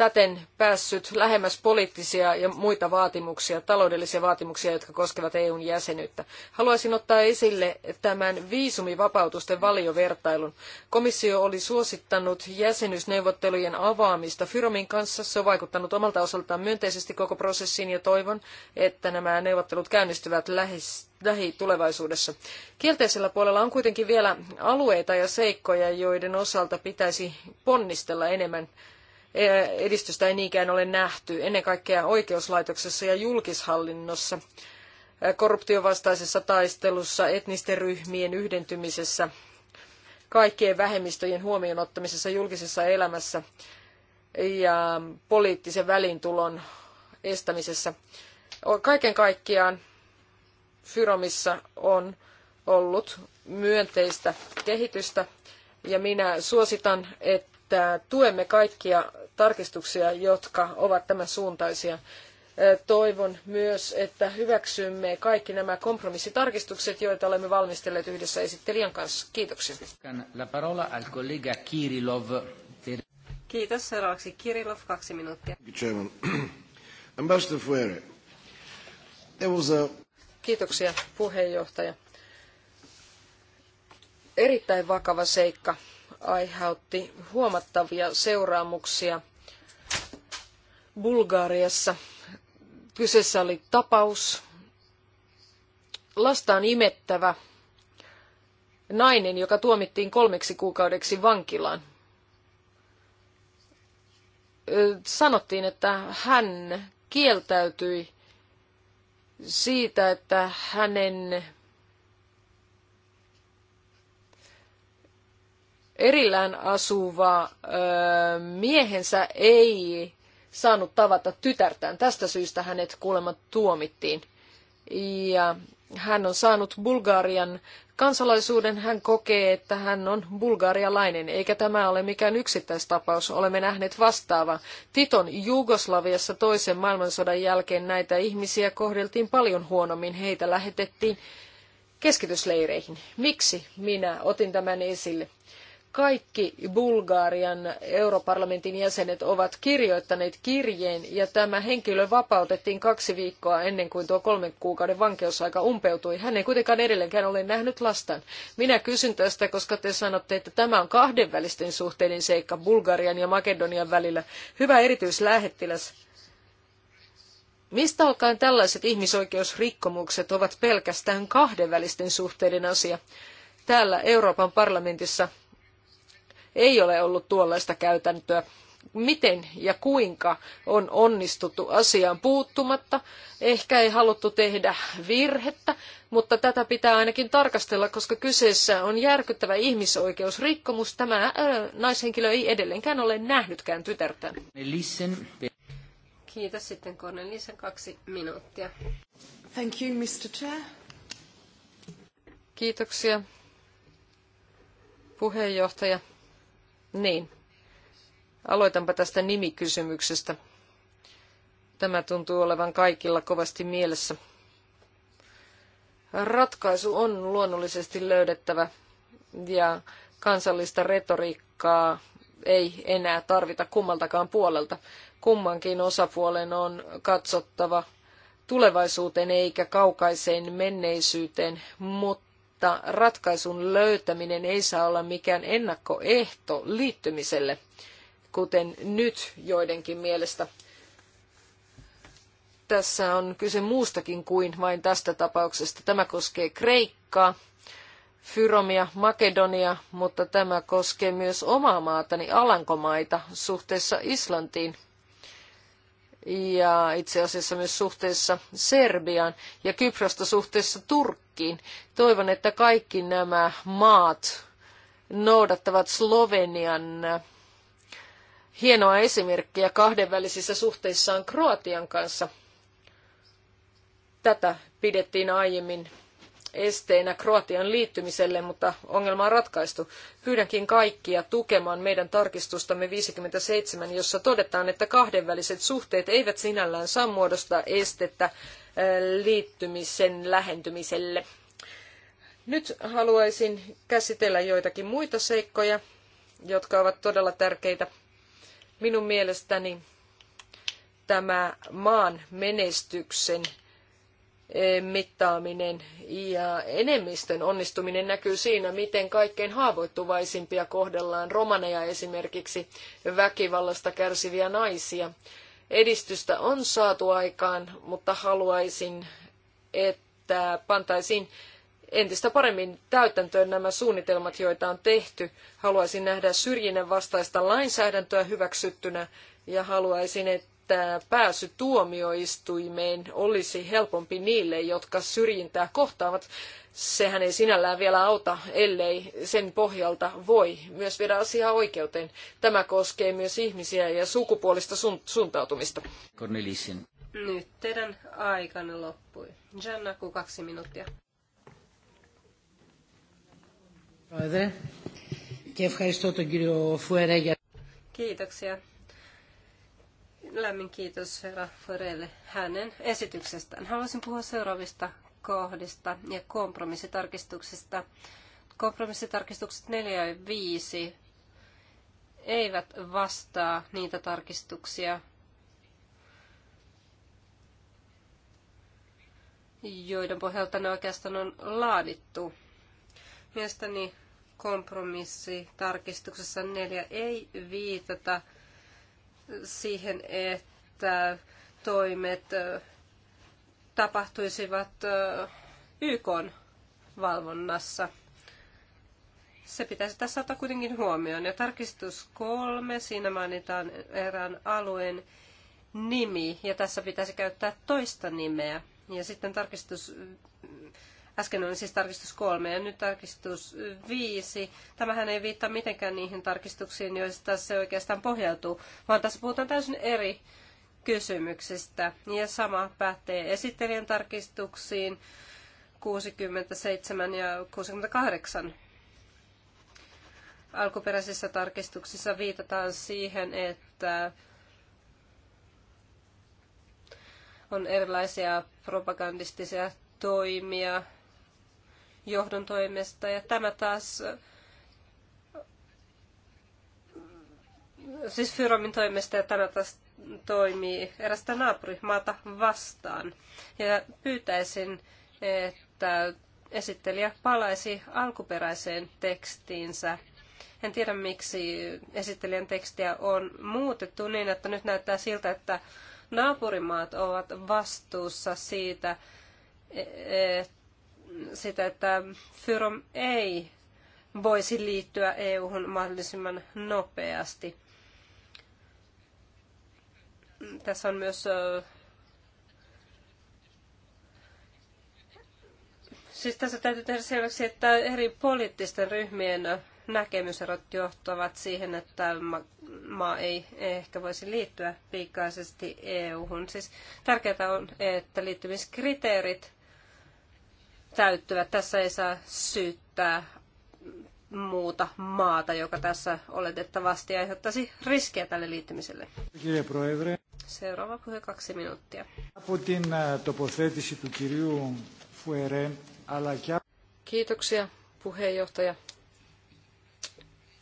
täten päässyt lähemmäs poliittisia ja muita vaatimuksia, taloudellisia vaatimuksia, jotka koskevat EUn jäsenyyttä. Haluaisin ottaa esille tämän viisumivapautusten valiovertailun. Komissio oli suosittanut jäsenyysneuvottelujen avaamista Fyromin kanssa. Se on vaikuttanut omalta osaltaan myönteisesti koko prosessiin ja toivon, että nämä neuvottelut käynnistyvät lähes lähitulevaisuudessa. Kielteisellä puolella on kuitenkin vielä alueita ja seikkoja, joiden osalta pitäisi ponnistella enemmän Eh, edistystä ei niinkään ole nähty, ennen kaikkea oikeuslaitoksessa ja julkishallinnossa, eh, korruptiovastaisessa taistelussa, etnisten ryhmien yhdentymisessä, kaikkien vähemmistöjen huomioon ottamisessa julkisessa elämässä ja poliittisen välintulon estämisessä. Kaiken kaikkiaan Fyromissa on ollut myönteistä kehitystä ja minä suositan, että että tuemme kaikkia tarkistuksia, jotka ovat tämän suuntaisia. Toivon myös, että hyväksymme kaikki nämä kompromissitarkistukset, joita olemme valmistelleet yhdessä esittelijän kanssa. Kiitoksia. La parola al collega Kirilov. Kiitos. Seuraavaksi Kirilov, kaksi minuuttia. Kiitoksia puheenjohtaja. Erittäin vakava seikka aiheutti huomattavia seuraamuksia Bulgariassa. Kyseessä oli tapaus, lastaan imettävä nainen, joka tuomittiin kolmeksi kuukaudeksi vankilaan. Sanottiin, että hän kieltäytyi siitä, että hänen erillään asuva miehensä ei saanut tavata tytärtään. Tästä syystä hänet kuulemma tuomittiin. Ja hän on saanut Bulgarian kansalaisuuden. Hän kokee, että hän on bulgarialainen, eikä tämä ole mikään yksittäistapaus. Olemme nähneet vastaava. Titon Jugoslaviassa toisen maailmansodan jälkeen näitä ihmisiä kohdeltiin paljon huonommin. Heitä lähetettiin keskitysleireihin. Miksi minä otin tämän esille? kaikki Bulgarian europarlamentin jäsenet ovat kirjoittaneet kirjeen ja tämä henkilö vapautettiin kaksi viikkoa ennen kuin tuo kolmen kuukauden vankeusaika umpeutui. Hän ei kuitenkaan edelleenkään ole nähnyt lastaan. Minä kysyn tästä, koska te sanotte, että tämä on kahdenvälisten suhteiden seikka Bulgarian ja Makedonian välillä. Hyvä erityislähettiläs. Mistä alkaen tällaiset ihmisoikeusrikkomukset ovat pelkästään kahdenvälisten suhteiden asia? Täällä Euroopan parlamentissa ei ole ollut tuollaista käytäntöä. Miten ja kuinka on onnistuttu asiaan puuttumatta? Ehkä ei haluttu tehdä virhettä, mutta tätä pitää ainakin tarkastella, koska kyseessä on järkyttävä ihmisoikeusrikkomus. Tämä äh, naishenkilö ei edelleenkään ole nähnytkään tytärtään. Kiitos sitten Cornelisen kaksi minuuttia. Thank you, Mr. Chair. Kiitoksia, puheenjohtaja. Niin. Aloitanpa tästä nimikysymyksestä. Tämä tuntuu olevan kaikilla kovasti mielessä. Ratkaisu on luonnollisesti löydettävä ja kansallista retoriikkaa ei enää tarvita kummaltakaan puolelta. Kummankin osapuolen on katsottava tulevaisuuteen eikä kaukaiseen menneisyyteen, mutta mutta ratkaisun löytäminen ei saa olla mikään ennakkoehto liittymiselle, kuten nyt joidenkin mielestä. Tässä on kyse muustakin kuin vain tästä tapauksesta. Tämä koskee Kreikkaa, Fyromia, Makedonia, mutta tämä koskee myös omaa maatani Alankomaita suhteessa Islantiin – ja itse asiassa myös suhteessa Serbiaan ja Kyprosta suhteessa Turkkiin. Toivon, että kaikki nämä maat noudattavat Slovenian hienoa esimerkkiä kahdenvälisissä suhteissaan Kroatian kanssa. Tätä pidettiin aiemmin esteenä Kroatian liittymiselle, mutta ongelma on ratkaistu. Pyydänkin kaikkia tukemaan meidän tarkistustamme 57, jossa todetaan, että kahdenväliset suhteet eivät sinällään saa muodostaa estettä äh, liittymisen lähentymiselle. Nyt haluaisin käsitellä joitakin muita seikkoja, jotka ovat todella tärkeitä. Minun mielestäni tämä maan menestyksen E, mittaaminen ja enemmistön onnistuminen näkyy siinä, miten kaikkein haavoittuvaisimpia kohdellaan romaneja esimerkiksi väkivallasta kärsiviä naisia. Edistystä on saatu aikaan, mutta haluaisin, että pantaisiin entistä paremmin täytäntöön nämä suunnitelmat, joita on tehty. Haluaisin nähdä syrjinnän vastaista lainsäädäntöä hyväksyttynä ja haluaisin, että että pääsy tuomioistuimeen olisi helpompi niille, jotka syrjintää kohtaavat. Sehän ei sinällään vielä auta, ellei sen pohjalta voi myös viedä asiaa oikeuteen. Tämä koskee myös ihmisiä ja sukupuolista suuntautumista. Cornelisin. Nyt teidän aikanne loppui. Janna, ku kaksi minuuttia. Kiitoksia lämmin kiitos herra Forelle hänen esityksestään. Haluaisin puhua seuraavista kohdista ja kompromissitarkistuksista. Kompromissitarkistukset 4 ja 5 eivät vastaa niitä tarkistuksia, joiden pohjalta ne oikeastaan on laadittu. Mielestäni kompromissitarkistuksessa 4 ei viitata siihen, että toimet tapahtuisivat YK valvonnassa. Se pitäisi tässä ottaa kuitenkin huomioon. Ja tarkistus kolme, siinä mainitaan erään alueen nimi, ja tässä pitäisi käyttää toista nimeä. Ja sitten tarkistus Äsken oli siis tarkistus kolme ja nyt tarkistus viisi. Tämähän ei viittaa mitenkään niihin tarkistuksiin, joista se oikeastaan pohjautuu, vaan tässä puhutaan täysin eri kysymyksistä. Ja sama pätee esittelijän tarkistuksiin 67 ja 68. Alkuperäisissä tarkistuksissa viitataan siihen, että on erilaisia propagandistisia toimia johdon toimesta. Ja tämä taas siis Fyromin toimesta ja tämä taas toimii erästä naapurimaata vastaan. Ja pyytäisin, että esittelijä palaisi alkuperäiseen tekstiinsä. En tiedä, miksi esittelijän tekstiä on muutettu niin, että nyt näyttää siltä, että naapurimaat ovat vastuussa siitä, että sitä, että Fyrom ei voisi liittyä EU-hun mahdollisimman nopeasti. Tässä on myös Siis tässä täytyy tehdä selväksi, että eri poliittisten ryhmien näkemyserot johtavat siihen, että maa ei ehkä voisi liittyä pikaisesti EU-hun. Siis tärkeää on, että liittymiskriteerit täyttyvät. Tässä ei saa syyttää muuta maata, joka tässä oletettavasti aiheuttaisi riskejä tälle liittymiselle. Seuraava puhe kaksi minuuttia. Kiitoksia puheenjohtaja.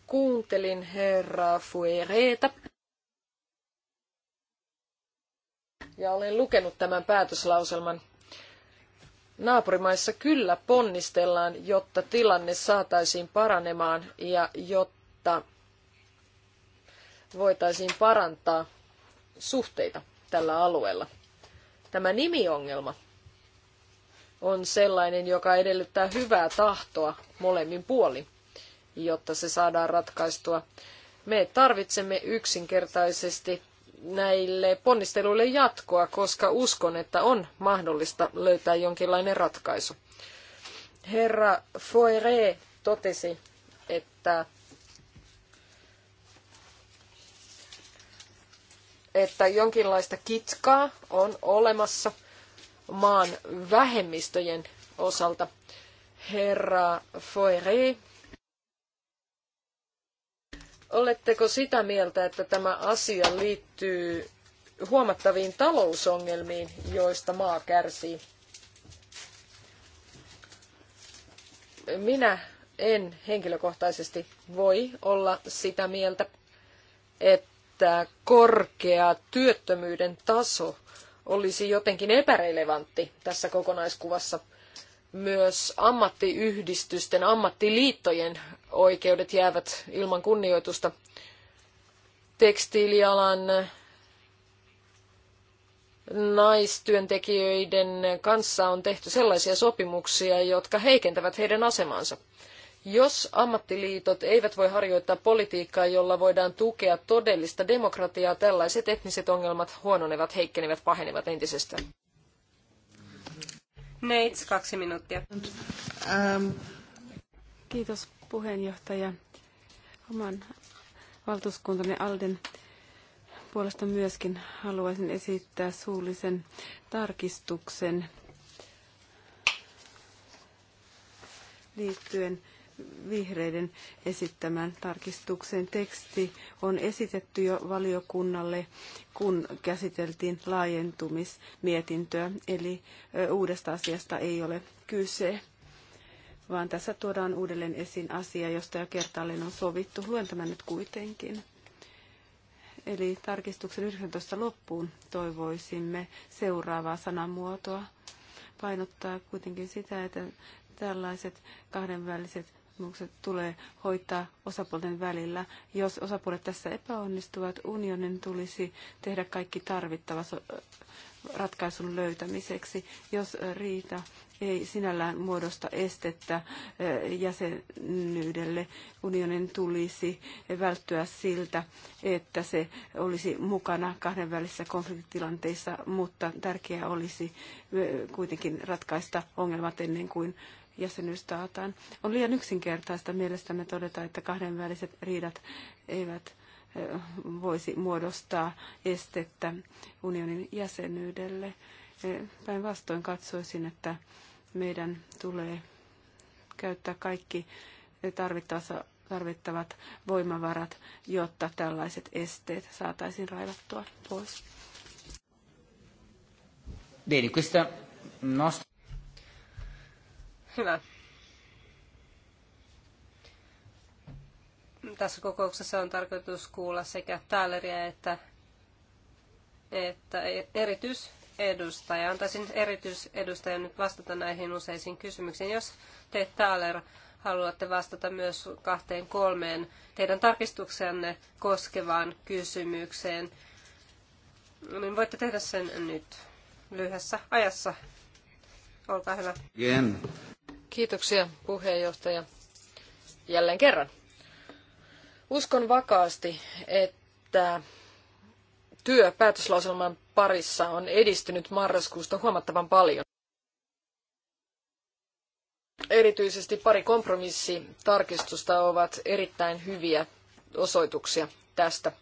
Kuuntelin herra Fuereta. Ja olen lukenut tämän päätöslauselman naapurimaissa kyllä ponnistellaan, jotta tilanne saataisiin paranemaan ja jotta voitaisiin parantaa suhteita tällä alueella. Tämä nimiongelma on sellainen, joka edellyttää hyvää tahtoa molemmin puolin, jotta se saadaan ratkaistua. Me tarvitsemme yksinkertaisesti näille ponnisteluille jatkoa, koska uskon, että on mahdollista löytää jonkinlainen ratkaisu. Herra Foire totesi, että että jonkinlaista kitkaa on olemassa maan vähemmistöjen osalta. Herra Foire Oletteko sitä mieltä, että tämä asia liittyy huomattaviin talousongelmiin, joista maa kärsii? Minä en henkilökohtaisesti voi olla sitä mieltä, että korkea työttömyyden taso olisi jotenkin epärelevantti tässä kokonaiskuvassa. Myös ammattiyhdistysten, ammattiliittojen oikeudet jäävät ilman kunnioitusta. Tekstiilialan naistyöntekijöiden kanssa on tehty sellaisia sopimuksia, jotka heikentävät heidän asemansa. Jos ammattiliitot eivät voi harjoittaa politiikkaa, jolla voidaan tukea todellista demokratiaa, tällaiset etniset ongelmat huononevat, heikkenevät, pahenevat entisestään. Neits, kaksi minuuttia. Um, Kiitos puheenjohtaja. Oman valtuuskuntani Alden puolesta myöskin haluaisin esittää suullisen tarkistuksen liittyen vihreiden esittämään tarkistuksen teksti on esitetty jo valiokunnalle, kun käsiteltiin laajentumismietintöä, eli uudesta asiasta ei ole kyse vaan tässä tuodaan uudelleen esiin asia, josta jo kertaalleen on sovittu. Luen tämän nyt kuitenkin. Eli tarkistuksen 19 loppuun toivoisimme seuraavaa sanamuotoa. Painottaa kuitenkin sitä, että tällaiset kahdenväliset tulee hoitaa osapuolten välillä. Jos osapuolet tässä epäonnistuvat, unionin tulisi tehdä kaikki tarvittava ratkaisun löytämiseksi. Jos riita ei sinällään muodosta estettä eh, jäsenyydelle. Unionin tulisi välttyä siltä, että se olisi mukana kahdenvälisissä konfliktitilanteissa, mutta tärkeää olisi eh, kuitenkin ratkaista ongelmat ennen kuin jäsenyys taataan. On liian yksinkertaista mielestämme todeta, että kahdenväliset riidat eivät voisi muodostaa estettä unionin jäsenyydelle. Päinvastoin katsoisin, että meidän tulee käyttää kaikki tarvittavat voimavarat, jotta tällaiset esteet saataisiin raivattua pois. Bene, questa nostra... Hyvä. Tässä kokouksessa on tarkoitus kuulla sekä Taaleria että, että erityisedustaja. Antaisin erityisedustajan nyt vastata näihin useisiin kysymyksiin. Jos te Taaler haluatte vastata myös kahteen kolmeen teidän tarkistuksenne koskevaan kysymykseen, niin voitte tehdä sen nyt lyhyessä ajassa. Olkaa hyvä. Kiitoksia puheenjohtaja. Jälleen kerran. Uskon vakaasti, että työ päätöslauselman parissa on edistynyt marraskuusta huomattavan paljon. Erityisesti pari kompromissitarkistusta ovat erittäin hyviä osoituksia tästä.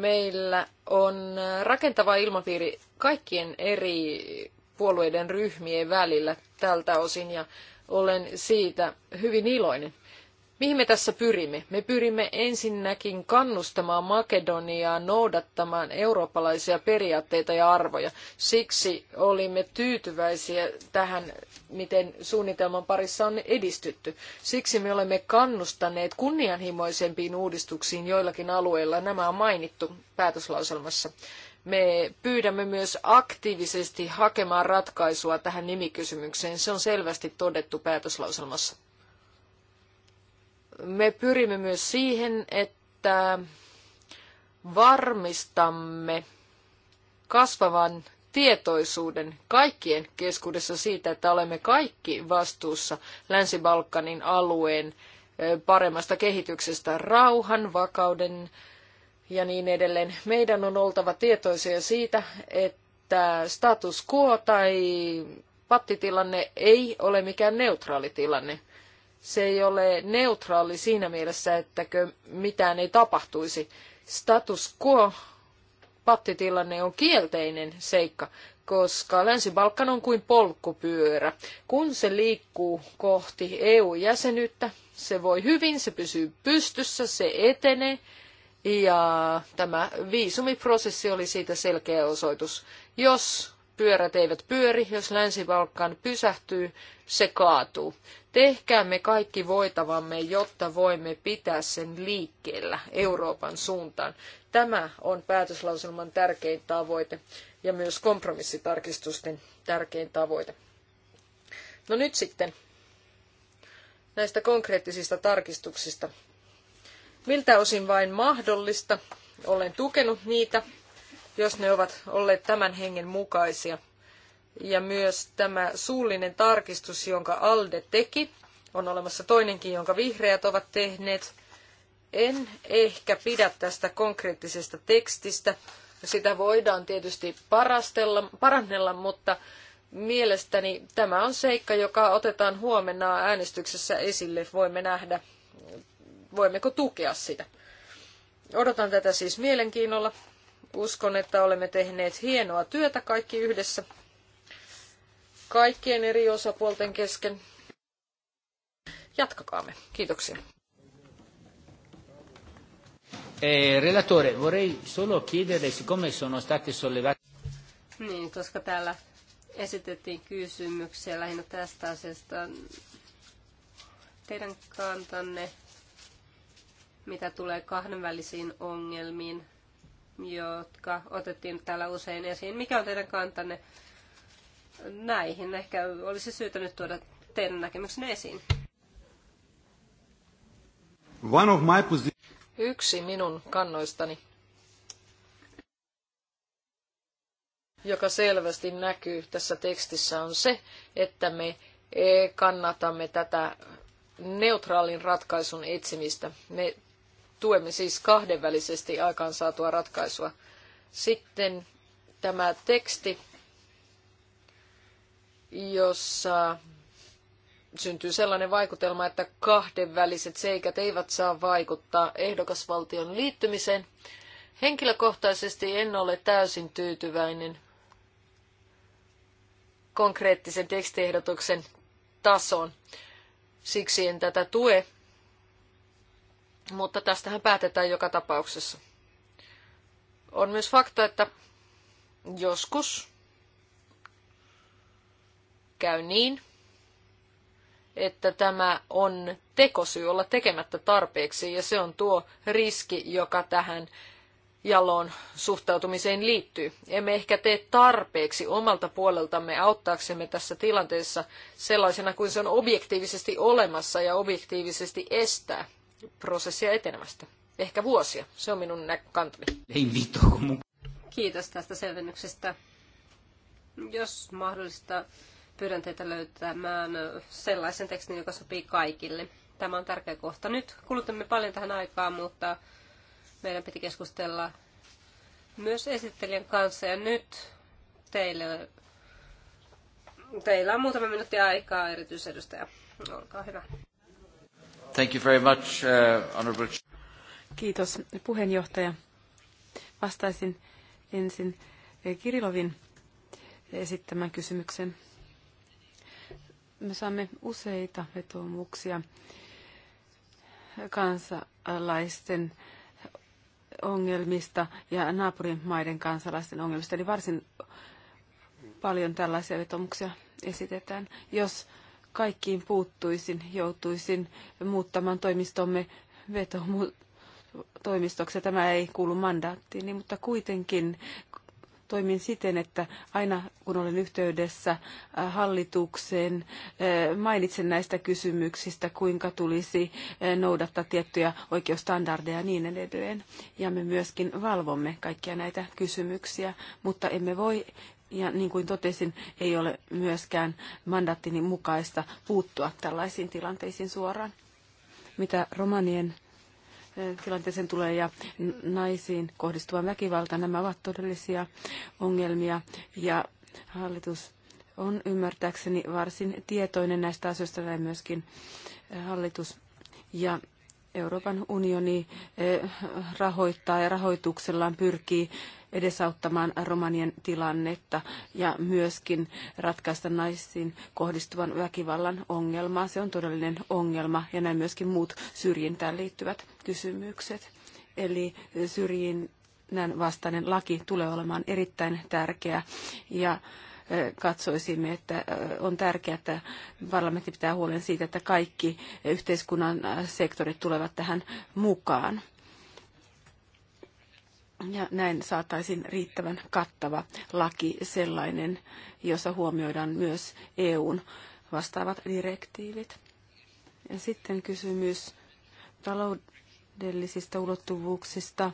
Meillä on rakentava ilmapiiri kaikkien eri puolueiden ryhmien välillä tältä osin ja olen siitä hyvin iloinen. Mihin me tässä pyrimme? Me pyrimme ensinnäkin kannustamaan Makedoniaa noudattamaan eurooppalaisia periaatteita ja arvoja. Siksi olimme tyytyväisiä tähän, miten suunnitelman parissa on edistytty. Siksi me olemme kannustaneet kunnianhimoisempiin uudistuksiin joillakin alueilla. Nämä on mainittu päätöslauselmassa. Me pyydämme myös aktiivisesti hakemaan ratkaisua tähän nimikysymykseen. Se on selvästi todettu päätöslauselmassa. Me pyrimme myös siihen, että varmistamme kasvavan tietoisuuden kaikkien keskuudessa siitä, että olemme kaikki vastuussa Länsi-Balkanin alueen paremmasta kehityksestä, rauhan, vakauden ja niin edelleen. Meidän on oltava tietoisia siitä, että status quo tai pattitilanne ei ole mikään neutraali tilanne. Se ei ole neutraali siinä mielessä, että mitään ei tapahtuisi. Status quo pattitilanne on kielteinen seikka, koska Länsi-Balkan on kuin polkupyörä. Kun se liikkuu kohti EU-jäsenyyttä, se voi hyvin, se pysyy pystyssä, se etenee. Ja tämä viisumiprosessi oli siitä selkeä osoitus. Jos pyörät eivät pyöri, jos Länsi-Balkan pysähtyy, se kaatuu. Tehkäämme kaikki voitavamme, jotta voimme pitää sen liikkeellä Euroopan suuntaan. Tämä on päätöslauselman tärkein tavoite ja myös kompromissitarkistusten tärkein tavoite. No nyt sitten näistä konkreettisista tarkistuksista. Miltä osin vain mahdollista, olen tukenut niitä, jos ne ovat olleet tämän hengen mukaisia – ja myös tämä suullinen tarkistus, jonka ALDE teki, on olemassa toinenkin, jonka vihreät ovat tehneet. En ehkä pidä tästä konkreettisesta tekstistä. Sitä voidaan tietysti parastella, parannella, mutta mielestäni tämä on seikka, joka otetaan huomenna äänestyksessä esille. Voimme nähdä, voimmeko tukea sitä. Odotan tätä siis mielenkiinnolla. Uskon, että olemme tehneet hienoa työtä kaikki yhdessä kaikkien eri osapuolten kesken. Jatkakaamme. Kiitoksia. Eh, relatore, vorrei solo chiedere, siccome sono state sollevate... Niin, koska täällä esitettiin kysymyksiä lähinnä tästä asiasta, teidän kantanne, mitä tulee kahdenvälisiin ongelmiin, jotka otettiin täällä usein esiin. Mikä on teidän kantanne näihin. Ehkä olisi syytä nyt tuoda teidän näkemyksenne esiin. One of my Yksi minun kannoistani, joka selvästi näkyy tässä tekstissä, on se, että me e, kannatamme tätä neutraalin ratkaisun etsimistä. Me tuemme siis kahdenvälisesti aikaansaatua ratkaisua. Sitten tämä teksti jossa syntyy sellainen vaikutelma, että kahdenväliset seikat eivät saa vaikuttaa ehdokasvaltion liittymiseen. Henkilökohtaisesti en ole täysin tyytyväinen konkreettisen tekstiehdotuksen tasoon. Siksi en tätä tue, mutta tästähän päätetään joka tapauksessa. On myös fakta, että joskus käy niin, että tämä on tekosyy olla tekemättä tarpeeksi, ja se on tuo riski, joka tähän jaloon suhtautumiseen liittyy. Emme ehkä tee tarpeeksi omalta puoleltamme auttaaksemme tässä tilanteessa sellaisena kuin se on objektiivisesti olemassa ja objektiivisesti estää prosessia etenemästä. Ehkä vuosia. Se on minun näkökantani. Ei vittu, kun mun... Kiitos tästä selvennyksestä. Jos mahdollista, pyydän teitä löytämään sellaisen tekstin, joka sopii kaikille. Tämä on tärkeä kohta. Nyt kulutamme paljon tähän aikaa, mutta meidän piti keskustella myös esittelijän kanssa. Ja nyt teille, teillä on muutama minuutti aikaa, erityisedustaja. Olkaa hyvä. Thank you very much, uh, honorable... Kiitos puheenjohtaja. Vastaisin ensin Kirilovin esittämään kysymyksen. Me saamme useita vetoomuksia kansalaisten ongelmista ja naapurimaiden kansalaisten ongelmista. Eli varsin paljon tällaisia vetomuksia esitetään. Jos kaikkiin puuttuisin, joutuisin muuttamaan toimistomme vetomu- toimistoksi. Tämä ei kuulu mandaattiin, mutta kuitenkin toimin siten, että aina kun olen yhteydessä äh, hallitukseen, äh, mainitsen näistä kysymyksistä, kuinka tulisi äh, noudattaa tiettyjä oikeusstandardeja ja niin edelleen. Ja me myöskin valvomme kaikkia näitä kysymyksiä, mutta emme voi ja niin kuin totesin, ei ole myöskään mandattini mukaista puuttua tällaisiin tilanteisiin suoraan. Mitä romanien tilanteeseen tulee ja naisiin kohdistuva väkivalta. Nämä ovat todellisia ongelmia ja hallitus on ymmärtääkseni varsin tietoinen näistä asioista, ja myöskin eh, hallitus. Ja Euroopan unioni eh, rahoittaa ja rahoituksellaan pyrkii edesauttamaan romanien tilannetta ja myöskin ratkaista naisiin kohdistuvan väkivallan ongelmaa. Se on todellinen ongelma ja näin myöskin muut syrjintään liittyvät kysymykset. Eli syrjinnän vastainen laki tulee olemaan erittäin tärkeä ja katsoisimme, että on tärkeää, että parlamentti pitää huolen siitä, että kaikki yhteiskunnan sektorit tulevat tähän mukaan. Ja näin saataisiin riittävän kattava laki sellainen, jossa huomioidaan myös EUn vastaavat direktiivit. Ja sitten kysymys taloudellisista ulottuvuuksista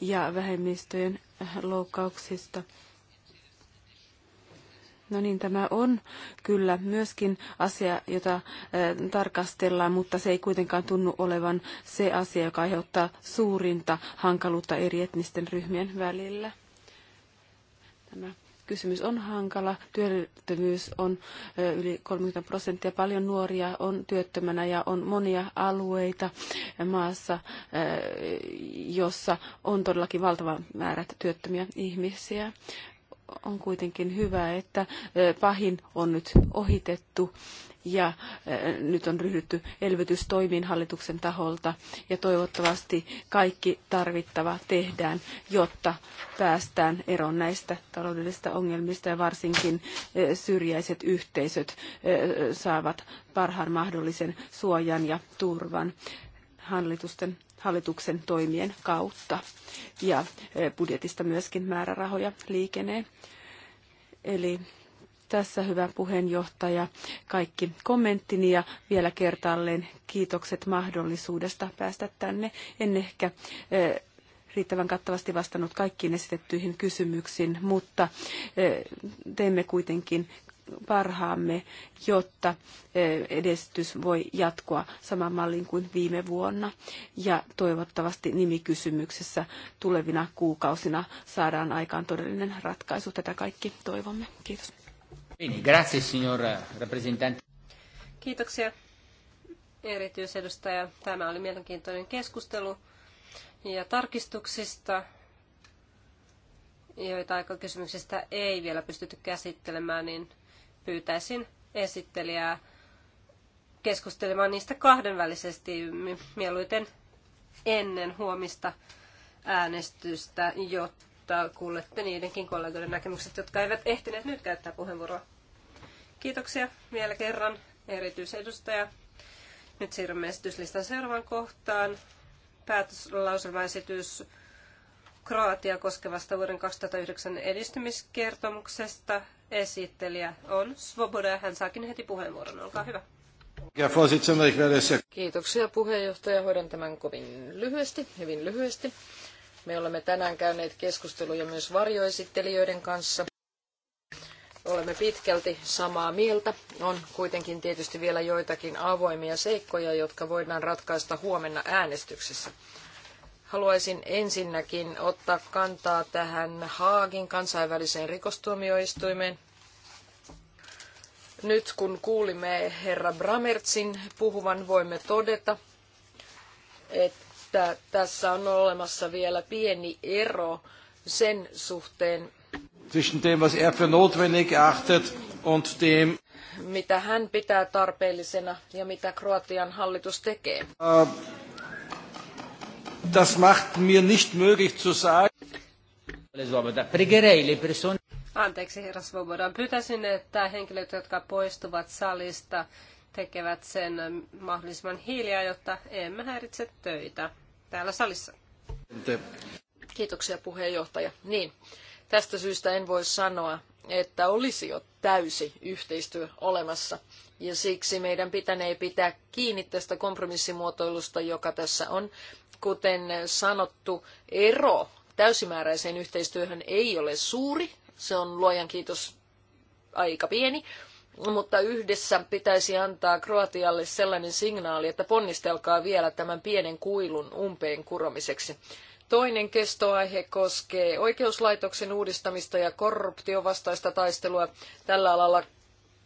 ja vähemmistöjen loukkauksista. No niin, tämä on kyllä myöskin asia, jota tarkastellaan, mutta se ei kuitenkaan tunnu olevan se asia, joka aiheuttaa suurinta hankaluutta eri etnisten ryhmien välillä. Tämä kysymys on hankala. Työttömyys on yli 30 prosenttia. Paljon nuoria on työttömänä ja on monia alueita maassa, jossa on todellakin valtava määrä työttömiä ihmisiä on kuitenkin hyvä, että pahin on nyt ohitettu ja nyt on ryhdytty elvytystoimiin hallituksen taholta ja toivottavasti kaikki tarvittava tehdään, jotta päästään eroon näistä taloudellisista ongelmista ja varsinkin syrjäiset yhteisöt saavat parhaan mahdollisen suojan ja turvan hallitusten, hallituksen toimien kautta. Ja e, budjetista myöskin määrärahoja liikenee. Eli tässä hyvä puheenjohtaja kaikki kommenttini ja vielä kertaalleen kiitokset mahdollisuudesta päästä tänne. En ehkä e, riittävän kattavasti vastannut kaikkiin esitettyihin kysymyksiin, mutta e, teemme kuitenkin parhaamme, jotta e, edistys voi jatkua saman mallin kuin viime vuonna. Ja toivottavasti nimikysymyksessä tulevina kuukausina saadaan aikaan todellinen ratkaisu. Tätä kaikki toivomme. Kiitos. Grazie, rappresentante. Kiitoksia erityisedustaja. Tämä oli mielenkiintoinen keskustelu ja tarkistuksista, joita kysymyksistä ei vielä pystytty käsittelemään, niin pyytäisin esittelijää keskustelemaan niistä kahdenvälisesti mieluiten ennen huomista äänestystä, jotta kuulette niidenkin kollegoiden näkemykset, jotka eivät ehtineet nyt käyttää puheenvuoroa. Kiitoksia vielä kerran erityisedustaja. Nyt siirrymme esityslistan seuraavaan kohtaan. Päätöslauselmaesitys Kroatia koskevasta vuoden 2009 edistymiskertomuksesta esittelijä on Svoboda ja hän saakin heti puheenvuoron. Olkaa hyvä. Kiitoksia puheenjohtaja. Hoidan tämän kovin lyhyesti, hyvin lyhyesti. Me olemme tänään käyneet keskusteluja myös varjoesittelijöiden kanssa. Olemme pitkälti samaa mieltä. On kuitenkin tietysti vielä joitakin avoimia seikkoja, jotka voidaan ratkaista huomenna äänestyksessä. Haluaisin ensinnäkin ottaa kantaa tähän Haagin kansainväliseen rikostuomioistuimeen. Nyt kun kuulimme herra Bramertsin puhuvan, voimme todeta, että tässä on olemassa vielä pieni ero sen suhteen, zwischen dem, was er für notwendig erachtet und dem, mitä hän pitää tarpeellisena ja mitä Kroatian hallitus tekee. Uh, das macht mir nicht möglich zu sagen. Anteeksi, herra Svoboda. Pyytäisin, että henkilöt, jotka poistuvat salista, tekevät sen mahdollisimman hiljaa, jotta emme häiritse töitä täällä salissa. Kiitoksia puheenjohtaja. Niin, tästä syystä en voi sanoa, että olisi jo täysi yhteistyö olemassa. Ja siksi meidän pitänee pitää kiinni tästä kompromissimuotoilusta, joka tässä on, Kuten sanottu, ero täysimääräiseen yhteistyöhön ei ole suuri. Se on luojan kiitos aika pieni. Mutta yhdessä pitäisi antaa Kroatialle sellainen signaali, että ponnistelkaa vielä tämän pienen kuilun umpeen kuromiseksi. Toinen kestoaihe koskee oikeuslaitoksen uudistamista ja korruptiovastaista taistelua. Tällä alalla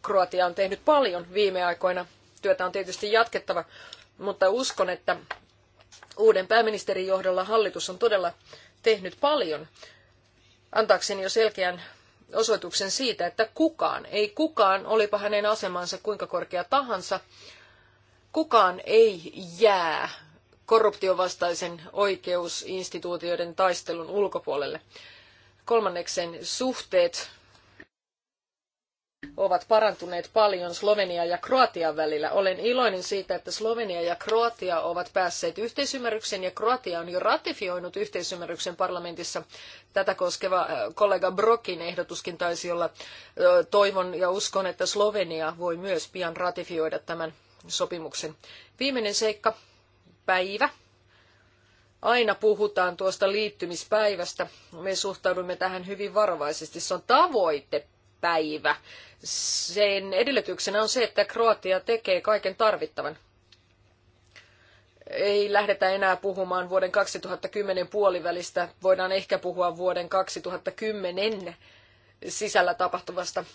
Kroatia on tehnyt paljon viime aikoina. Työtä on tietysti jatkettava, mutta uskon, että Uuden pääministerin johdolla hallitus on todella tehnyt paljon antaakseni jo selkeän osoituksen siitä, että kukaan, ei kukaan, olipa hänen asemansa kuinka korkea tahansa, kukaan ei jää korruptiovastaisen oikeusinstituutioiden taistelun ulkopuolelle. Kolmanneksen suhteet ovat parantuneet paljon Slovenian ja Kroatian välillä. Olen iloinen siitä, että Slovenia ja Kroatia ovat päässeet yhteisymmärrykseen ja Kroatia on jo ratifioinut yhteisymmärryksen parlamentissa. Tätä koskeva äh, kollega Brokin ehdotuskin taisi olla. Toivon ja uskon, että Slovenia voi myös pian ratifioida tämän sopimuksen. Viimeinen seikka, päivä. Aina puhutaan tuosta liittymispäivästä. Me suhtaudumme tähän hyvin varovaisesti. Se on tavoite päivä. Sen edellytyksenä on se, että Kroatia tekee kaiken tarvittavan. Ei lähdetä enää puhumaan vuoden 2010 puolivälistä, voidaan ehkä puhua vuoden 2010 sisällä tapahtuvasta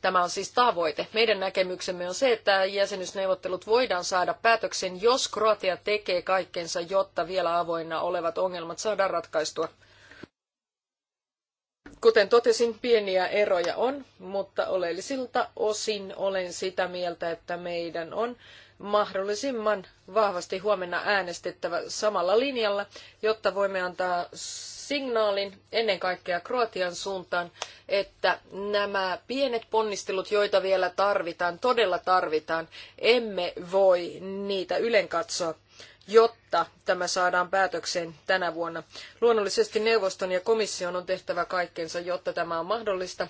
Tämä on siis tavoite. Meidän näkemyksemme on se, että jäsenyysneuvottelut voidaan saada päätöksen, jos Kroatia tekee kaikkensa, jotta vielä avoinna olevat ongelmat saadaan ratkaistua. Kuten totesin, pieniä eroja on, mutta oleellisilta osin olen sitä mieltä, että meidän on mahdollisimman vahvasti huomenna äänestettävä samalla linjalla, jotta voimme antaa signaalin ennen kaikkea Kroatian suuntaan, että nämä pienet ponnistelut, joita vielä tarvitaan, todella tarvitaan, emme voi niitä ylenkatsoa jotta tämä saadaan päätökseen tänä vuonna. Luonnollisesti neuvoston ja komission on tehtävä kaikkensa, jotta tämä on mahdollista.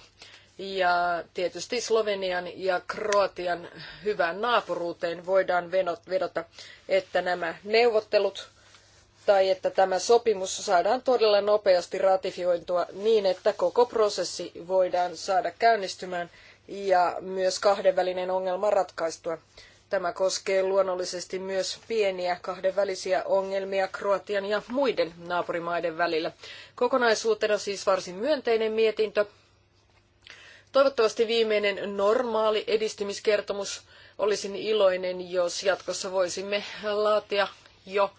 Ja tietysti Slovenian ja Kroatian hyvään naapuruuteen voidaan vedota, että nämä neuvottelut tai että tämä sopimus saadaan todella nopeasti ratifiointua niin, että koko prosessi voidaan saada käynnistymään ja myös kahdenvälinen ongelma ratkaistua. Tämä koskee luonnollisesti myös pieniä kahdenvälisiä ongelmia Kroatian ja muiden naapurimaiden välillä. Kokonaisuutena siis varsin myönteinen mietintö. Toivottavasti viimeinen normaali edistymiskertomus. Olisin iloinen, jos jatkossa voisimme laatia jo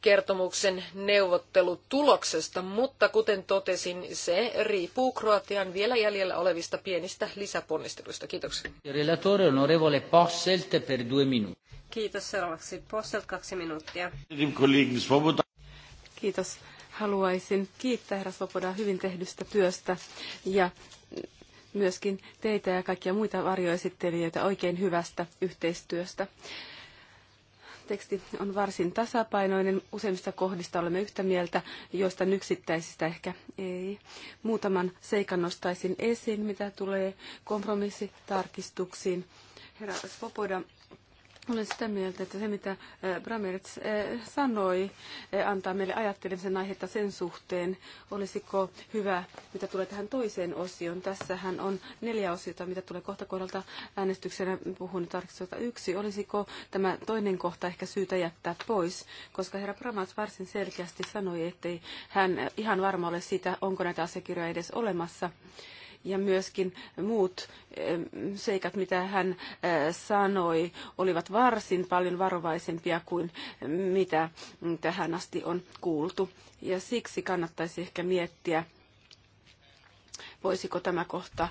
kertomuksen neuvottelutuloksesta, mutta kuten totesin, se riippuu Kroatian vielä jäljellä olevista pienistä lisäponnisteluista. Kiitoksia. Relatore onorevole Posselt per due minuti. Kiitos seuraavaksi. Posselt kaksi minuuttia. Kiitos. Haluaisin kiittää herra Svoboda hyvin tehdystä työstä ja myöskin teitä ja kaikkia muita varjoesittelijöitä oikein hyvästä yhteistyöstä. Teksti on varsin tasapainoinen. Useimmista kohdista olemme yhtä mieltä, joista yksittäisistä ehkä ei. Muutaman seikan nostaisin esiin, mitä tulee kompromissitarkistuksiin. Herra Svoboda olen sitä mieltä, että se mitä eh, Bramertz eh, sanoi, eh, antaa meille ajattelemisen aihetta sen suhteen, olisiko hyvä, mitä tulee tähän toiseen osioon. Tässähän on neljä osiota, mitä tulee kohta kohdalta äänestyksenä puhun tarkistusta yksi. Olisiko tämä toinen kohta ehkä syytä jättää pois, koska herra Bramertz varsin selkeästi sanoi, ettei hän ihan varma ole siitä, onko näitä asiakirjoja edes olemassa ja myöskin muut seikat, mitä hän eh, sanoi, olivat varsin paljon varovaisempia kuin mitä mm, tähän asti on kuultu. Ja siksi kannattaisi ehkä miettiä, voisiko tämä kohta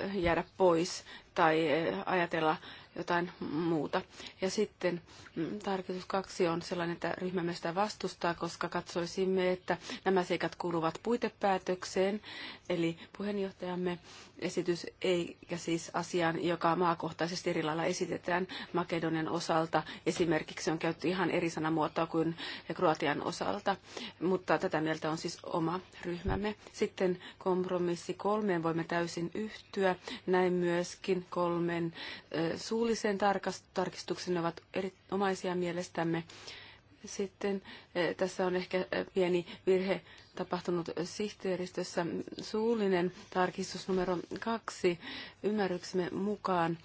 eh, jäädä pois tai eh, ajatella jotain muuta. Ja sitten mm, tarkoitus kaksi on sellainen, että ryhmämme sitä vastustaa, koska katsoisimme, että nämä seikat kuuluvat puitepäätökseen, eli puheenjohtajamme esitys, eikä siis asiaan, joka maakohtaisesti eri lailla esitetään Makedonian osalta. Esimerkiksi on käytetty ihan eri sanamuotoa kuin Kroatian osalta, mutta tätä mieltä on siis oma ryhmämme. Sitten kompromissi kolmeen voimme täysin yhtyä. Näin myöskin kolmen suullisen tarkistuksen ne ovat erinomaisia mielestämme. Sitten eh, tässä on ehkä eh, pieni virhe tapahtunut sihteeristössä. Suullinen tarkistus numero kaksi ymmärryksemme mukaan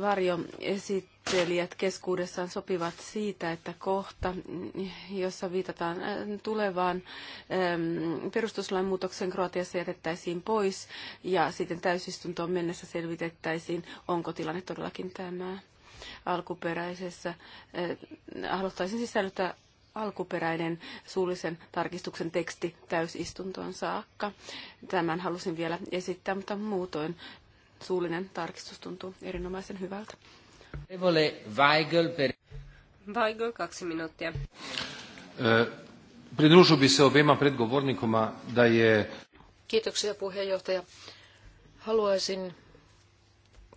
varjoesittelijät keskuudessaan sopivat siitä, että kohta, mm, jossa viitataan eh, tulevaan perustuslain muutoksen Kroatiassa jätettäisiin pois ja sitten täysistuntoon mennessä selvitettäisiin, onko tilanne todellakin tämä alkuperäisessä. Eh, Haluaisin sisällyttää siis alkuperäinen suullisen tarkistuksen teksti täysistuntoon saakka. Tämän halusin vielä esittää, mutta muutoin suullinen tarkistus tuntuu erinomaisen hyvältä. Weigel, per... Weigel kaksi minuuttia. Eh, pridružio bi se obema predgovornikoma da je... Kiitoksia puheenjohtaja. Haluaisin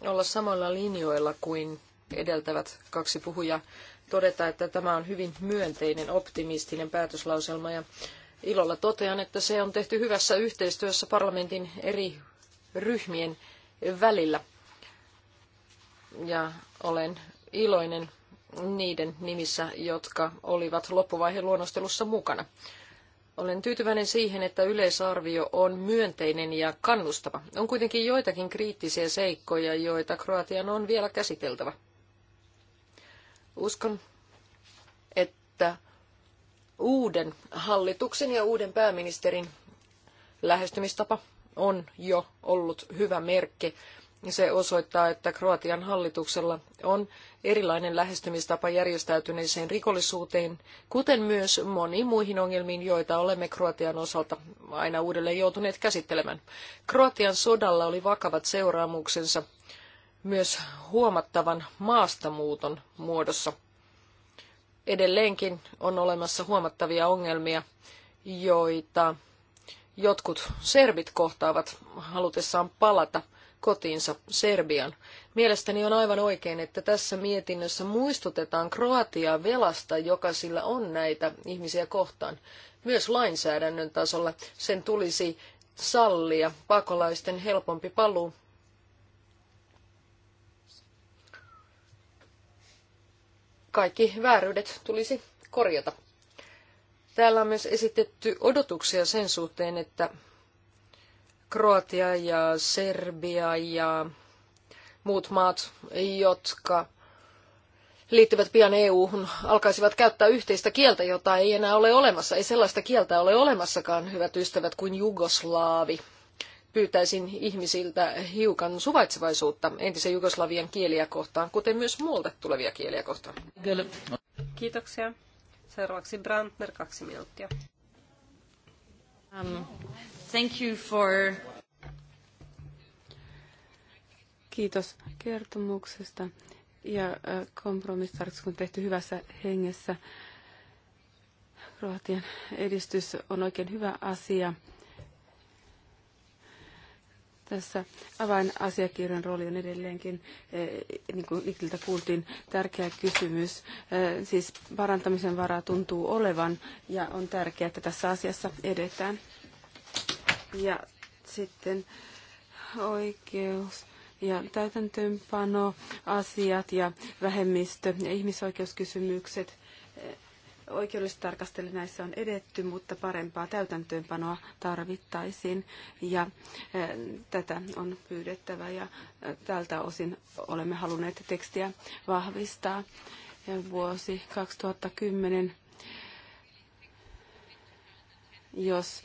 olla samalla linjoilla kuin edeltävät kaksi puhujaa, todeta, että tämä on hyvin myönteinen, optimistinen päätöslauselma ja ilolla totean, että se on tehty hyvässä yhteistyössä parlamentin eri ryhmien välillä. Ja olen iloinen niiden nimissä, jotka olivat loppuvaiheen luonnostelussa mukana. Olen tyytyväinen siihen, että yleisarvio on myönteinen ja kannustava. On kuitenkin joitakin kriittisiä seikkoja, joita Kroatian on vielä käsiteltävä. Uskon, että uuden hallituksen ja uuden pääministerin lähestymistapa on jo ollut hyvä merkki. Se osoittaa, että Kroatian hallituksella on erilainen lähestymistapa järjestäytyneeseen rikollisuuteen, kuten myös moniin muihin ongelmiin, joita olemme Kroatian osalta aina uudelleen joutuneet käsittelemään. Kroatian sodalla oli vakavat seuraamuksensa myös huomattavan maastamuuton muodossa. Edelleenkin on olemassa huomattavia ongelmia, joita jotkut serbit kohtaavat halutessaan palata kotiinsa Serbian. Mielestäni on aivan oikein, että tässä mietinnössä muistutetaan Kroatiaa velasta, joka sillä on näitä ihmisiä kohtaan. Myös lainsäädännön tasolla sen tulisi sallia pakolaisten helpompi paluu kaikki vääryydet tulisi korjata. Täällä on myös esitetty odotuksia sen suhteen, että Kroatia ja Serbia ja muut maat, jotka liittyvät pian EU-hun, alkaisivat käyttää yhteistä kieltä, jota ei enää ole olemassa. Ei sellaista kieltä ole olemassakaan, hyvät ystävät, kuin jugoslaavi pyytäisin ihmisiltä hiukan suvaitsevaisuutta entisen Jugoslavian kieliä kohtaan, kuten myös muualta tulevia kieliä kohtaan. Kiitoksia. Seuraavaksi Brandner, kaksi minuuttia. Um, thank you for... Kiitos kertomuksesta ja kompromissitarkistus on tehty hyvässä hengessä. Kroatian edistys on oikein hyvä asia tässä avainasiakirjan rooli on edelleenkin, eh, niin kuin Nikliltä kuultiin, tärkeä kysymys. Eh, siis parantamisen varaa tuntuu olevan ja on tärkeää, että tässä asiassa edetään. Ja sitten oikeus ja täytäntöönpano, asiat ja vähemmistö ja ihmisoikeuskysymykset eh, Oikeudellisesti tarkastellen näissä on edetty, mutta parempaa täytäntöönpanoa tarvittaisiin ja eh, tätä on pyydettävä ja eh, tältä osin olemme halunneet tekstiä vahvistaa. Ja vuosi 2010, jos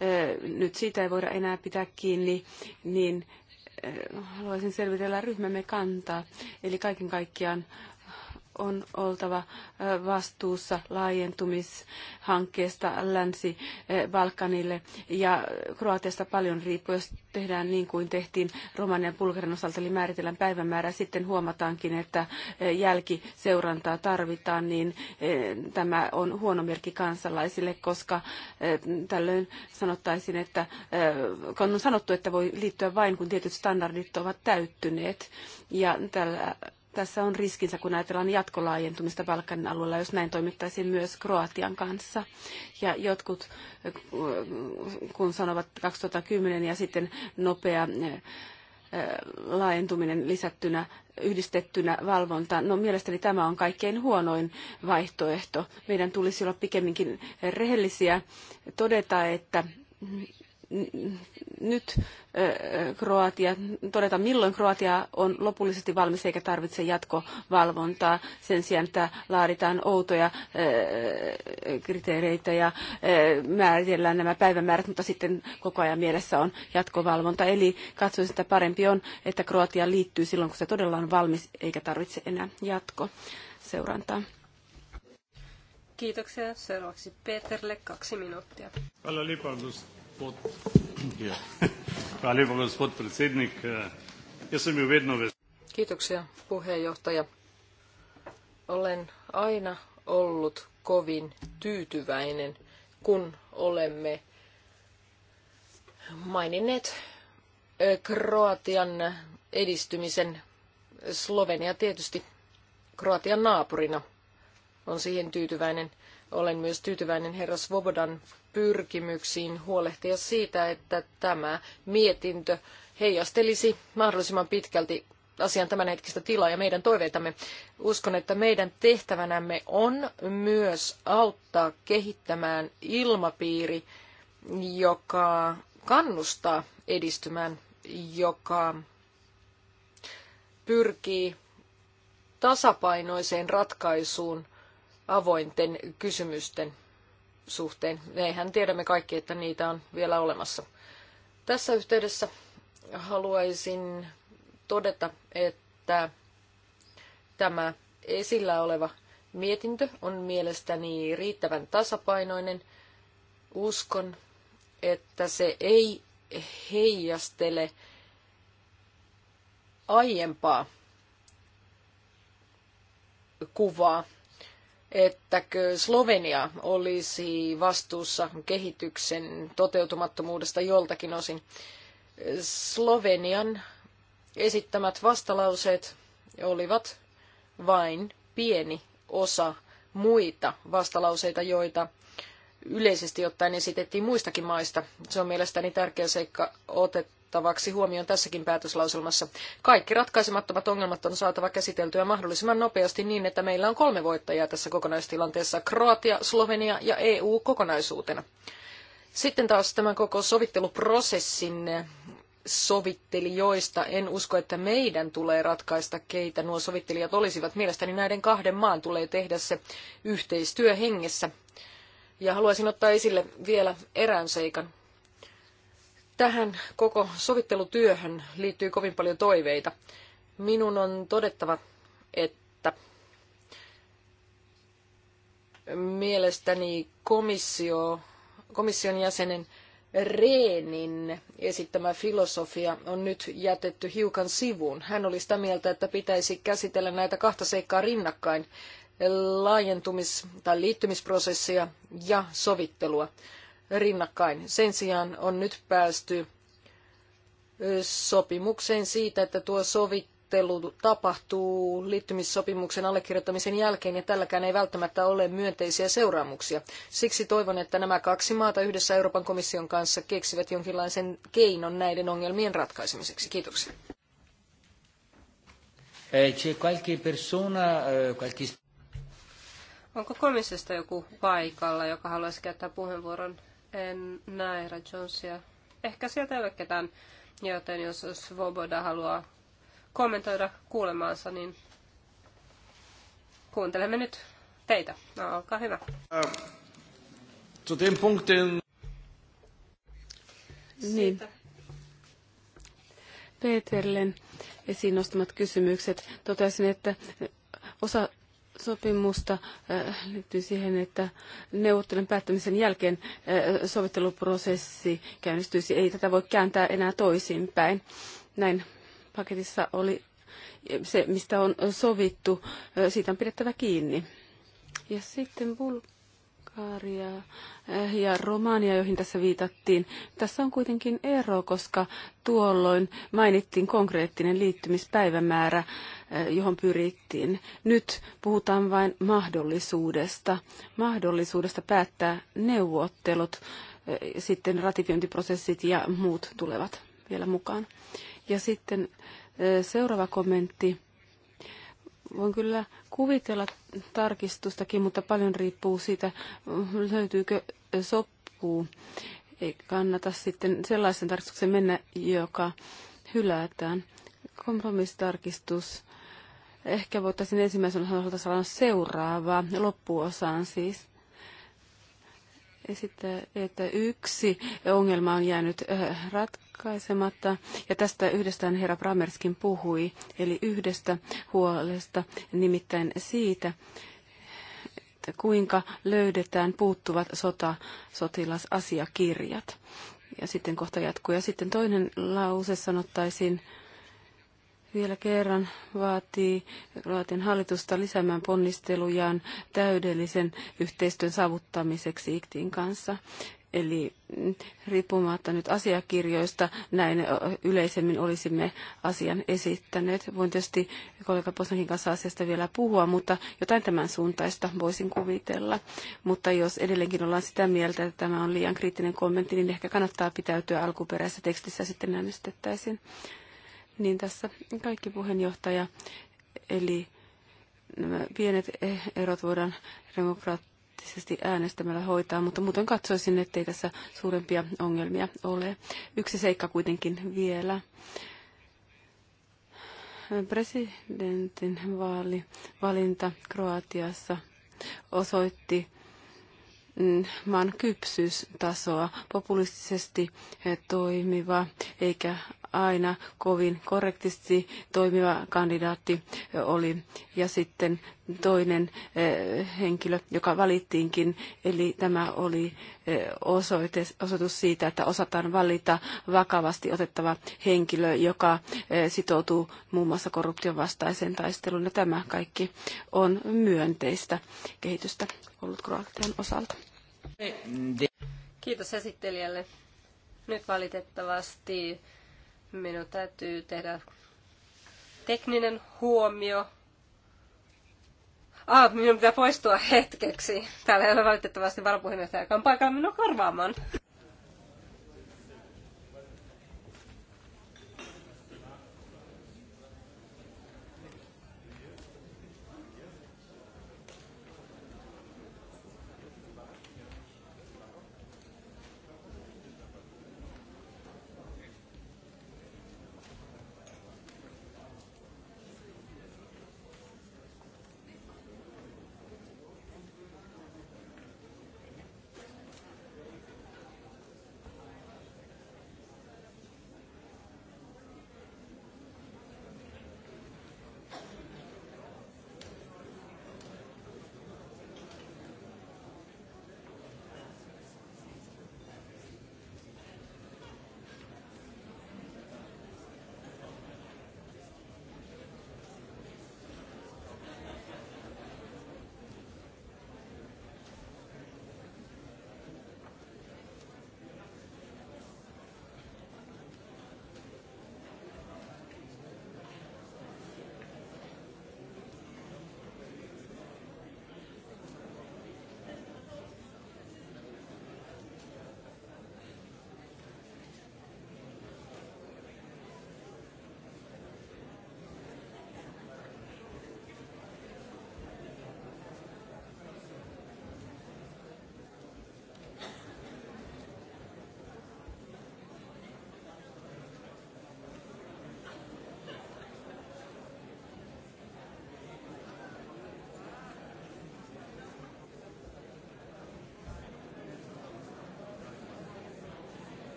eh, nyt siitä ei voida enää pitää kiinni, niin haluaisin selvitellä ryhmämme kantaa. Eli kaiken kaikkiaan on oltava vastuussa laajentumishankkeesta Länsi-Balkanille ja Kroatiasta paljon riippuu, jos tehdään niin kuin tehtiin Romanian ja Bulgarian osalta, eli määritellään päivämäärä, sitten huomataankin, että jälkiseurantaa tarvitaan, niin tämä on huono merkki kansalaisille, koska tällöin sanottaisiin, että kun on sanottu, että voi liittyä vain kun tietyt standardit ovat täyttyneet, ja tällä tässä on riskinsä, kun ajatellaan jatkolaajentumista Balkanin alueella, jos näin toimittaisiin myös Kroatian kanssa. Ja jotkut, kun sanovat 2010 ja sitten nopea eh, laajentuminen lisättynä, yhdistettynä valvonta. No mielestäni tämä on kaikkein huonoin vaihtoehto. Meidän tulisi olla pikemminkin rehellisiä todeta, että nyt Kroatia, todeta milloin Kroatia on lopullisesti valmis eikä tarvitse jatkovalvontaa sen sijaan, että laaditaan outoja kriteereitä ja määritellään nämä päivämäärät, mutta sitten koko ajan mielessä on jatkovalvonta. Eli katsoisin, että parempi on, että Kroatia liittyy silloin, kun se todella on valmis eikä tarvitse enää jatkoseurantaa. Kiitoksia. Seuraavaksi Peterle kaksi minuuttia. Hvala lijepa, Gospod, Hvala, gospod predsednik. Eh, ja vedno Kiitoksia puheenjohtaja. Olen aina ollut kovin tyytyväinen, kun olemme maininneet eh, Kroatian edistymisen. Slovenia tietysti Kroatian naapurina on siihen tyytyväinen. Olen myös tyytyväinen herra Svobodan pyrkimyksiin huolehtia siitä, että tämä mietintö heijastelisi mahdollisimman pitkälti asian tämänhetkistä tilaa ja meidän toiveitamme. Uskon, että meidän tehtävänämme on myös auttaa kehittämään ilmapiiri, joka kannustaa edistymään, joka pyrkii tasapainoiseen ratkaisuun – avointen kysymysten suhteen. Mehän tiedämme kaikki, että niitä on vielä olemassa. Tässä yhteydessä haluaisin todeta, että tämä esillä oleva mietintö on mielestäni riittävän tasapainoinen. Uskon, että se ei heijastele aiempaa kuvaa ettäkö Slovenia olisi vastuussa kehityksen toteutumattomuudesta joltakin osin. Slovenian esittämät vastalauseet olivat vain pieni osa muita vastalauseita, joita yleisesti ottaen esitettiin muistakin maista. Se on mielestäni tärkeä seikka otet, otettavaksi huomioon tässäkin päätöslauselmassa. Kaikki ratkaisemattomat ongelmat on saatava käsiteltyä mahdollisimman nopeasti niin, että meillä on kolme voittajaa tässä kokonaistilanteessa, Kroatia, Slovenia ja EU kokonaisuutena. Sitten taas tämän koko sovitteluprosessin sovittelijoista. En usko, että meidän tulee ratkaista, keitä nuo sovittelijat olisivat. Mielestäni näiden kahden maan tulee tehdä se yhteistyöhengessä. Ja haluaisin ottaa esille vielä erään seikan. Tähän koko sovittelutyöhön liittyy kovin paljon toiveita. Minun on todettava, että mielestäni komissio, komission jäsenen Reenin esittämä filosofia on nyt jätetty hiukan sivuun. Hän oli sitä mieltä, että pitäisi käsitellä näitä kahta seikkaa rinnakkain, laajentumis- tai liittymisprosessia ja sovittelua rinnakkain. Sen sijaan on nyt päästy sopimukseen siitä, että tuo sovittelu tapahtuu liittymissopimuksen allekirjoittamisen jälkeen ja tälläkään ei välttämättä ole myönteisiä seuraamuksia. Siksi toivon, että nämä kaksi maata yhdessä Euroopan komission kanssa keksivät jonkinlaisen keinon näiden ongelmien ratkaisemiseksi. Kiitoksia. Eh, eh, Onko komissiosta joku paikalla, joka haluaisi käyttää puheenvuoron? En näe Rajonsia. Ehkä sieltä ei ole ketään, joten jos Svoboda haluaa kommentoida kuulemaansa, niin kuuntelemme nyt teitä. No, olkaa hyvä. Zu dem Niin. Peterlen esiin nostamat kysymykset. Totesin, että osa sopimusta äh, liittyy siihen, että neuvottelun päättämisen jälkeen äh, sovitteluprosessi käynnistyisi. Ei tätä voi kääntää enää toisinpäin. Näin paketissa oli äh, se, mistä on sovittu. Siitä on pidettävä kiinni. Ja sitten Bulgaria Bulgaria eh, ja Romania, joihin tässä viitattiin. Tässä on kuitenkin ero, koska tuolloin mainittiin konkreettinen liittymispäivämäärä, eh, johon pyrittiin. Nyt puhutaan vain mahdollisuudesta, mahdollisuudesta päättää neuvottelut, eh, sitten ratifiointiprosessit ja muut tulevat vielä mukaan. Ja sitten seuraava kommentti Voin kyllä kuvitella tarkistustakin, mutta paljon riippuu siitä, löytyykö sopuu. Ei kannata sitten sellaisen tarkistuksen mennä, joka hylätään. Kompromissitarkistus. Ehkä voitaisiin ensimmäisen osan osalta sanoa seuraavaa, loppuosaan siis esittää, että yksi ongelma on jäänyt äh, ratkaisematta, ja tästä yhdestään herra Bramerskin puhui, eli yhdestä huolesta, nimittäin siitä, että kuinka löydetään puuttuvat sota, sotilasasiakirjat. Ja sitten kohta jatkuu. Ja sitten toinen lause sanottaisiin, vielä kerran vaatii Kroatian hallitusta lisäämään ponnistelujaan täydellisen yhteistyön saavuttamiseksi iktin kanssa. Eli riippumatta nyt asiakirjoista, näin yleisemmin olisimme asian esittäneet. Voin tietysti kollega Posnakin kanssa asiasta vielä puhua, mutta jotain tämän suuntaista voisin kuvitella. Mutta jos edelleenkin ollaan sitä mieltä, että tämä on liian kriittinen kommentti, niin ehkä kannattaa pitäytyä alkuperäisessä tekstissä sitten äänestettäisiin. Niin tässä kaikki puheenjohtaja, eli nämä pienet erot voidaan demokraattisesti äänestämällä hoitaa, mutta muuten katsoisin, ettei tässä suurempia ongelmia ole. Yksi seikka kuitenkin vielä presidentin vaali, valinta Kroatiassa osoitti mm, maan kypsyystasoa populistisesti toimiva eikä aina kovin korrektisti toimiva kandidaatti oli ja sitten toinen eh, henkilö, joka valittiinkin. Eli tämä oli eh, osoite, osoitus siitä, että osataan valita vakavasti otettava henkilö, joka eh, sitoutuu muun muassa korruption vastaiseen taisteluun. Ja tämä kaikki on myönteistä kehitystä ollut Kroatian osalta. Kiitos esittelijälle. Nyt valitettavasti Minun täytyy tehdä tekninen huomio. Ah, minun pitää poistua hetkeksi. Täällä ei ole valitettavasti on paikalla minua korvaamaan.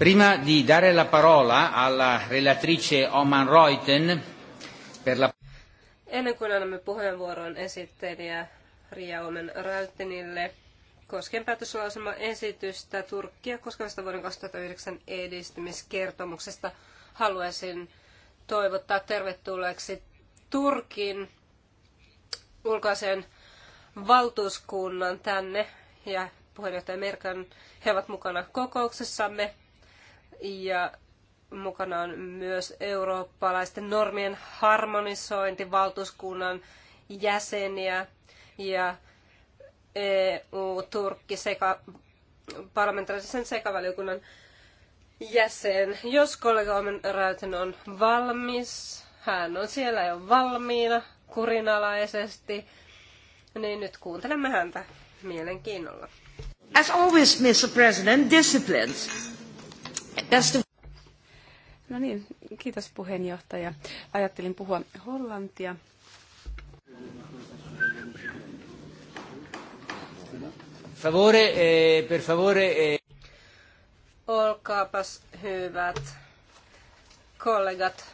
Prima di dare la parola alla relatrice Oman Reuten per la... Ennen kuin annamme puheenvuoron esittelijä Ria Omen Reutenille koskien päätöslauselman esitystä Turkkia koskevasta vuoden 2009 edistymiskertomuksesta, haluaisin toivottaa tervetulleeksi Turkin ulkoisen valtuuskunnan tänne ja puheenjohtaja Merkan. He ovat mukana kokouksessamme ja mukana on myös eurooppalaisten normien harmonisointi, jäseniä ja EU-Turkki sekä parlamentaarisen sekavaliokunnan jäsen. Jos kollega Omen Räytin on valmis, hän on siellä jo valmiina kurinalaisesti, niin nyt kuuntelemme häntä mielenkiinnolla. As always, Mr. President, disciplines. No niin, kiitos puheenjohtaja. Ajattelin puhua hollantia. Favore, eh, per favore. Eh. Olkaapas hyvät kollegat.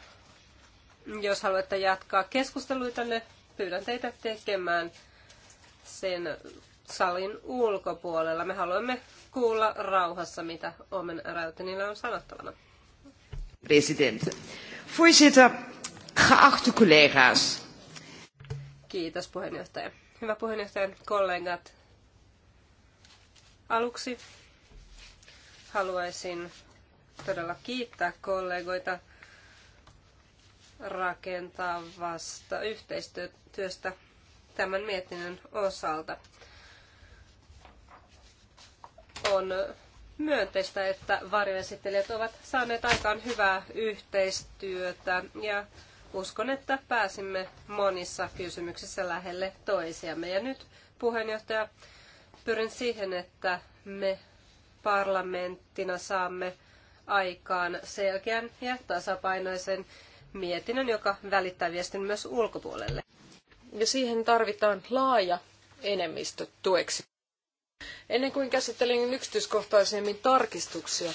Jos haluatte jatkaa keskusteluitanne, pyydän teitä tekemään sen salin ulkopuolella. Me haluamme kuulla rauhassa, mitä Omen Räytinillä on sanottavana. President. Voorzitter, geachte collega's. Kiitos puheenjohtaja. Hyvä puheenjohtaja, kollegat. Aluksi haluaisin todella kiittää kollegoita rakentavasta yhteistyöstä tämän mietinnön osalta on myönteistä, että varjoesittelijät ovat saaneet aikaan hyvää yhteistyötä ja uskon, että pääsimme monissa kysymyksissä lähelle toisiamme. Ja nyt puheenjohtaja, pyrin siihen, että me parlamenttina saamme aikaan selkeän ja tasapainoisen mietinnön, joka välittää viestin myös ulkopuolelle. Ja siihen tarvitaan laaja enemmistö tueksi. Ennen kuin käsittelen yksityiskohtaisemmin tarkistuksia,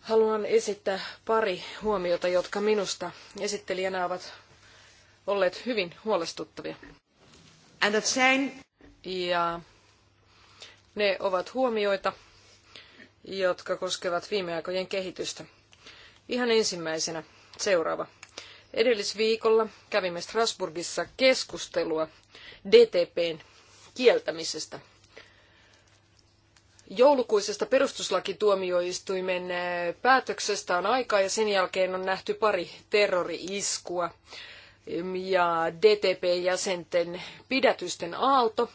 haluan esittää pari huomiota, jotka minusta esittelijänä ovat olleet hyvin huolestuttavia. And Ja ne ovat huomioita, jotka koskevat viime aikojen kehitystä. Ihan ensimmäisenä seuraava. Edellisviikolla kävimme Strasbourgissa keskustelua DTPn kieltämisestä – Joulukuisesta perustuslakituomioistuimen eh, päätöksestä on aikaa ja sen jälkeen on nähty pari terrori-iskua ja DTP-jäsenten pidätysten aalto.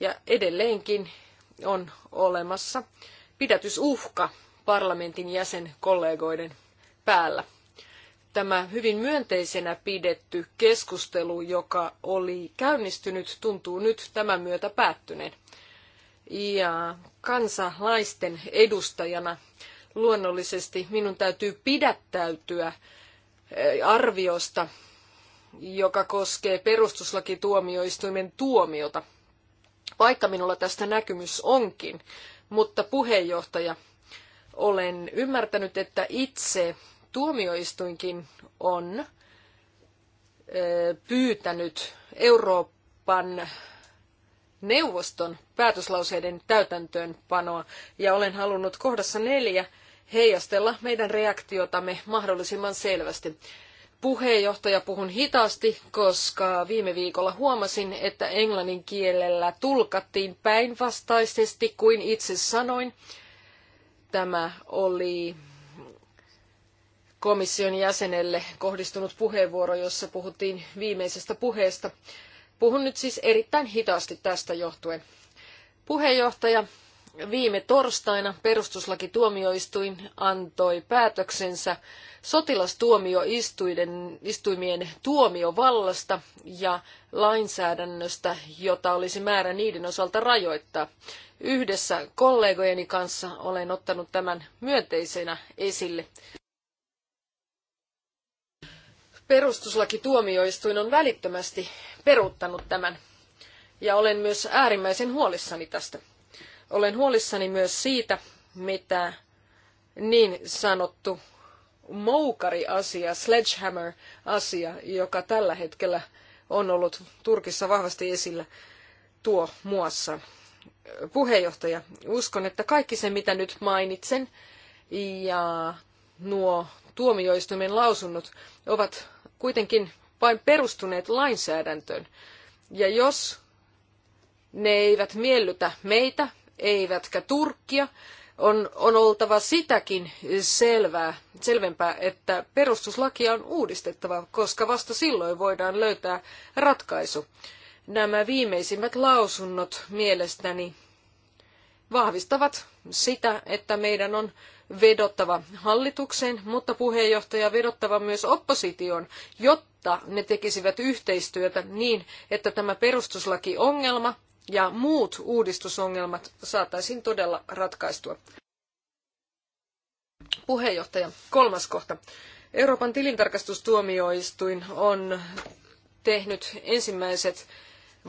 Ja edelleenkin on olemassa pidätysuhka parlamentin jäsenkollegoiden päällä. Tämä hyvin myönteisenä pidetty keskustelu, joka oli käynnistynyt, tuntuu nyt tämän myötä päättyneen ja kansalaisten edustajana luonnollisesti minun täytyy pidättäytyä eh, arviosta, joka koskee perustuslakituomioistuimen tuomiota, vaikka minulla tästä näkymys onkin. Mutta puheenjohtaja, olen ymmärtänyt, että itse tuomioistuinkin on eh, pyytänyt Euroopan neuvoston päätöslauseiden täytäntöönpanoa ja olen halunnut kohdassa neljä heijastella meidän reaktiotamme mahdollisimman selvästi. Puheenjohtaja puhun hitaasti, koska viime viikolla huomasin, että englannin kielellä tulkattiin päinvastaisesti kuin itse sanoin. Tämä oli komission jäsenelle kohdistunut puheenvuoro, jossa puhuttiin viimeisestä puheesta. Puhun nyt siis erittäin hitaasti tästä johtuen. Puheenjohtaja, viime torstaina perustuslakituomioistuin antoi päätöksensä sotilastuomioistuimien tuomiovallasta ja lainsäädännöstä, jota olisi määrä niiden osalta rajoittaa. Yhdessä kollegojeni kanssa olen ottanut tämän myönteisenä esille. Perustuslakituomioistuin on välittömästi peruuttanut tämän, ja olen myös äärimmäisen huolissani tästä. Olen huolissani myös siitä, mitä niin sanottu moukari-asia, sledgehammer-asia, joka tällä hetkellä on ollut Turkissa vahvasti esillä, tuo muassa. Puheenjohtaja, uskon, että kaikki se, mitä nyt mainitsen, ja nuo tuomioistuimen lausunnot ovat kuitenkin vain perustuneet lainsäädäntöön. Ja jos ne eivät miellytä meitä, eivätkä Turkkia, on, on oltava sitäkin selvää, selvempää, että perustuslakia on uudistettava, koska vasta silloin voidaan löytää ratkaisu. Nämä viimeisimmät lausunnot mielestäni vahvistavat sitä, että meidän on vedottava hallitukseen, mutta puheenjohtaja vedottava myös oppositioon, jotta ne tekisivät yhteistyötä niin, että tämä perustuslakiongelma ja muut uudistusongelmat saataisiin todella ratkaistua. Puheenjohtaja, kolmas kohta. Euroopan tilintarkastustuomioistuin on tehnyt ensimmäiset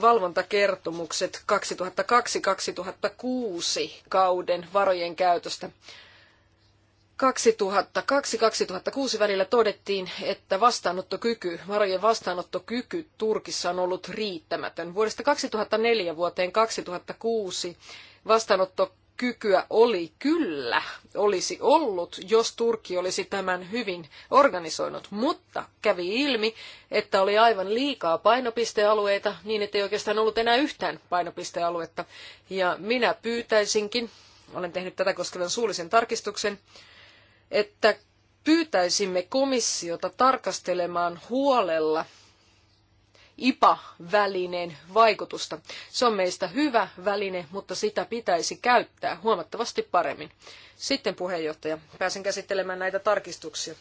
valvontakertomukset 2002-2006 kauden varojen käytöstä. 2002-2006 välillä todettiin, että vastaanottokyky, varojen vastaanottokyky Turkissa on ollut riittämätön. Vuodesta 2004 vuoteen 2006 vastaanottokyky kykyä oli kyllä, olisi ollut, jos Turkki olisi tämän hyvin organisoinut, mutta kävi ilmi, että oli aivan liikaa painopistealueita, niin ettei oikeastaan ollut enää yhtään painopistealuetta. Ja minä pyytäisinkin, olen tehnyt tätä koskevan suullisen tarkistuksen, että pyytäisimme komissiota tarkastelemaan huolella IPA-välineen vaikutusta. Se on meistä hyvä väline, mutta sitä pitäisi käyttää huomattavasti paremmin. Sitten puheenjohtaja, pääsen käsittelemään näitä tarkistuksia.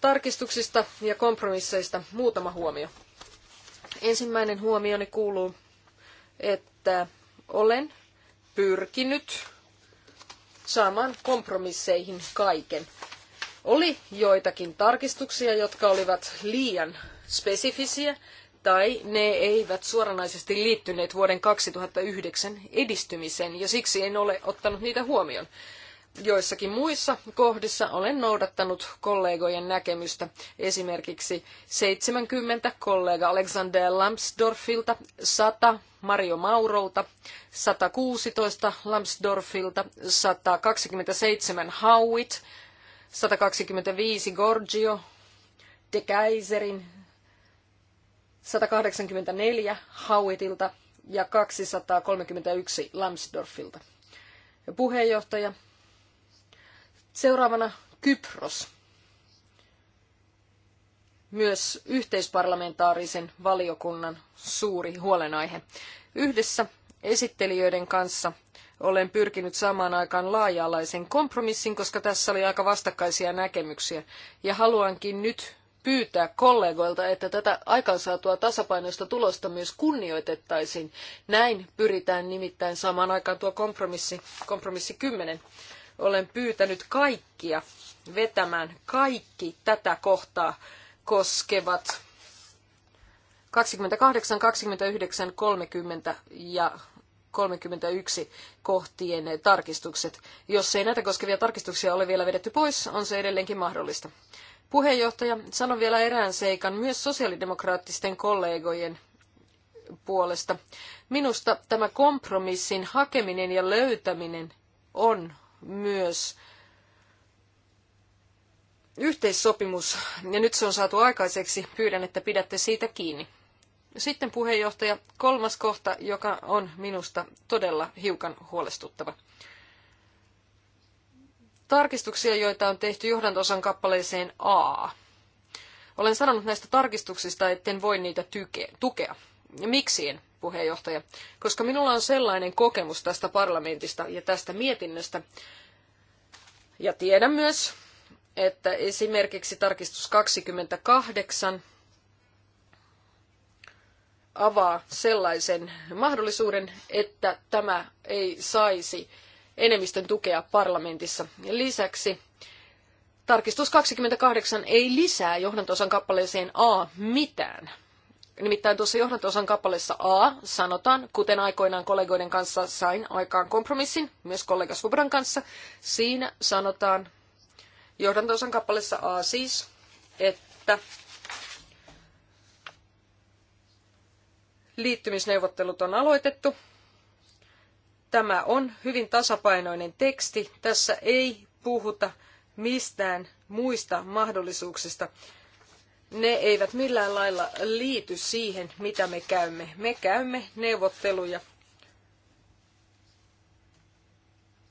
Tarkistuksista ja kompromisseista muutama huomio. Ensimmäinen huomioni kuuluu, että olen pyrkinyt saamaan kompromisseihin kaiken. Oli joitakin tarkistuksia, jotka olivat liian spesifisiä, tai ne eivät suoranaisesti liittyneet vuoden 2009 edistymiseen ja siksi en ole ottanut niitä huomioon. Joissakin muissa kohdissa olen noudattanut kollegojen näkemystä, esimerkiksi 70 kollega Alexander Lambsdorffilta, 100 Mario Maurolta, 116 Lambsdorffilta, 127 Howitt, 125 Gorgio, De Kaiserin, 184 Hauitilta ja 231 Lambsdorffilta. Puheenjohtaja. Seuraavana Kypros. Myös yhteisparlamentaarisen valiokunnan suuri huolenaihe. Yhdessä esittelijöiden kanssa olen pyrkinyt saamaan aikaan laaja-alaisen kompromissin, koska tässä oli aika vastakkaisia näkemyksiä. Ja haluankin nyt pyytää kollegoilta, että tätä aikaansaatua tasapainoista tulosta myös kunnioitettaisiin. Näin pyritään nimittäin saamaan aikaan tuo kompromissi, kompromissi 10. Olen pyytänyt kaikkia vetämään kaikki tätä kohtaa koskevat 28, 29, 30 ja 31 kohtien tarkistukset. Jos ei näitä koskevia tarkistuksia ole vielä vedetty pois, on se edelleenkin mahdollista. Puheenjohtaja, sanon vielä erään seikan myös sosiaalidemokraattisten kollegojen puolesta. Minusta tämä kompromissin hakeminen ja löytäminen on myös yhteissopimus, ja nyt se on saatu aikaiseksi. Pyydän, että pidätte siitä kiinni. Sitten puheenjohtaja, kolmas kohta, joka on minusta todella hiukan huolestuttava tarkistuksia, joita on tehty johdantosan kappaleeseen A. Olen sanonut näistä tarkistuksista, etten voi niitä tyke- tukea. Ja miksi en, puheenjohtaja? Koska minulla on sellainen kokemus tästä parlamentista ja tästä mietinnöstä. Ja tiedän myös, että esimerkiksi tarkistus 28 avaa sellaisen mahdollisuuden, että tämä ei saisi enemmistön tukea parlamentissa. Lisäksi tarkistus 28 ei lisää johdantosan kappaleeseen A mitään. Nimittäin tuossa johdantosan kappaleessa A sanotaan, kuten aikoinaan kollegoiden kanssa sain aikaan kompromissin, myös kollega Subran kanssa, siinä sanotaan johdantosan kappaleessa A siis, että liittymisneuvottelut on aloitettu Tämä on hyvin tasapainoinen teksti. Tässä ei puhuta mistään muista mahdollisuuksista. Ne eivät millään lailla liity siihen, mitä me käymme. Me käymme neuvotteluja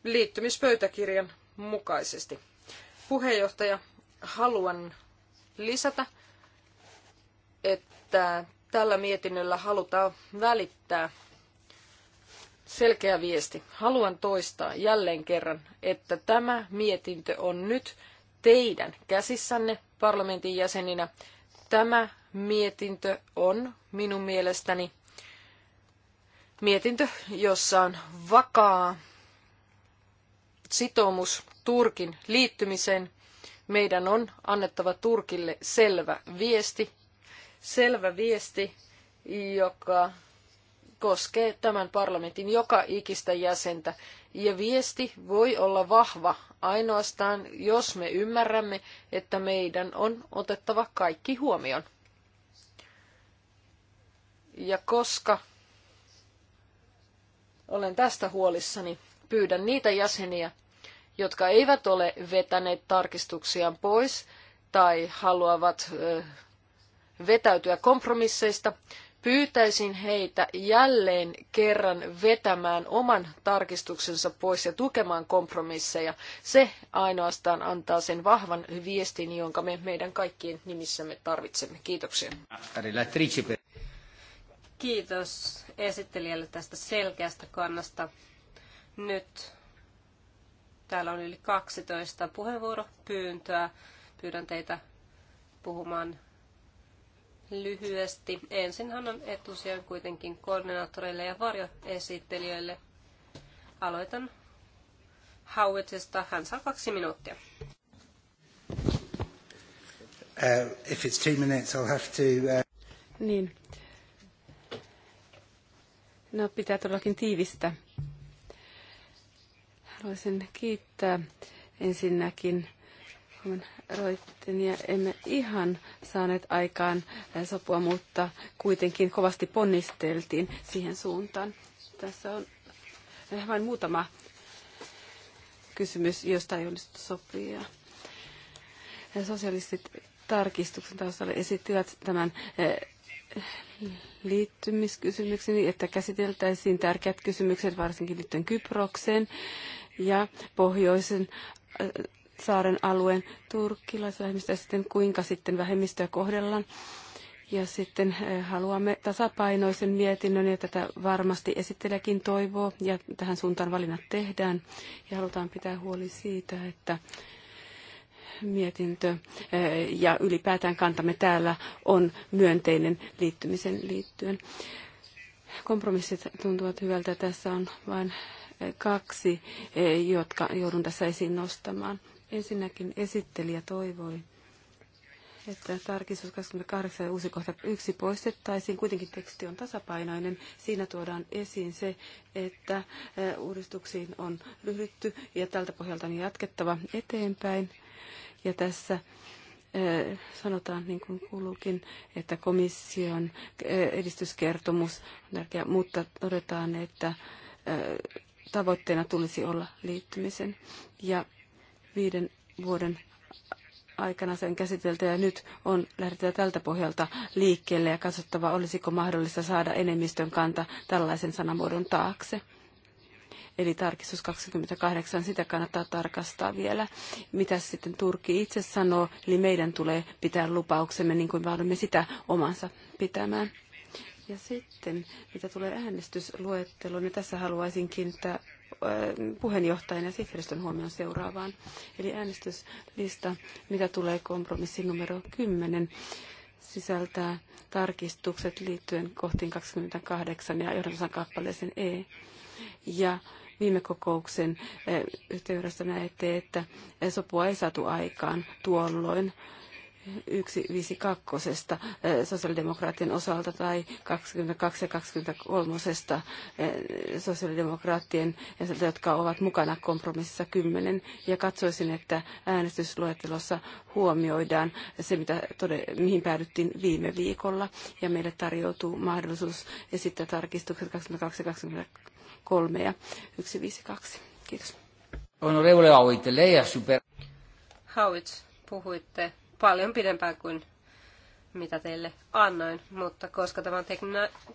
liittymispöytäkirjan mukaisesti. Puheenjohtaja, haluan lisätä, että tällä mietinnöllä halutaan välittää selkeä viesti. Haluan toistaa jälleen kerran, että tämä mietintö on nyt teidän käsissänne parlamentin jäseninä. Tämä mietintö on minun mielestäni mietintö, jossa on vakaa sitoumus Turkin liittymiseen. Meidän on annettava Turkille selvä viesti, selvä viesti, joka koskee tämän parlamentin joka ikistä jäsentä. Ja viesti voi olla vahva ainoastaan, jos me ymmärrämme, että meidän on otettava kaikki huomioon. Ja koska olen tästä huolissani, pyydän niitä jäseniä, jotka eivät ole vetäneet tarkistuksiaan pois tai haluavat vetäytyä kompromisseista, Pyytäisin heitä jälleen kerran vetämään oman tarkistuksensa pois ja tukemaan kompromisseja. Se ainoastaan antaa sen vahvan viestin, jonka me meidän kaikkien nimissämme tarvitsemme. Kiitoksia. Kiitos esittelijälle tästä selkeästä kannasta. Nyt täällä on yli 12 puheenvuoropyyntöä. Pyydän teitä puhumaan lyhyesti. Ensin annan etusijan kuitenkin koordinaattoreille ja varjoesittelijöille. Aloitan Howitzista. Hän saa kaksi minuuttia. Uh, if it's two minutes, I'll have to... Uh... Niin. No, pitää todellakin tiivistä. Haluaisin kiittää ensinnäkin ja emme ihan saaneet aikaan eh, sopua, mutta kuitenkin kovasti ponnisteltiin siihen suuntaan. Tässä on eh, vain muutama kysymys, josta ei onnistu sopia. Eh, sosialistit tarkistuksen taustalla esittivät tämän liittymiskysymyksen, että käsiteltäisiin tärkeät kysymykset, varsinkin liittyen Kyprokseen ja pohjoisen saaren alueen turkkilaisvähemmistöä ja sitten kuinka sitten vähemmistöä kohdellaan. Ja sitten eh, haluamme tasapainoisen mietinnön ja tätä varmasti esittelijäkin toivoo ja tähän suuntaan valinnat tehdään. Ja halutaan pitää huoli siitä, että mietintö eh, ja ylipäätään kantamme täällä on myönteinen liittymisen liittyen. Kompromissit tuntuvat hyvältä. Tässä on vain eh, kaksi, jotka joudun tässä esiin nostamaan. Ensinnäkin esittelijä toivoi, että tarkistus 28 ja uusi kohta 1 poistettaisiin. Kuitenkin teksti on tasapainoinen. Siinä tuodaan esiin se, että eh, uudistuksiin on ryhdytty ja tältä pohjalta on jatkettava eteenpäin. Ja tässä eh, sanotaan niin kuin kuuluukin, että komission eh, edistyskertomus on tärkeä, mutta todetaan, että tavoitteena tulisi olla liittymisen. Ja viiden vuoden aikana sen käsitelty ja nyt on lähdettävä tältä pohjalta liikkeelle ja katsottava, olisiko mahdollista saada enemmistön kanta tällaisen sanamuodon taakse. Eli tarkistus 28, sitä kannattaa tarkastaa vielä. Mitä sitten Turkki itse sanoo, eli meidän tulee pitää lupauksemme niin kuin vaadimme sitä omansa pitämään. Ja sitten, mitä tulee äänestysluetteloon, niin tässä haluaisin kiinnittää Äh, puheenjohtajan ja sihteeristön huomioon seuraavaan. Eli äänestyslista, mitä tulee kompromissi numero 10, sisältää tarkistukset liittyen kohtiin 28 ja johdantosan kappaleeseen E. Ja viime kokouksen äh, yhteydessä näette, että sopua ei saatu aikaan tuolloin. 152 eh, sosiaalidemokraattien osalta tai 22 ja 23 eh, sosiaalidemokraattien osalta, jotka ovat mukana kompromississa 10. Ja katsoisin, että äänestysluettelossa huomioidaan se, mitä tode- mihin päädyttiin viime viikolla. Ja meille tarjoutuu mahdollisuus esittää tarkistukset 22 ja 23 ja 152. Kiitos. Onorevole Hauit, lei super... Hauit, puhuitte paljon pidempään kuin mitä teille annoin, mutta koska tämä on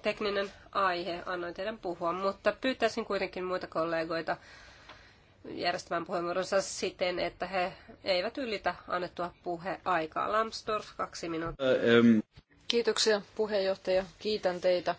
tekninen aihe, annoin teidän puhua. Mutta pyytäisin kuitenkin muita kollegoita järjestämään puheenvuoronsa siten, että he eivät ylitä annettua puheaikaa. Lambsdorff, kaksi minuuttia. Kiitoksia puheenjohtaja. Kiitän teitä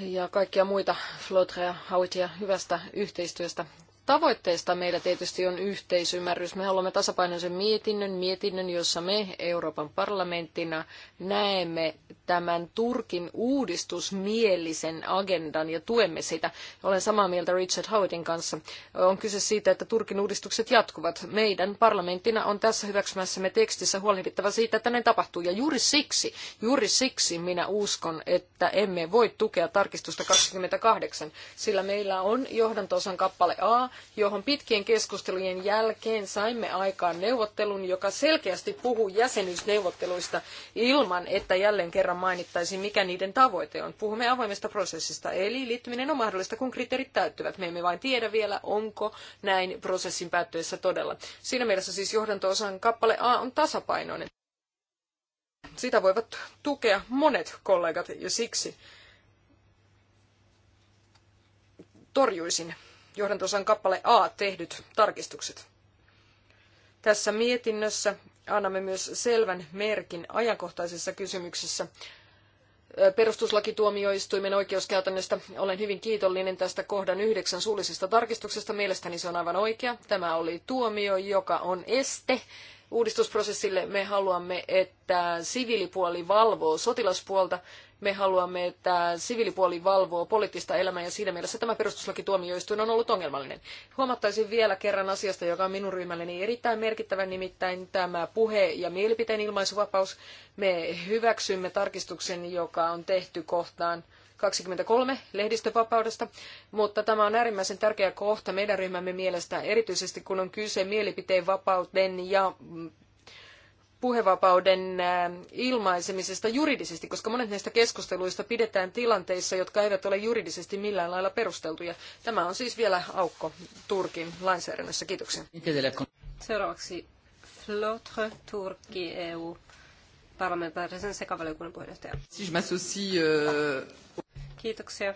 ja kaikkia muita Flotrea, Hautia hyvästä yhteistyöstä tavoitteista meillä tietysti on yhteisymmärrys. Me haluamme tasapainoisen mietinnön, mietinnön, jossa me Euroopan parlamenttina näemme tämän Turkin uudistusmielisen agendan ja tuemme sitä. Olen samaa mieltä Richard Howardin kanssa. On kyse siitä, että Turkin uudistukset jatkuvat. Meidän parlamenttina on tässä hyväksymässämme tekstissä huolehdittava siitä, että näin tapahtuu. Ja juuri siksi, juuri siksi minä uskon, että emme voi tukea tarkistusta 28, sillä meillä on johdantosan kappale A, johon pitkien keskustelujen jälkeen saimme aikaan neuvottelun, joka selkeästi puhuu jäsenyysneuvotteluista ilman, että jälleen kerran mainittaisiin, mikä niiden tavoite on. Puhumme avoimesta prosessista, eli liittyminen on mahdollista, kun kriteerit täyttyvät. Me emme vain tiedä vielä, onko näin prosessin päättyessä todella. Siinä mielessä siis johdanto-osan kappale A on tasapainoinen. Sitä voivat tukea monet kollegat ja siksi torjuisin johdantosan kappale A tehdyt tarkistukset. Tässä mietinnössä annamme myös selvän merkin ajankohtaisessa kysymyksessä perustuslakituomioistuimen oikeuskäytännöstä. Olen hyvin kiitollinen tästä kohdan yhdeksän suullisesta tarkistuksesta. Mielestäni se on aivan oikea. Tämä oli tuomio, joka on este uudistusprosessille. Me haluamme, että siviilipuoli valvoo sotilaspuolta. Me haluamme, että siviilipuoli valvoo poliittista elämää ja siinä mielessä tämä perustuslakituomioistuin on ollut ongelmallinen. Huomattaisin vielä kerran asiasta, joka on minun ryhmälleni erittäin merkittävä, nimittäin tämä puhe- ja mielipiteen ilmaisuvapaus. Me hyväksymme tarkistuksen, joka on tehty kohtaan 23 lehdistövapaudesta, mutta tämä on äärimmäisen tärkeä kohta meidän ryhmämme mielestä, erityisesti kun on kyse mielipiteen vapauden ja puhevapauden äh, ilmaisemisesta juridisesti, koska monet näistä keskusteluista pidetään tilanteissa, jotka eivät ole juridisesti millään lailla perusteltuja. Tämä on siis vielä aukko Turkin lainsäädännössä. Kiitoksia. Seuraavaksi Flotre Turkki EU parlamentaarisen sekavaliokunnan puheenjohtaja. Kiitoksia.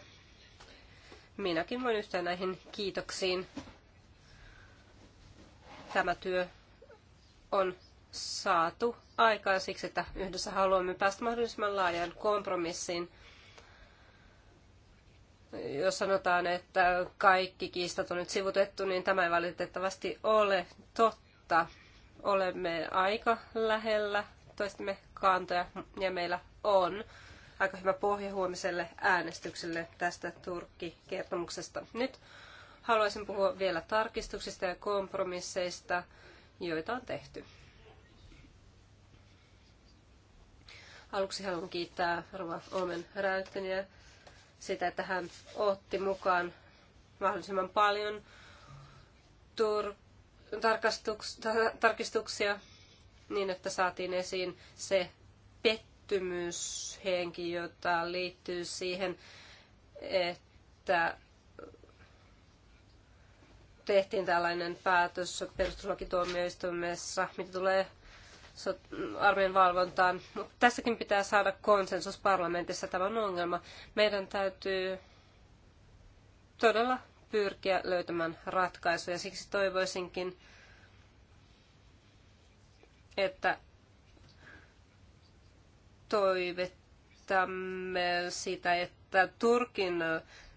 Minäkin voin yhtyä näihin kiitoksiin. Tämä työ on saatu aikaan siksi, että yhdessä haluamme päästä mahdollisimman laajan kompromissiin, jos sanotaan, että kaikki kiistat on nyt sivutettu, niin tämä ei valitettavasti ole totta. Olemme aika lähellä toistemme kantoja ja meillä on aika hyvä pohja huomiselle äänestykselle tästä Turkki-kertomuksesta. Nyt haluaisin puhua vielä tarkistuksista ja kompromisseista, joita on tehty. Aluksi haluan kiittää Rova Omen Räyttäniä sitä, että hän otti mukaan mahdollisimman paljon tur- tarkistuksia, niin, että saatiin esiin se, pettymyshenki, jota liittyy siihen, että tehtiin tällainen päätös perustuslakituomioistuimessa, mitä tulee armeijan valvontaan. Mutta tässäkin pitää saada konsensus parlamentissa. Tämä on ongelma. Meidän täytyy todella pyrkiä löytämään ratkaisuja. Siksi toivoisinkin, että toivettamme sitä, että Turkin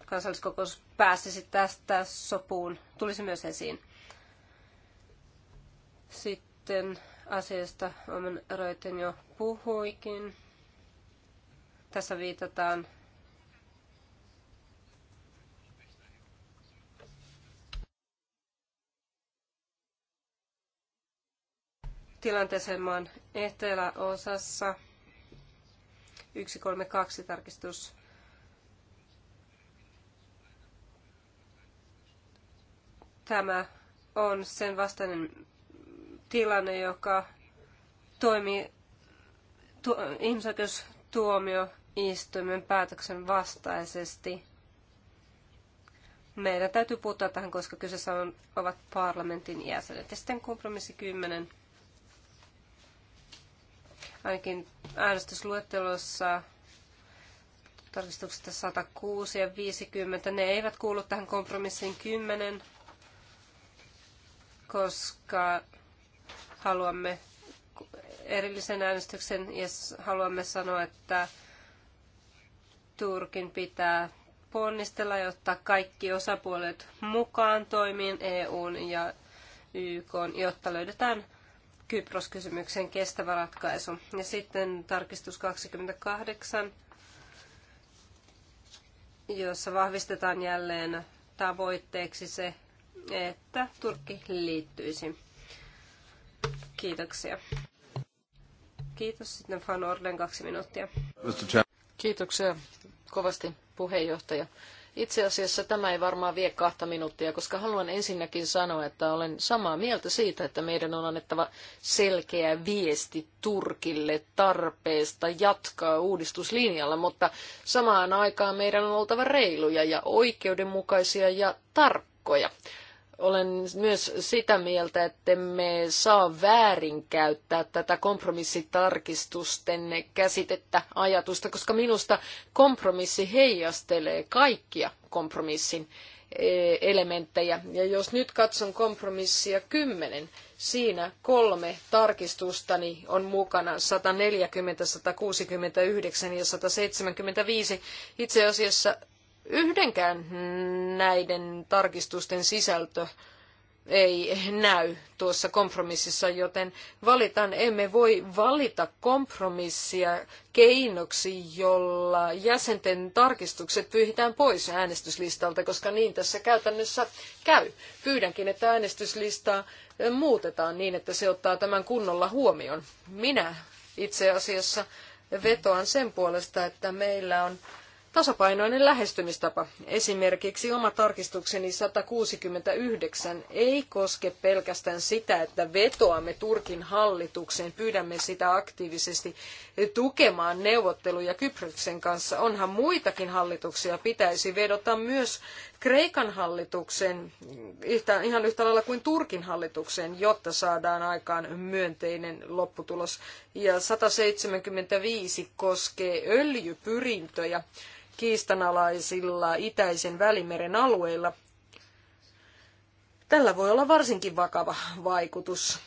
kansalliskokous pääsisi tästä sopuun, tulisi myös esiin. Sitten asiasta Omen Röiten jo puhuikin. Tässä viitataan tilanteeseen maan eteläosassa – 132 tarkistus. Tämä on sen vastainen tilanne, joka toimii tu- ihmisoikeustuomioistuimen päätöksen vastaisesti. Meidän täytyy puuttua tähän, koska kyseessä on, ovat parlamentin jäsenet. Ja sitten kompromissi 10. Ainakin äänestysluettelossa tarkistuksesta 106 ja 50, ne eivät kuulu tähän kompromissiin 10, koska haluamme erillisen äänestyksen ja haluamme sanoa, että Turkin pitää ponnistella ja ottaa kaikki osapuolet mukaan toimiin EUn ja YK, jotta löydetään Kypros-kysymyksen kestävä ratkaisu. Ja sitten tarkistus 28, jossa vahvistetaan jälleen tavoitteeksi se, että Turkki liittyisi. Kiitoksia. Kiitos. Sitten Van Orden kaksi minuuttia. Kiitoksia kovasti puheenjohtaja. Itse asiassa tämä ei varmaan vie kahta minuuttia, koska haluan ensinnäkin sanoa, että olen samaa mieltä siitä, että meidän on annettava selkeä viesti Turkille tarpeesta jatkaa uudistuslinjalla, mutta samaan aikaan meidän on oltava reiluja ja oikeudenmukaisia ja tarkkoja. Olen myös sitä mieltä, että me saa väärinkäyttää tätä kompromissitarkistusten käsitettä ajatusta, koska minusta kompromissi heijastelee kaikkia kompromissin e, elementtejä. Ja jos nyt katson kompromissia kymmenen, siinä kolme tarkistustani on mukana 140, 169 ja 175. Itse asiassa yhdenkään näiden tarkistusten sisältö ei näy tuossa kompromississa, joten valitan, emme voi valita kompromissia keinoksi, jolla jäsenten tarkistukset pyyhitään pois äänestyslistalta, koska niin tässä käytännössä käy. Pyydänkin, että äänestyslistaa muutetaan niin, että se ottaa tämän kunnolla huomioon. Minä itse asiassa vetoan sen puolesta, että meillä on tasapainoinen lähestymistapa. Esimerkiksi oma tarkistukseni 169 ei koske pelkästään sitä, että vetoamme Turkin hallitukseen, pyydämme sitä aktiivisesti tukemaan neuvotteluja Kyproksen kanssa. Onhan muitakin hallituksia, pitäisi vedota myös Kreikan hallitukseen ihan yhtä lailla kuin Turkin hallitukseen, jotta saadaan aikaan myönteinen lopputulos. Ja 175 koskee öljypyrintöjä kiistanalaisilla itäisen välimeren alueilla, tällä voi olla varsinkin vakava vaikutus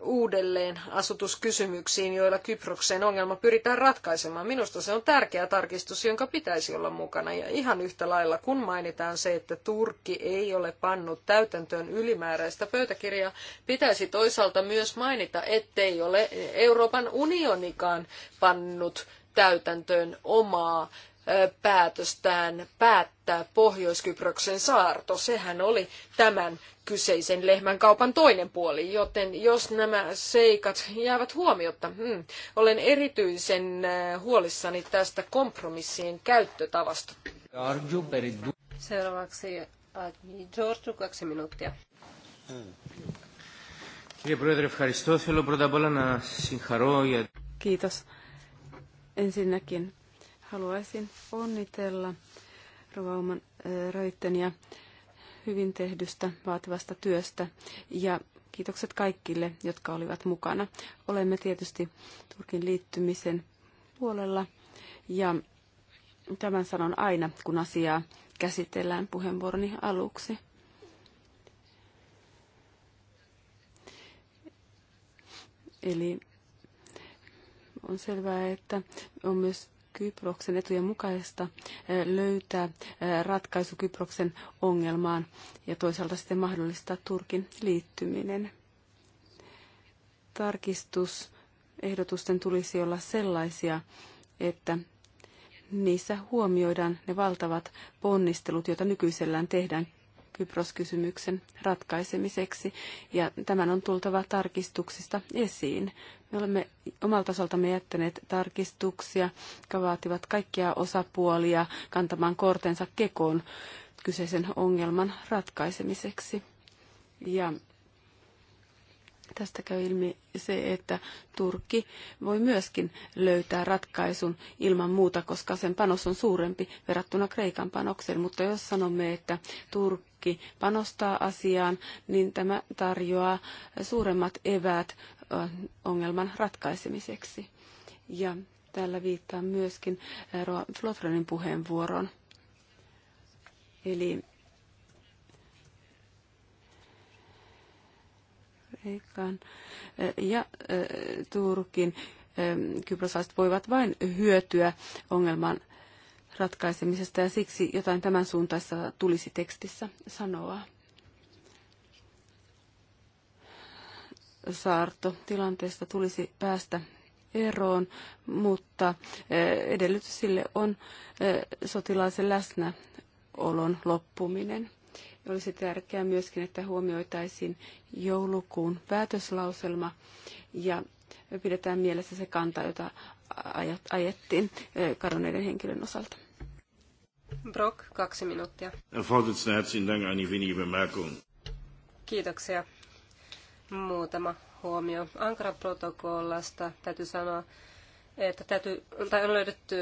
uudelleen asutuskysymyksiin, joilla Kyproksen ongelma pyritään ratkaisemaan. Minusta se on tärkeä tarkistus, jonka pitäisi olla mukana. Ja ihan yhtä lailla, kun mainitaan se, että Turkki ei ole pannut täytäntöön ylimääräistä pöytäkirjaa, pitäisi toisaalta myös mainita, ettei ole Euroopan unionikaan pannut täytäntöön omaa päätöstään päättää Pohjois-Kyproksen saarto. Sehän oli tämän kyseisen lehmän kaupan toinen puoli, joten jos nämä seikat jäävät huomiotta, hmm, olen erityisen huolissani tästä kompromissien käyttötavasta. Seuraavaksi äh, Giorgio, kaksi minuuttia. Kiitos. Ensinnäkin Haluaisin onnitella Rovauman Röytteniä hyvin tehdystä vaativasta työstä ja kiitokset kaikille, jotka olivat mukana. Olemme tietysti Turkin liittymisen puolella ja tämän sanon aina, kun asiaa käsitellään puheenvuoroni aluksi. Eli on selvää, että on myös Kyproksen etujen mukaista eh, löytää eh, ratkaisu Kyproksen ongelmaan ja toisaalta sitten mahdollistaa Turkin liittyminen. Tarkistusehdotusten tulisi olla sellaisia, että niissä huomioidaan ne valtavat ponnistelut, joita nykyisellään tehdään Kypros-kysymyksen ratkaisemiseksi, ja tämän on tultava tarkistuksista esiin. Me olemme omalta osaltamme jättäneet tarkistuksia, jotka vaativat kaikkia osapuolia kantamaan kortensa kekoon kyseisen ongelman ratkaisemiseksi. Ja tästä käy ilmi se, että Turkki voi myöskin löytää ratkaisun ilman muuta, koska sen panos on suurempi verrattuna Kreikan panokseen. Mutta jos sanomme, että Turkki pankki panostaa asiaan, niin tämä tarjoaa suuremmat eväät ongelman ratkaisemiseksi. Ja tällä viittaan myöskin Roa Flotrenin puheenvuoroon. Eli Kreikan ja Turkin kyproslaiset voivat vain hyötyä ongelman ratkaisemisesta ja siksi jotain tämän suuntaista tulisi tekstissä sanoa. Saarto tilanteesta tulisi päästä eroon, mutta eh, edellytys sille on eh, sotilaisen läsnäolon loppuminen. Olisi tärkeää myöskin, että huomioitaisiin joulukuun päätöslauselma ja pidetään mielessä se kanta, jota ajettiin eh, kadonneiden henkilön osalta. Brock, kaksi minuuttia. Kiitoksia. Muutama huomio Ankara-protokollasta. Täytyy sanoa, että täytyy, tai on löydetty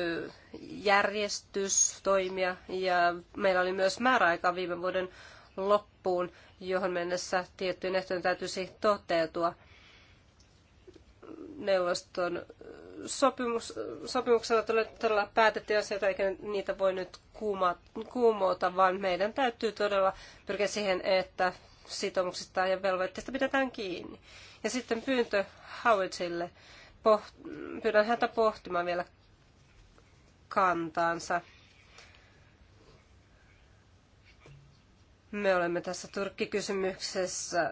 järjestystoimia ja meillä oli myös määräaika viime vuoden loppuun, johon mennessä tiettyjen ehtojen täytyisi toteutua neuvoston sopimus, sopimuksella todella päätettiin asioita, eikä niitä voi nyt kuuma, kuumota, vaan meidän täytyy todella pyrkiä siihen, että sitoumuksista ja velvoitteista pidetään kiinni. Ja sitten pyyntö Howitzille. Poht- pyydän häntä pohtimaan vielä kantaansa. Me olemme tässä Turkki-kysymyksessä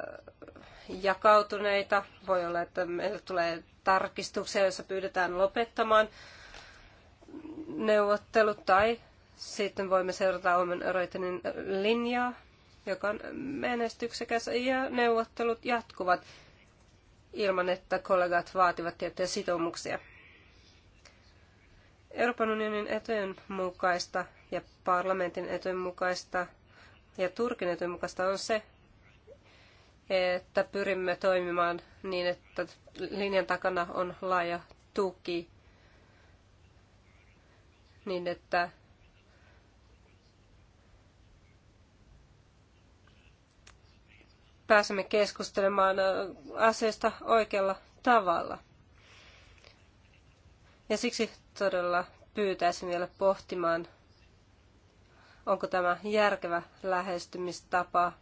jakautuneita. Voi olla, että meille tulee tarkistuksia, joissa pyydetään lopettamaan neuvottelut tai sitten voimme seurata Omen Reutenin linjaa, joka on menestyksekäs ja neuvottelut jatkuvat ilman, että kollegat vaativat tiettyjä sitoumuksia. Euroopan unionin etujen mukaista ja parlamentin etujen mukaista ja Turkin etujen mukaista on se, että pyrimme toimimaan niin, että linjan takana on laaja tuki, niin että pääsemme keskustelemaan asioista oikealla tavalla. Ja siksi todella pyytäisin vielä pohtimaan, onko tämä järkevä lähestymistapa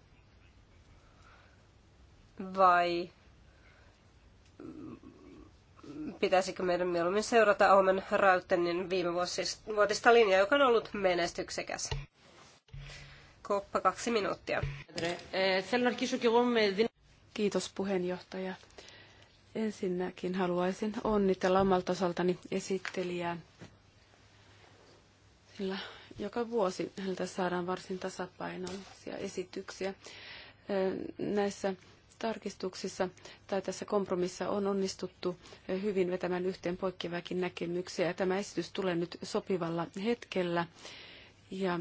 vai pitäisikö meidän mieluummin seurata Omen Rautenin viime vuotista linjaa, joka on ollut menestyksekäs. Koppa kaksi minuuttia. Kiitos puheenjohtaja. Ensinnäkin haluaisin onnitella omalta osaltani esittelijää, sillä joka vuosi häneltä saadaan varsin tasapainoisia esityksiä. Näissä tarkistuksissa tai tässä kompromissa on onnistuttu hyvin vetämään yhteen poikkeavakin näkemyksiä. Ja tämä esitys tulee nyt sopivalla hetkellä ja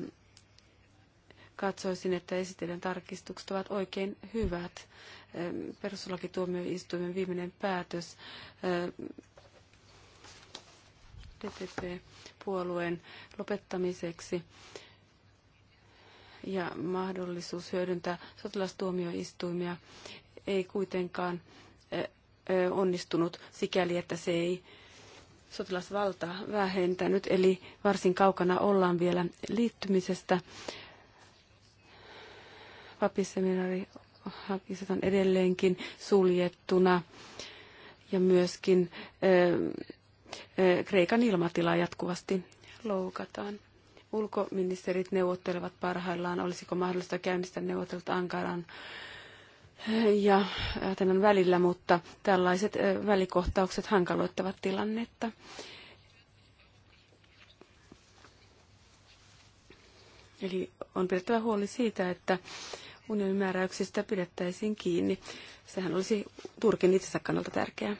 katsoisin, että esitellen tarkistukset ovat oikein hyvät. Perustuslakituomioistuimen viimeinen päätös DTP-puolueen lopettamiseksi ja mahdollisuus hyödyntää sotilastuomioistuimia ei kuitenkaan onnistunut sikäli, että se ei sotilasvalta vähentänyt, eli varsin kaukana ollaan vielä liittymisestä. Vapisseminaari on edelleenkin suljettuna ja myöskin Kreikan ilmatila jatkuvasti loukataan. Ulkoministerit neuvottelevat parhaillaan, olisiko mahdollista käynnistää neuvottelut Ankaran ja Atenan äh, välillä, mutta tällaiset äh, välikohtaukset hankaloittavat tilannetta. Eli on pidettävä huoli siitä, että unionin määräyksistä pidettäisiin kiinni. Sehän olisi Turkin itsensä kannalta tärkeää.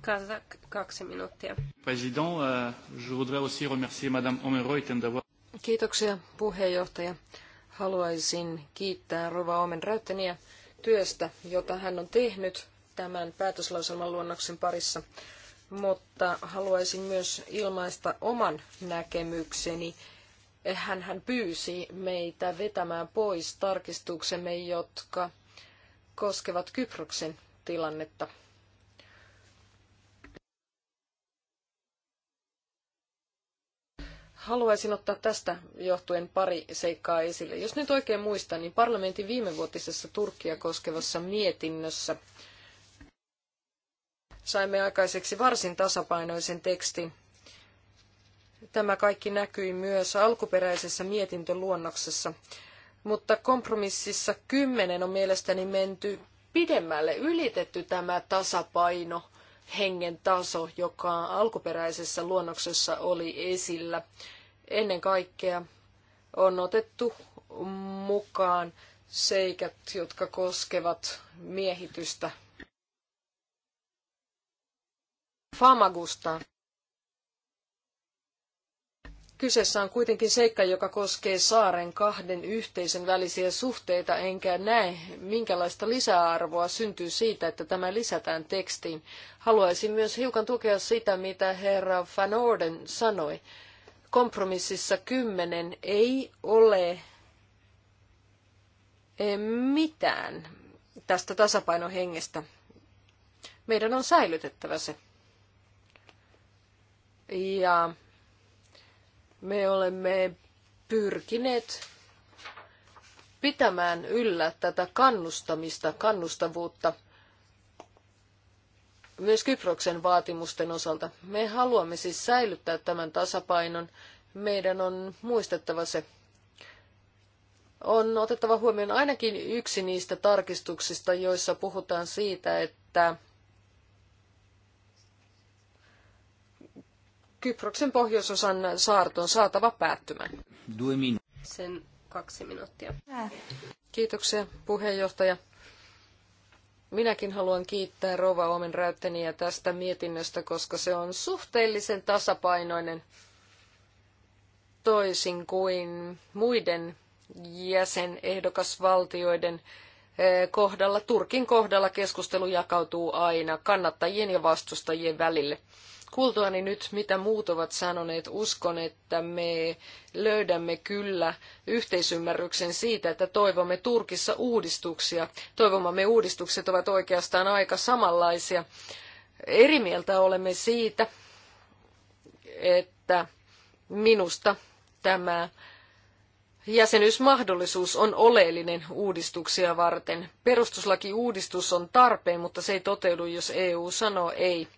Kazak, kaksi minuuttia. President, äh, je voudrais aussi remercier Madame d'avoir... Kiitoksia puheenjohtaja. Haluaisin kiittää Rova Omen Räyttäniä työstä, jota hän on tehnyt tämän päätöslauselman luonnoksen parissa, mutta haluaisin myös ilmaista oman näkemykseni. Hän, hän pyysi meitä vetämään pois tarkistuksemme, jotka koskevat Kyproksen tilannetta. haluaisin ottaa tästä johtuen pari seikkaa esille. Jos nyt oikein muistan, niin parlamentin viimevuotisessa Turkkia koskevassa mietinnössä saimme aikaiseksi varsin tasapainoisen tekstin. Tämä kaikki näkyi myös alkuperäisessä mietintöluonnoksessa, mutta kompromississa kymmenen on mielestäni menty pidemmälle, ylitetty tämä tasapaino – hengen taso, joka alkuperäisessä luonnoksessa oli esillä. Ennen kaikkea on otettu mukaan seikat, jotka koskevat miehitystä. Famagusta Kyseessä on kuitenkin seikka, joka koskee saaren kahden yhteisen välisiä suhteita, enkä näe, minkälaista lisäarvoa syntyy siitä, että tämä lisätään tekstiin. Haluaisin myös hiukan tukea sitä, mitä herra Van Orden sanoi. Kompromississa kymmenen ei ole eh, mitään tästä tasapainohengestä. Meidän on säilytettävä se. Ja me olemme pyrkineet pitämään yllä tätä kannustamista, kannustavuutta myös Kyproksen vaatimusten osalta. Me haluamme siis säilyttää tämän tasapainon. Meidän on muistettava se. On otettava huomioon ainakin yksi niistä tarkistuksista, joissa puhutaan siitä, että Kyproksen pohjoisosan saarto on saatava päättymään. Sen kaksi minuuttia. Kiitoksia puheenjohtaja. Minäkin haluan kiittää Rova Omen Räytteniä tästä mietinnöstä, koska se on suhteellisen tasapainoinen toisin kuin muiden jäsenehdokasvaltioiden eh, kohdalla. Turkin kohdalla keskustelu jakautuu aina kannattajien ja vastustajien välille. Kuultuani nyt, mitä muut ovat sanoneet, uskon, että me löydämme kyllä yhteisymmärryksen siitä, että toivomme Turkissa uudistuksia. Toivomamme uudistukset ovat oikeastaan aika samanlaisia. Eri mieltä olemme siitä, että minusta tämä Jäsenyysmahdollisuus on oleellinen uudistuksia varten. Perustuslakiuudistus on tarpeen, mutta se ei toteudu, jos EU sanoo ei.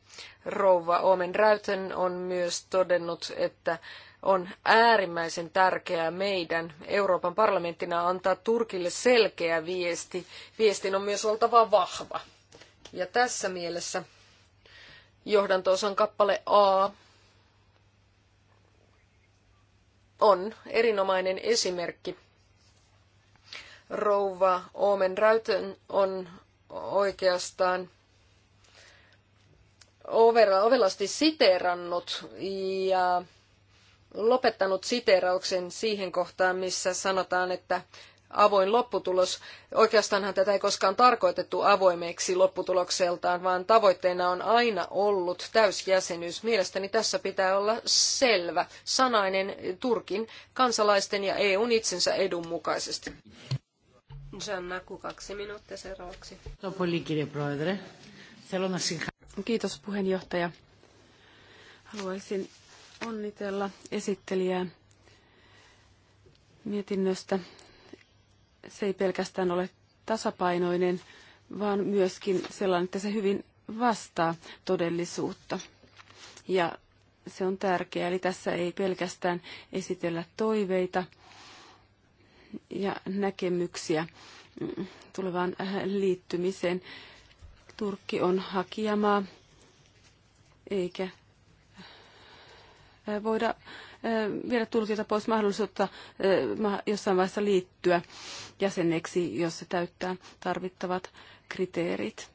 Rouva Omen Räyten on myös todennut, että on äärimmäisen tärkeää meidän Euroopan parlamenttina antaa Turkille selkeä viesti. Viestin on myös oltava vahva. Ja tässä mielessä johdantoosan kappale A on erinomainen esimerkki. Rouva Omen Räytön on oikeastaan ovelasti siteerannut ja lopettanut siteerauksen siihen kohtaan, missä sanotaan, että avoin lopputulos. Oikeastaanhan tätä ei koskaan tarkoitettu avoimeksi lopputulokseltaan, vaan tavoitteena on aina ollut täysjäsenyys. Mielestäni tässä pitää olla selvä, sanainen Turkin kansalaisten ja EUn itsensä edun mukaisesti. kaksi minuuttia seuraavaksi. Kiitos puheenjohtaja. Haluaisin onnitella esittelijää mietinnöstä se ei pelkästään ole tasapainoinen, vaan myöskin sellainen, että se hyvin vastaa todellisuutta. Ja se on tärkeää, eli tässä ei pelkästään esitellä toiveita ja näkemyksiä tulevaan liittymiseen. Turkki on hakijamaa, eikä voida viedä tulkilta pois mahdollisuutta jossain vaiheessa liittyä jäseneksi, jos se täyttää tarvittavat kriteerit.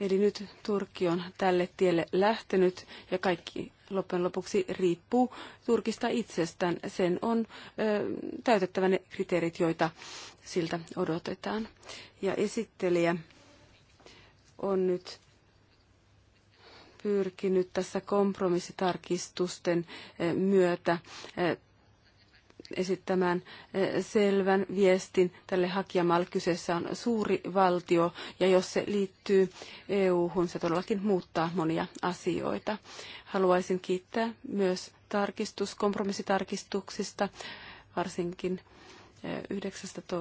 Eli nyt Turkki on tälle tielle lähtenyt ja kaikki loppujen lopuksi riippuu Turkista itsestään. Sen on ö, täytettävä ne kriteerit, joita siltä odotetaan. Ja esittelijä on nyt pyrkinyt tässä kompromissitarkistusten eh, myötä eh, esittämään eh, selvän viestin tälle hakijamaalle. Kyseessä on suuri valtio ja jos se liittyy EU-hun, se todellakin muuttaa monia asioita. Haluaisin kiittää myös tarkistus, kompromissitarkistuksista, varsinkin 19,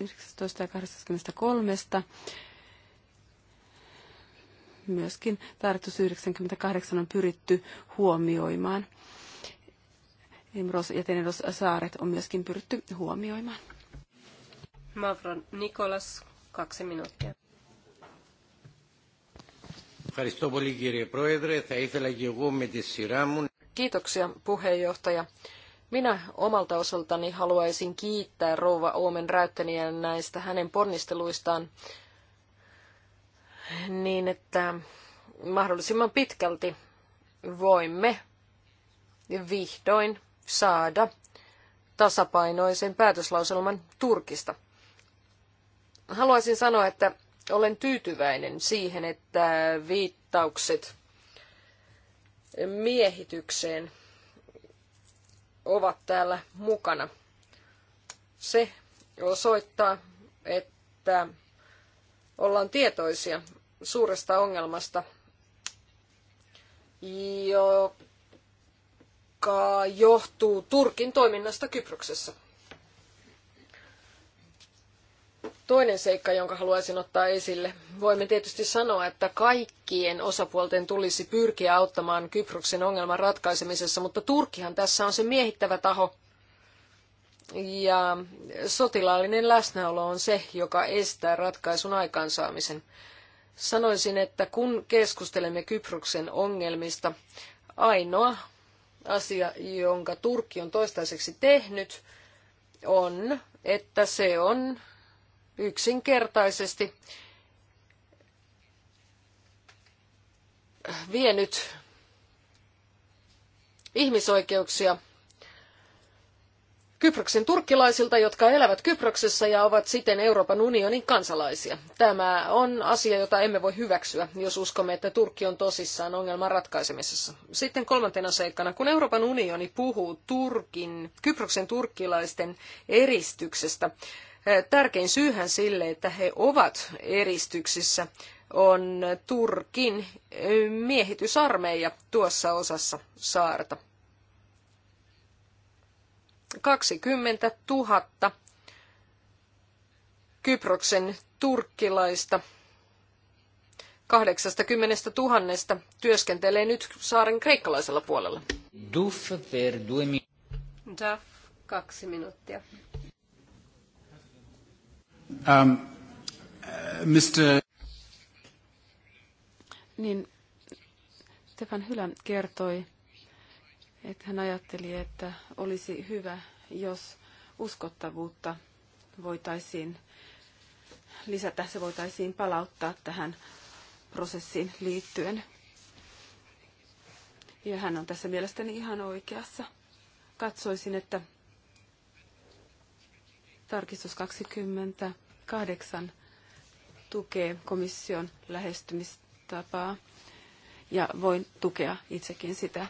19 ja 23 myöskin tarkoitus 98 on pyritty huomioimaan. Imros ja Tenedos saaret on myöskin pyritty huomioimaan. Mavron Nikolas, kaksi minuuttia. Θα ήθελα εγώ με Kiitoksia puheenjohtaja. Minä omalta osaltani haluaisin kiittää rouva Oomen Räyttäniä näistä hänen ponnisteluistaan niin, että mahdollisimman pitkälti voimme vihdoin saada tasapainoisen päätöslauselman Turkista. Haluaisin sanoa, että olen tyytyväinen siihen, että viittaukset miehitykseen ovat täällä mukana. Se osoittaa, että ollaan tietoisia suuresta ongelmasta, joka johtuu Turkin toiminnasta Kyproksessa. Toinen seikka, jonka haluaisin ottaa esille. Voimme tietysti sanoa, että kaikkien osapuolten tulisi pyrkiä auttamaan Kyproksen ongelman ratkaisemisessa, mutta Turkkihan tässä on se miehittävä taho. Ja sotilaallinen läsnäolo on se, joka estää ratkaisun aikaansaamisen. Sanoisin, että kun keskustelemme Kyproksen ongelmista, ainoa asia, jonka Turkki on toistaiseksi tehnyt, on, että se on yksinkertaisesti vienyt ihmisoikeuksia Kyproksen turkkilaisilta, jotka elävät Kyproksessa ja ovat siten Euroopan unionin kansalaisia. Tämä on asia, jota emme voi hyväksyä, jos uskomme, että Turkki on tosissaan ongelman ratkaisemisessa. Sitten kolmantena seikkana, kun Euroopan unioni puhuu Turkin, Kyproksen turkkilaisten eristyksestä, eh, tärkein syyhän sille, että he ovat eristyksissä, on Turkin eh, miehitysarmeija tuossa osassa saarta. 20 000 Kyproksen turkkilaista 80 000 työskentelee nyt saaren kreikkalaisella puolella. Duff per due mi- Duff, kaksi minuuttia. Um, uh, Mr. Niin, Stefan Hylä kertoi että hän ajatteli, että olisi hyvä, jos uskottavuutta voitaisiin lisätä, se voitaisiin palauttaa tähän prosessiin liittyen. Ja hän on tässä mielestäni ihan oikeassa. Katsoisin, että tarkistus 28 tukee komission lähestymistapaa ja voin tukea itsekin sitä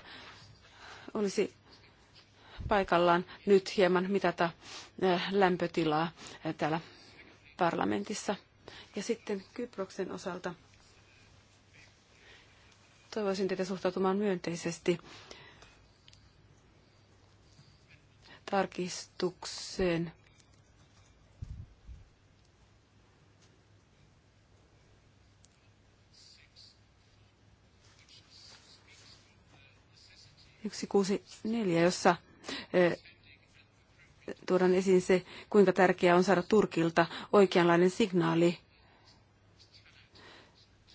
olisi paikallaan nyt hieman mitata eh, lämpötilaa eh, täällä parlamentissa. Ja sitten Kyproksen osalta toivoisin teitä suhtautumaan myönteisesti tarkistukseen 164, jossa tuodaan esiin se, kuinka tärkeää on saada Turkilta oikeanlainen signaali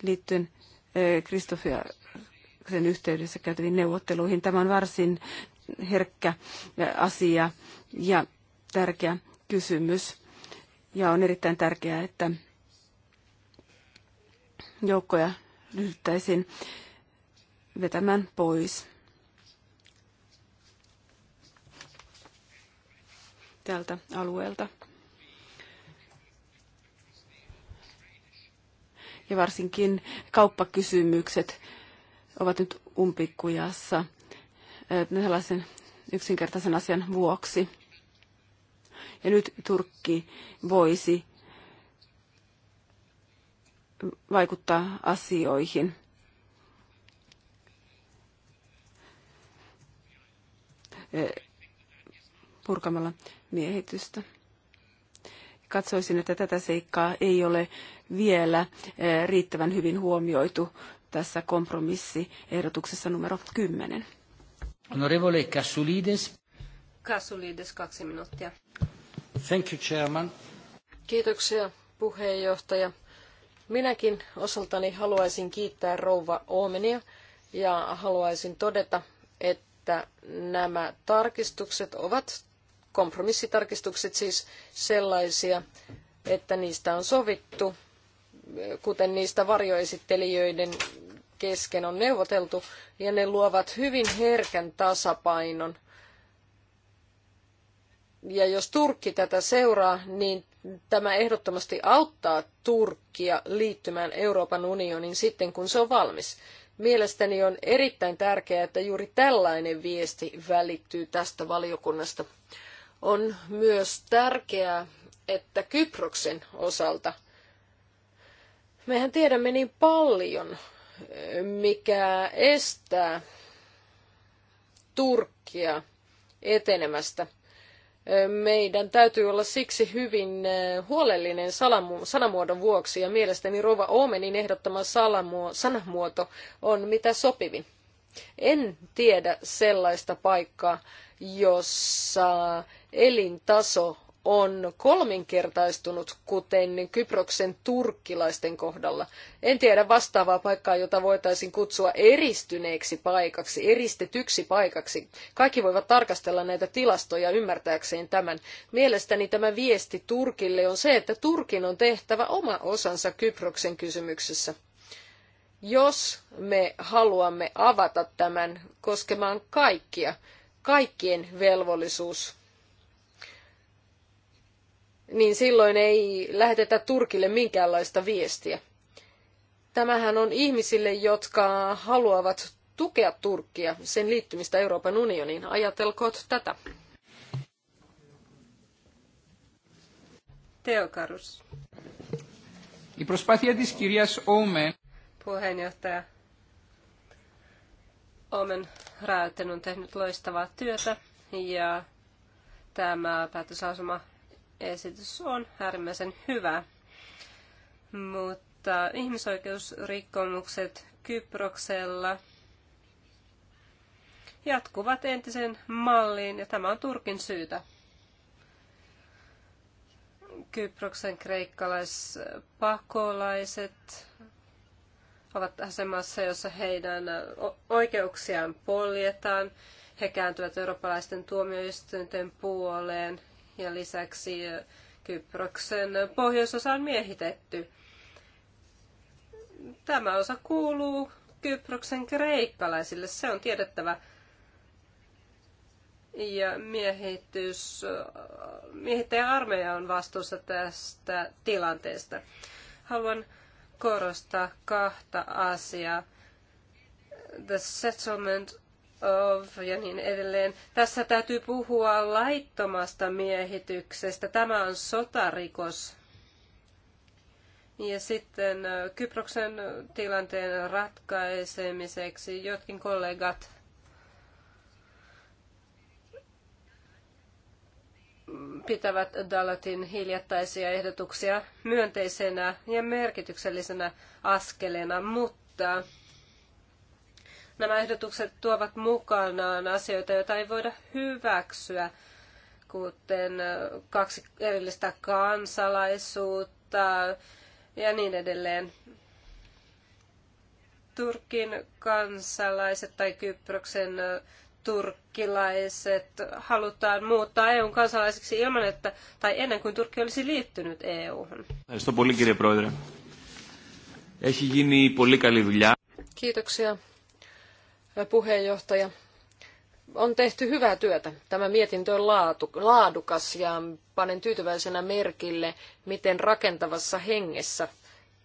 liittyen Kristofia sen yhteydessä käytäviin neuvotteluihin. Tämä on varsin herkkä asia ja tärkeä kysymys. Ja on erittäin tärkeää, että joukkoja ryhdyttäisiin vetämään pois. tältä alueelta. Ja varsinkin kauppakysymykset ovat nyt umpikujassa tällaisen yksinkertaisen asian vuoksi. Ja nyt Turkki voisi vaikuttaa asioihin. purkamalla miehitystä. Katsoisin, että tätä seikkaa ei ole vielä eh, riittävän hyvin huomioitu tässä kompromissiehdotuksessa numero 10. Honorevole Kassulides. Kassulides, kaksi minuuttia. Thank you, Chairman. Kiitoksia, puheenjohtaja. Minäkin osaltani haluaisin kiittää rouva Oomenia ja haluaisin todeta, että nämä tarkistukset ovat kompromissitarkistukset siis sellaisia, että niistä on sovittu, kuten niistä varjoesittelijöiden kesken on neuvoteltu, ja ne luovat hyvin herkän tasapainon. Ja jos Turkki tätä seuraa, niin tämä ehdottomasti auttaa Turkkia liittymään Euroopan unioniin sitten, kun se on valmis. Mielestäni on erittäin tärkeää, että juuri tällainen viesti välittyy tästä valiokunnasta. On myös tärkeää, että Kyproksen osalta mehän tiedämme niin paljon, mikä estää Turkkia etenemästä. Meidän täytyy olla siksi hyvin eh, huolellinen sanamuodon vuoksi ja mielestäni Rova Omenin ehdottama sanamuoto on mitä sopivin. En tiedä sellaista paikkaa, jossa elintaso on kolminkertaistunut, kuten Kyproksen turkkilaisten kohdalla. En tiedä vastaavaa paikkaa, jota voitaisiin kutsua eristyneeksi paikaksi, eristetyksi paikaksi. Kaikki voivat tarkastella näitä tilastoja ymmärtääkseen tämän. Mielestäni tämä viesti Turkille on se, että Turkin on tehtävä oma osansa Kyproksen kysymyksessä jos me haluamme avata tämän koskemaan kaikkia, kaikkien velvollisuus niin silloin ei lähetetä Turkille minkäänlaista viestiä. Tämähän on ihmisille, jotka haluavat tukea Turkkia, sen liittymistä Euroopan unioniin. Ajatelkoot tätä. Teokarus. Η προσπάθεια της κυρίας Omen. Puheenjohtaja Omen Rauten on tehnyt loistavaa työtä ja tämä päätöslausuma esitys on äärimmäisen hyvä, mutta ihmisoikeusrikkomukset Kyproksella jatkuvat entisen malliin ja tämä on Turkin syytä. Kyproksen kreikkalaispakolaiset ovat asemassa, jossa heidän oikeuksiaan poljetaan. He kääntyvät eurooppalaisten tuomioistuinten puoleen ja lisäksi Kyproksen pohjoisosa on miehitetty. Tämä osa kuuluu Kyproksen kreikkalaisille, se on tiedettävä. Ja miehitys, miehittäjän armeija on vastuussa tästä tilanteesta. Haluan korostaa kahta asiaa. The settlement ja niin edelleen. Tässä täytyy puhua laittomasta miehityksestä. Tämä on sotarikos. Ja sitten Kyproksen tilanteen ratkaisemiseksi jotkin kollegat pitävät Dalatin hiljattaisia ehdotuksia myönteisenä ja merkityksellisenä askeleena, mutta Nämä ehdotukset tuovat mukanaan asioita, joita ei voida hyväksyä, kuten kaksi erillistä kansalaisuutta ja niin edelleen. Turkin kansalaiset tai Kyproksen turkkilaiset halutaan muuttaa EUn kansalaisiksi ilman, että, tai ennen kuin Turkki olisi liittynyt EUhun. Kiitoksia puheenjohtaja. On tehty hyvää työtä. Tämä mietintö on laadukas ja panen tyytyväisenä merkille, miten rakentavassa hengessä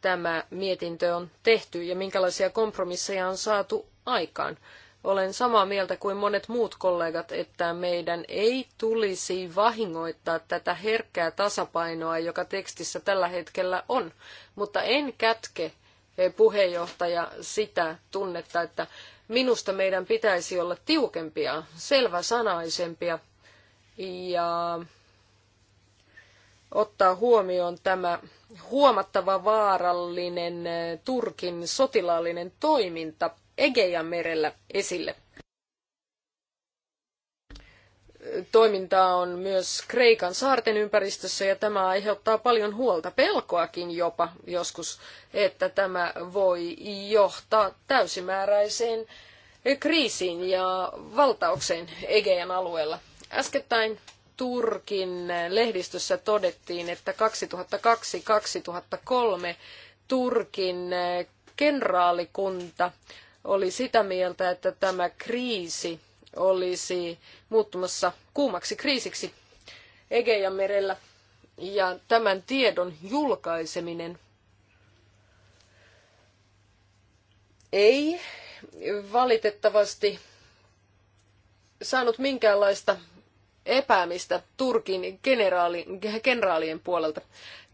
tämä mietintö on tehty ja minkälaisia kompromisseja on saatu aikaan. Olen samaa mieltä kuin monet muut kollegat, että meidän ei tulisi vahingoittaa tätä herkkää tasapainoa, joka tekstissä tällä hetkellä on. Mutta en kätke eh, puheenjohtaja sitä tunnetta, että Minusta meidän pitäisi olla tiukempia, selväsanaisempia ja ottaa huomioon tämä huomattava vaarallinen eh, Turkin sotilaallinen toiminta Egeian merellä esille toimintaa on myös Kreikan saarten ympäristössä ja tämä aiheuttaa paljon huolta, pelkoakin jopa joskus, että tämä voi johtaa täysimääräiseen kriisiin ja valtaukseen Egean alueella. Äskettäin Turkin lehdistössä todettiin, että 2002-2003 Turkin kenraalikunta oli sitä mieltä, että tämä kriisi olisi muuttumassa kuumaksi kriisiksi Egeian merellä. Ja tämän tiedon julkaiseminen ei valitettavasti saanut minkäänlaista epäämistä Turkin generaali, generaalien puolelta.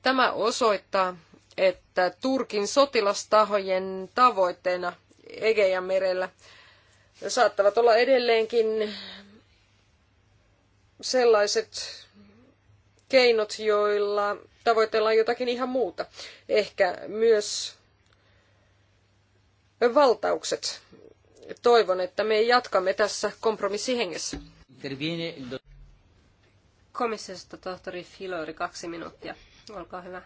Tämä osoittaa, että Turkin sotilastahojen tavoitteena Egean merellä saattavat olla edelleenkin sellaiset keinot, joilla tavoitellaan jotakin ihan muuta. Ehkä myös valtaukset. Toivon, että me jatkamme tässä kompromissihengessä. Komissiosta tohtori Filori, kaksi minuuttia. Olkaa hyvä.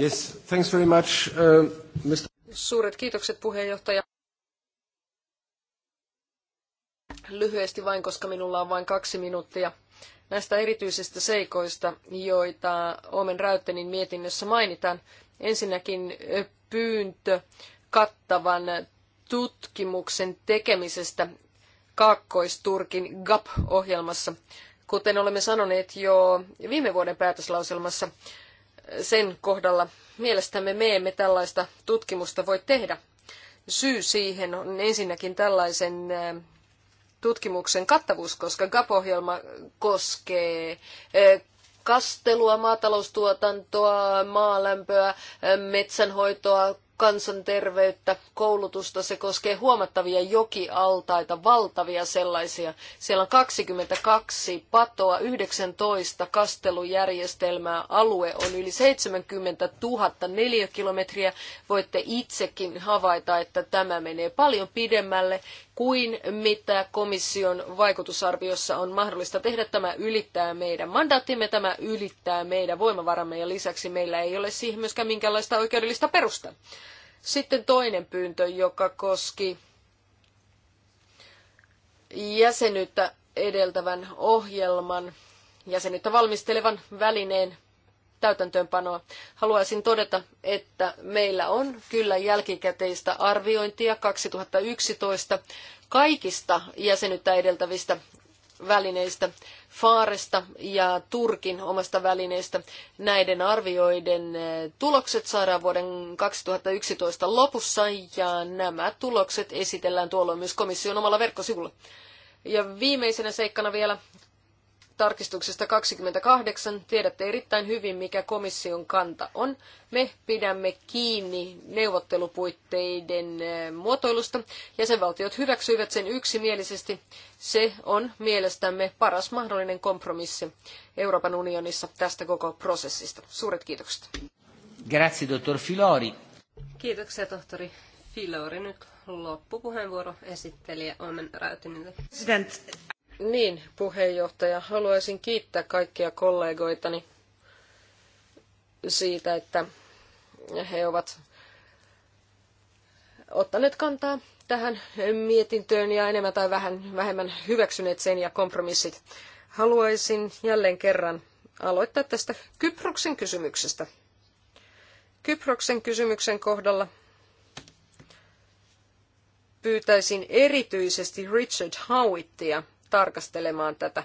Yes, thanks very much, uh, Mr. Suuret kiitokset puheenjohtaja. lyhyesti vain, koska minulla on vain kaksi minuuttia näistä erityisistä seikoista, joita Omen Räyttenin mietinnössä mainitaan. Ensinnäkin pyyntö kattavan tutkimuksen tekemisestä Kaakkois-Turkin GAP-ohjelmassa. Kuten olemme sanoneet jo viime vuoden päätöslauselmassa, sen kohdalla mielestämme me emme tällaista tutkimusta voi tehdä. Syy siihen on ensinnäkin tällaisen tutkimuksen kattavuus, koska GAP-ohjelma koskee kastelua, maataloustuotantoa, maalämpöä, metsänhoitoa, kansanterveyttä, koulutusta. Se koskee huomattavia jokialtaita, valtavia sellaisia. Siellä on 22 patoa, 19 kastelujärjestelmää. Alue on yli 70 000 neliökilometriä. Voitte itsekin havaita, että tämä menee paljon pidemmälle kuin mitä komission vaikutusarviossa on mahdollista tehdä. Tämä ylittää meidän mandaattimme, tämä ylittää meidän voimavaramme ja lisäksi meillä ei ole siihen myöskään minkäänlaista oikeudellista perusta. Sitten toinen pyyntö, joka koski jäsenyyttä edeltävän ohjelman, jäsenyyttä valmistelevan välineen täytäntöönpanoa. Haluaisin todeta, että meillä on kyllä jälkikäteistä arviointia 2011 kaikista jäsenyyttä edeltävistä välineistä, Faaresta ja Turkin omasta välineistä. Näiden arvioiden eh, tulokset saadaan vuoden 2011 lopussa ja nämä tulokset esitellään tuolloin myös komission omalla verkkosivulla. Ja viimeisenä seikkana vielä tarkistuksesta 28 tiedätte erittäin hyvin, mikä komission kanta on. Me pidämme kiinni neuvottelupuitteiden eh, muotoilusta. Jäsenvaltiot hyväksyivät sen yksimielisesti. Se on mielestämme paras mahdollinen kompromissi Euroopan unionissa tästä koko prosessista. Suuret kiitokset. Grazie, dottor Filori. Kiitoksia, tohtori Filori. Nyt loppupuheenvuoro esittelijä Omen Räytynille. Niin, puheenjohtaja, haluaisin kiittää kaikkia kollegoitani siitä, että he ovat ottaneet kantaa tähän mietintöön ja enemmän tai vähän, vähemmän hyväksyneet sen ja kompromissit. Haluaisin jälleen kerran aloittaa tästä Kyproksen kysymyksestä. Kyproksen kysymyksen kohdalla pyytäisin erityisesti Richard Howittia – tarkastelemaan tätä.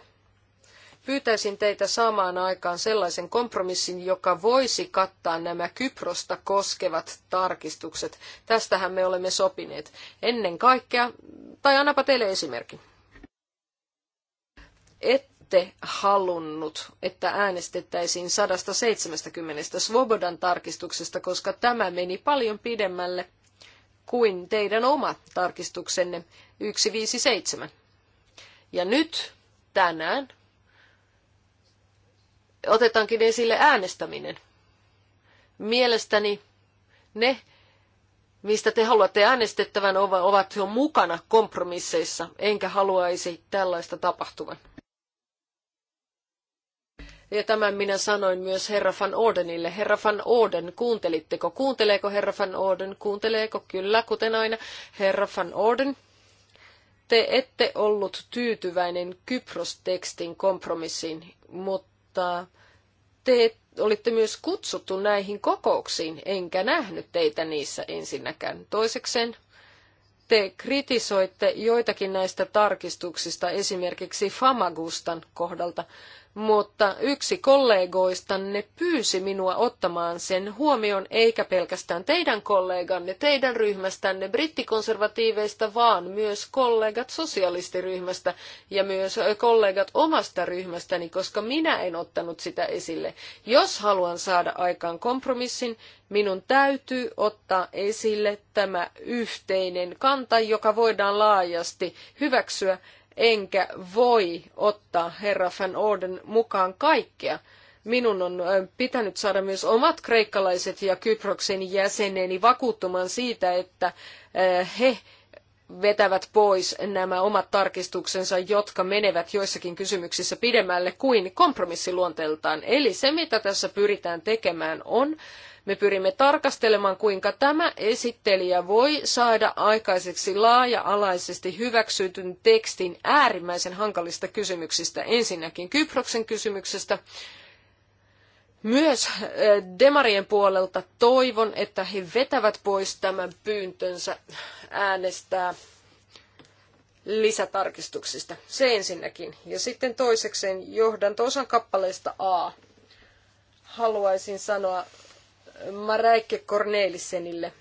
Pyytäisin teitä saamaan aikaan sellaisen kompromissin, joka voisi kattaa nämä Kyprosta koskevat tarkistukset. Tästähän me olemme sopineet. Ennen kaikkea, tai annapa teille esimerkki. ette halunnut, että äänestettäisiin 170 Svobodan tarkistuksesta, koska tämä meni paljon pidemmälle kuin teidän oma tarkistuksenne 157. Ja nyt tänään otetaankin esille äänestäminen. Mielestäni ne, mistä te haluatte äänestettävän, ovat jo mukana kompromisseissa, enkä haluaisi tällaista tapahtuvan. Ja tämän minä sanoin myös herra van Ordenille. Herra van Orden, kuuntelitteko? Kuunteleeko herra van Orden? Kuunteleeko? Kyllä, kuten aina. Herra van Orden te ette ollut tyytyväinen Kyprostekstin kompromissiin, mutta te olitte myös kutsuttu näihin kokouksiin, enkä nähnyt teitä niissä ensinnäkään. Toisekseen te kritisoitte joitakin näistä tarkistuksista esimerkiksi Famagustan kohdalta, mutta yksi kollegoistanne pyysi minua ottamaan sen huomioon, eikä pelkästään teidän kolleganne, teidän ryhmästänne, brittikonservatiiveista, vaan myös kollegat sosialistiryhmästä ja myös kollegat omasta ryhmästäni, koska minä en ottanut sitä esille. Jos haluan saada aikaan kompromissin, minun täytyy ottaa esille tämä yhteinen kanta, joka voidaan laajasti hyväksyä enkä voi ottaa herra Van Orden mukaan kaikkea. Minun on pitänyt saada myös omat kreikkalaiset ja Kyproksen jäseneni vakuuttumaan siitä, että he vetävät pois nämä omat tarkistuksensa, jotka menevät joissakin kysymyksissä pidemmälle kuin kompromissiluonteeltaan. Eli se, mitä tässä pyritään tekemään, on me pyrimme tarkastelemaan, kuinka tämä esittelijä voi saada aikaiseksi laaja-alaisesti hyväksytyn tekstin äärimmäisen hankalista kysymyksistä. Ensinnäkin Kyproksen kysymyksestä. Myös eh, demarien puolelta toivon, että he vetävät pois tämän pyyntönsä äänestää lisätarkistuksista. Se ensinnäkin. Ja sitten toisekseen johdanto-osan kappaleesta A. Haluaisin sanoa Maräikke Cornelissenille.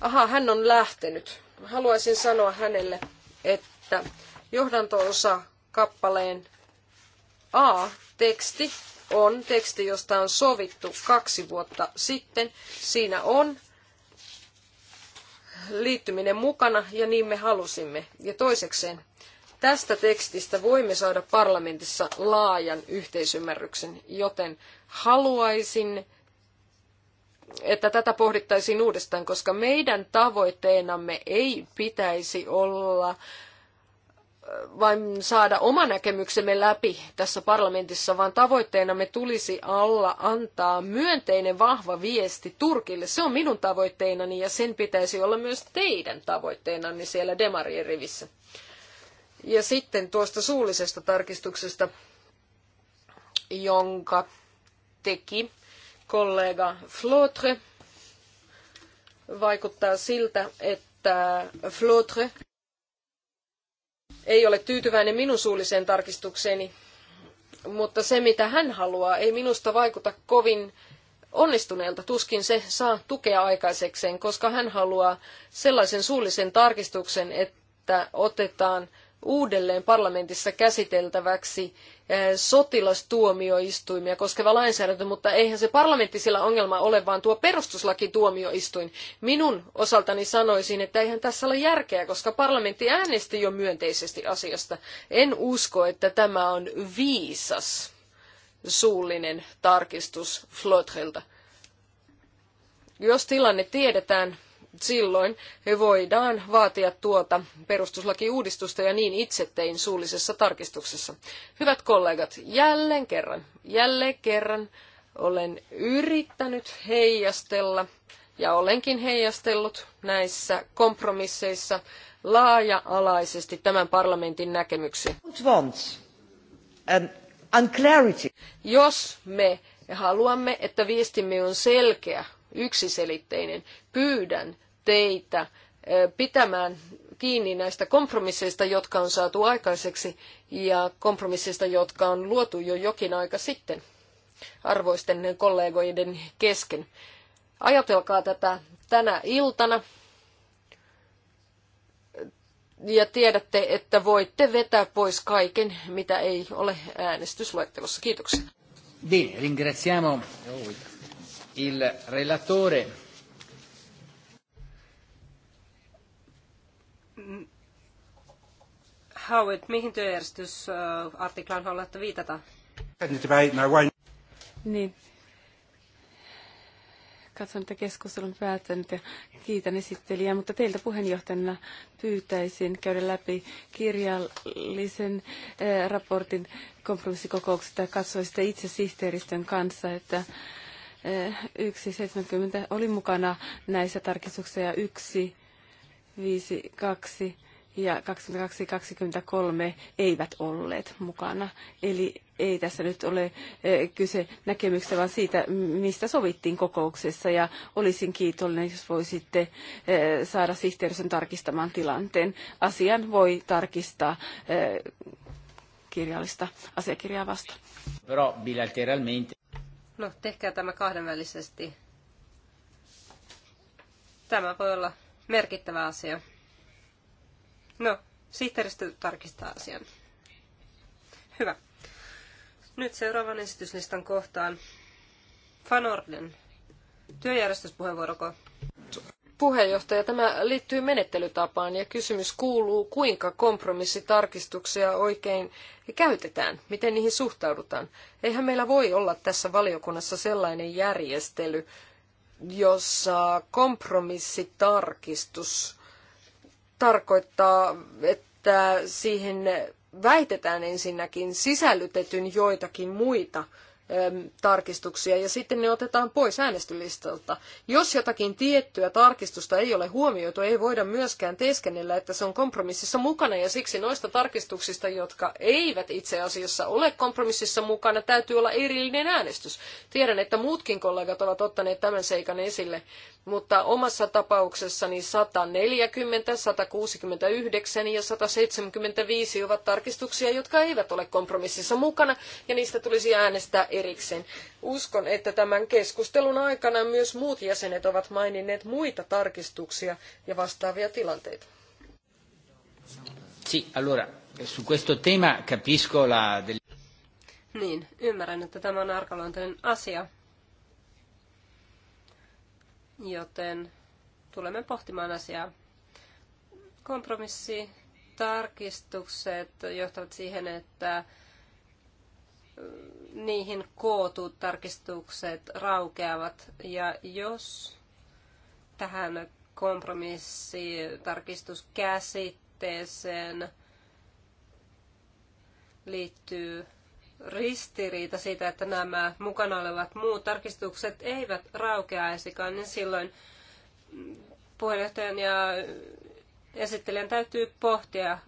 Aha, hän on lähtenyt. Haluaisin sanoa hänelle, että johdanto-osa kappaleen A-teksti on teksti, josta on sovittu kaksi vuotta sitten. Siinä on liittyminen mukana ja niin me halusimme. Ja toisekseen Tästä tekstistä voimme saada parlamentissa laajan yhteisymmärryksen, joten haluaisin, että tätä pohdittaisiin uudestaan, koska meidän tavoitteenamme ei pitäisi olla äh, vain saada oma näkemyksemme läpi tässä parlamentissa, vaan tavoitteenamme tulisi alla antaa myönteinen vahva viesti Turkille. Se on minun tavoitteenani ja sen pitäisi olla myös teidän tavoitteenanne siellä demarien rivissä. Ja sitten tuosta suullisesta tarkistuksesta, jonka teki kollega Flotre. Vaikuttaa siltä, että Flotre ei ole tyytyväinen minun suulliseen tarkistukseeni, mutta se mitä hän haluaa ei minusta vaikuta kovin onnistuneelta. Tuskin se saa tukea aikaisekseen, koska hän haluaa sellaisen suullisen tarkistuksen, että otetaan – uudelleen parlamentissa käsiteltäväksi eh, sotilastuomioistuimia koskeva lainsäädäntö, mutta eihän se parlamentti sillä ongelma ole, vaan tuo perustuslakituomioistuin. Minun osaltani sanoisin, että eihän tässä ole järkeä, koska parlamentti äänesti jo myönteisesti asiasta. En usko, että tämä on viisas suullinen tarkistus Flotrilta. Jos tilanne tiedetään, silloin voidaan vaatia tuota perustuslakiuudistusta ja niin itse tein suullisessa tarkistuksessa. Hyvät kollegat, jälleen kerran, jälleen kerran olen yrittänyt heijastella ja olenkin heijastellut näissä kompromisseissa laaja-alaisesti tämän parlamentin näkemyksiä. Jos me haluamme, että viestimme on selkeä, yksiselitteinen, pyydän, teitä pitämään kiinni näistä kompromisseista, jotka on saatu aikaiseksi ja kompromisseista, jotka on luotu jo jokin aika sitten arvoisten kollegoiden kesken. Ajatelkaa tätä tänä iltana ja tiedätte, että voitte vetää pois kaiken, mitä ei ole äänestysluettelossa. Kiitoksia. Bene, ringraziamo il relatore. Howard, mihin työjärjestysartiklaan haluatte viitata? Niin. Katson, että keskustelun päättänyt ja kiitän esittelijää, mutta teiltä puheenjohtajana pyytäisin käydä läpi kirjallisen eh, raportin kompromissikokouksesta ja katsoisitte itse sihteeristön kanssa, että eh, yksi seitsemänkymmentä oli mukana näissä tarkistuksissa ja yksi viisi kaksi ja 22-23 eivät olleet mukana. Eli ei tässä nyt ole e, kyse näkemyksestä, vaan siitä, mistä sovittiin kokouksessa. Ja olisin kiitollinen, jos voisitte e, saada sihteerisen tarkistamaan tilanteen. Asian voi tarkistaa e, kirjallista asiakirjaa vasta. bilateralmente. No, tehkää tämä kahdenvälisesti. Tämä voi olla merkittävä asia. No, sihteeristö tarkistaa asian. Hyvä. Nyt seuraavan esityslistan kohtaan. Fanorden. Työjärjestyspuheenvuoroko? Puheenjohtaja, tämä liittyy menettelytapaan ja kysymys kuuluu, kuinka kompromissitarkistuksia oikein käytetään, miten niihin suhtaudutaan. Eihän meillä voi olla tässä valiokunnassa sellainen järjestely, jossa kompromissitarkistus tarkoittaa, että siihen väitetään ensinnäkin sisällytetyn joitakin muita tarkistuksia ja sitten ne otetaan pois äänestylistalta. Jos jotakin tiettyä tarkistusta ei ole huomioitu, ei voida myöskään teeskennellä, että se on kompromississa mukana ja siksi noista tarkistuksista, jotka eivät itse asiassa ole kompromississa mukana, täytyy olla erillinen äänestys. Tiedän, että muutkin kollegat ovat ottaneet tämän seikan esille, mutta omassa tapauksessani 140, 169 ja 175 ovat tarkistuksia, jotka eivät ole kompromississa mukana ja niistä tulisi äänestää erikseen. Uskon, että tämän keskustelun aikana myös muut jäsenet ovat maininneet muita tarkistuksia ja vastaavia tilanteita. Sì, allora, su questo tema capisco la... Niin, ymmärrän, että tämä on arkaluontoinen asia. Joten tulemme pohtimaan asiaa. Kompromissi tarkistukset johtavat siihen, että niihin kootut tarkistukset raukeavat. Ja jos tähän kompromissitarkistuskäsitteeseen liittyy ristiriita siitä, että nämä mukana olevat muut tarkistukset eivät raukeaisikaan, niin silloin puheenjohtajan ja esittelijän täytyy pohtia,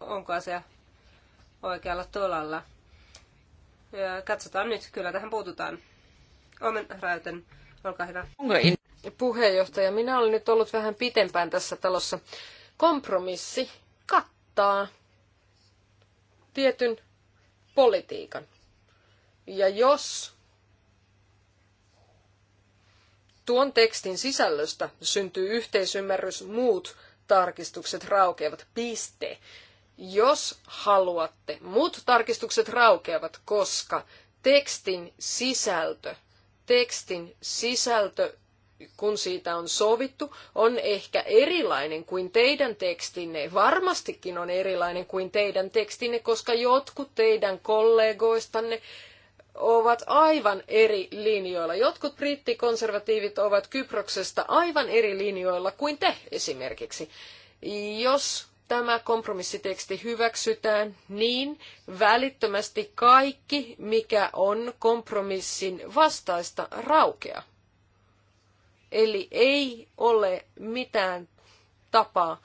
onko asia oikealla tolalla katsotaan nyt, kyllä tähän puututaan. Omen Räyten, olkaa hyvä. Puheenjohtaja, minä olen nyt ollut vähän pitempään tässä talossa. Kompromissi kattaa tietyn politiikan. Ja jos tuon tekstin sisällöstä syntyy yhteisymmärrys, muut tarkistukset raukeavat piste jos haluatte. Muut tarkistukset raukeavat, koska tekstin sisältö, tekstin sisältö, kun siitä on sovittu, on ehkä erilainen kuin teidän tekstinne. Varmastikin on erilainen kuin teidän tekstinne, koska jotkut teidän kollegoistanne ovat aivan eri linjoilla. Jotkut brittikonservatiivit ovat Kyproksesta aivan eri linjoilla kuin te esimerkiksi. Jos tämä kompromissiteksti hyväksytään, niin välittömästi kaikki, mikä on kompromissin vastaista, raukea. Eli ei ole mitään tapaa,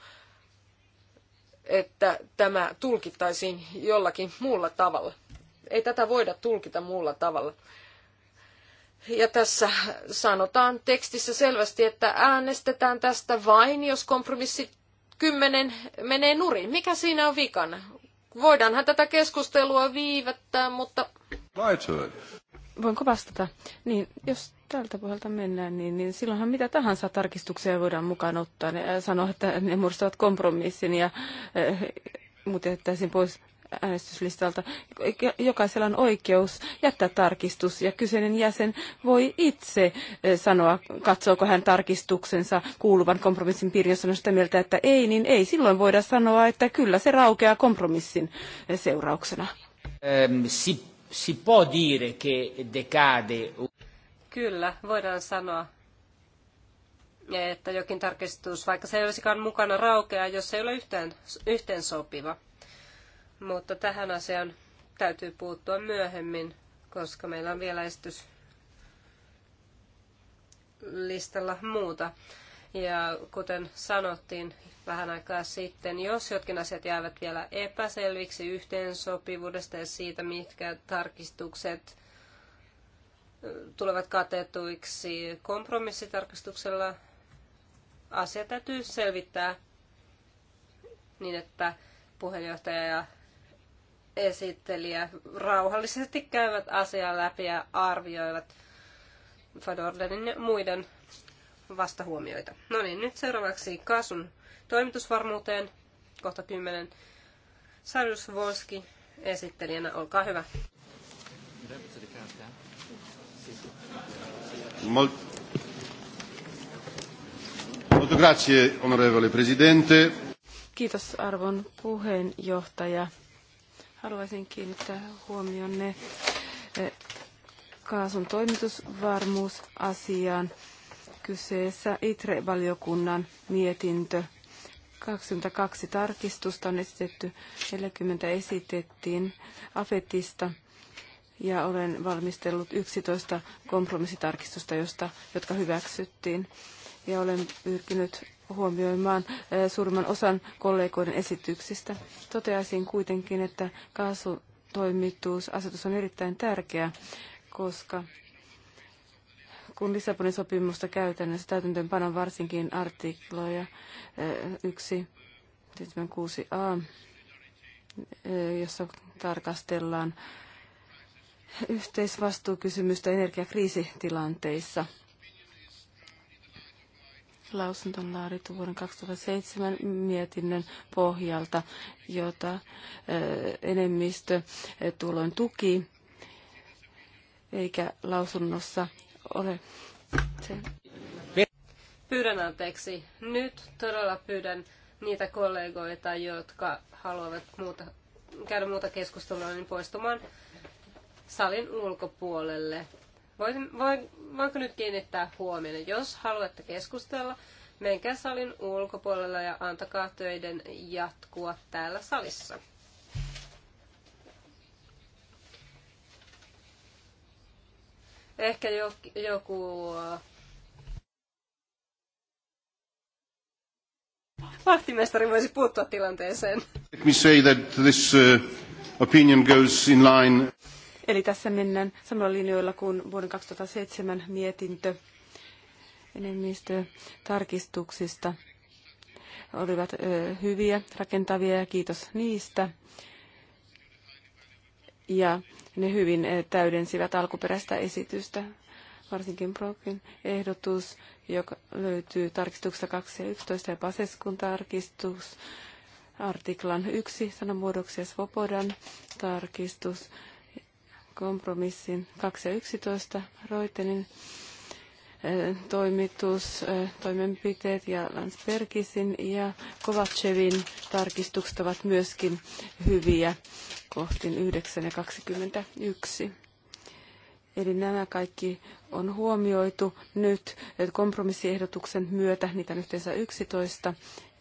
että tämä tulkittaisiin jollakin muulla tavalla. Ei tätä voida tulkita muulla tavalla. Ja tässä sanotaan tekstissä selvästi, että äänestetään tästä vain, jos kompromissi kymmenen menee nurin. Mikä siinä on vikana? Voidaanhan tätä keskustelua viivättää, mutta... Voinko vastata? Niin, jos tältä puolelta mennään, niin, niin silloinhan mitä tahansa tarkistuksia voidaan mukaan ottaa. Ne, äh, sanoa, että ne muodostavat kompromissin ja äh, mut jättäisin pois äänestyslistalta. Jokaisella on oikeus jättää tarkistus ja kyseinen jäsen voi itse eh, sanoa, katsooko hän tarkistuksensa kuuluvan kompromissin piiriin, jos on sitä mieltä, että ei, niin ei. Silloin voida sanoa, että kyllä se raukeaa kompromissin eh, seurauksena. Ähm, si, si può dire che decade... Kyllä, voidaan sanoa, että jokin tarkistus, vaikka se ei olisikaan mukana raukeaa, jos se ei ole yhtään, yhteen sopiva. Mutta tähän asiaan täytyy puuttua myöhemmin, koska meillä on vielä esitys listalla muuta. Ja kuten sanottiin vähän aikaa sitten, jos jotkin asiat jäävät vielä epäselviksi yhteensopivuudesta ja siitä, mitkä tarkistukset tulevat katetuiksi kompromissitarkistuksella, asia täytyy selvittää niin, että puheenjohtaja ja esittelijä rauhallisesti käyvät asiaa läpi ja arvioivat Fadordenin ja muiden vastahuomioita. No niin, nyt seuraavaksi kasun toimitusvarmuuteen, kohta 10. Sarjus Volski esittelijänä, olkaa hyvä. Molto grazie, onorevole presidente. Kiitos arvon puheenjohtaja. Haluaisin kiinnittää huomionne eh, kaasun toimitusvarmuusasiaan. Kyseessä ITRE-valiokunnan mietintö. 22 tarkistusta on esitetty, 40 esitettiin AFETista ja olen valmistellut 11 kompromissitarkistusta, josta, jotka hyväksyttiin ja olen pyrkinyt huomioimaan eh, suurimman osan kollegoiden esityksistä. Toteaisin kuitenkin, että kaasutoimitusasetus on erittäin tärkeä, koska kun Lissabonin sopimusta käytännössä täytäntöönpanon varsinkin artikloja 176 eh, a eh, jossa tarkastellaan yhteisvastuukysymystä energiakriisitilanteissa – Lausunto on laadittu vuoden 2007 mietinnön pohjalta, jota eh, enemmistö eh, tuolloin tuki, eikä lausunnossa ole se. Pyydän anteeksi. Nyt todella pyydän niitä kollegoita, jotka haluavat muuta, käydä muuta keskustelua, niin poistumaan salin ulkopuolelle voinko nyt kiinnittää huomiota, jos haluatte keskustella, menkää salin ulkopuolella ja antakaa töiden jatkua täällä salissa. Ehkä joku äh, vahtimestari voisi puuttua tilanteeseen. Let me say that this uh, opinion goes in line. Eli tässä mennään samalla linjoilla kuin vuoden 2007 mietintö enemmistö tarkistuksista olivat hyviä, rakentavia ja kiitos niistä. Ja ne hyvin täydensivät alkuperäistä esitystä, varsinkin Brokin ehdotus, joka löytyy tarkistuksesta 2 ja 11 ja Paseskun tarkistus, artiklan 1 sanamuodoksi ja Svobodan tarkistus kompromissin 2 ja 11 Roitenin toimitus, toimenpiteet ja Landsbergisin ja Kovacevin tarkistukset ovat myöskin hyviä kohtiin 9 ja 21. Eli nämä kaikki on huomioitu nyt kompromissiehdotuksen myötä, niitä on yhteensä 11.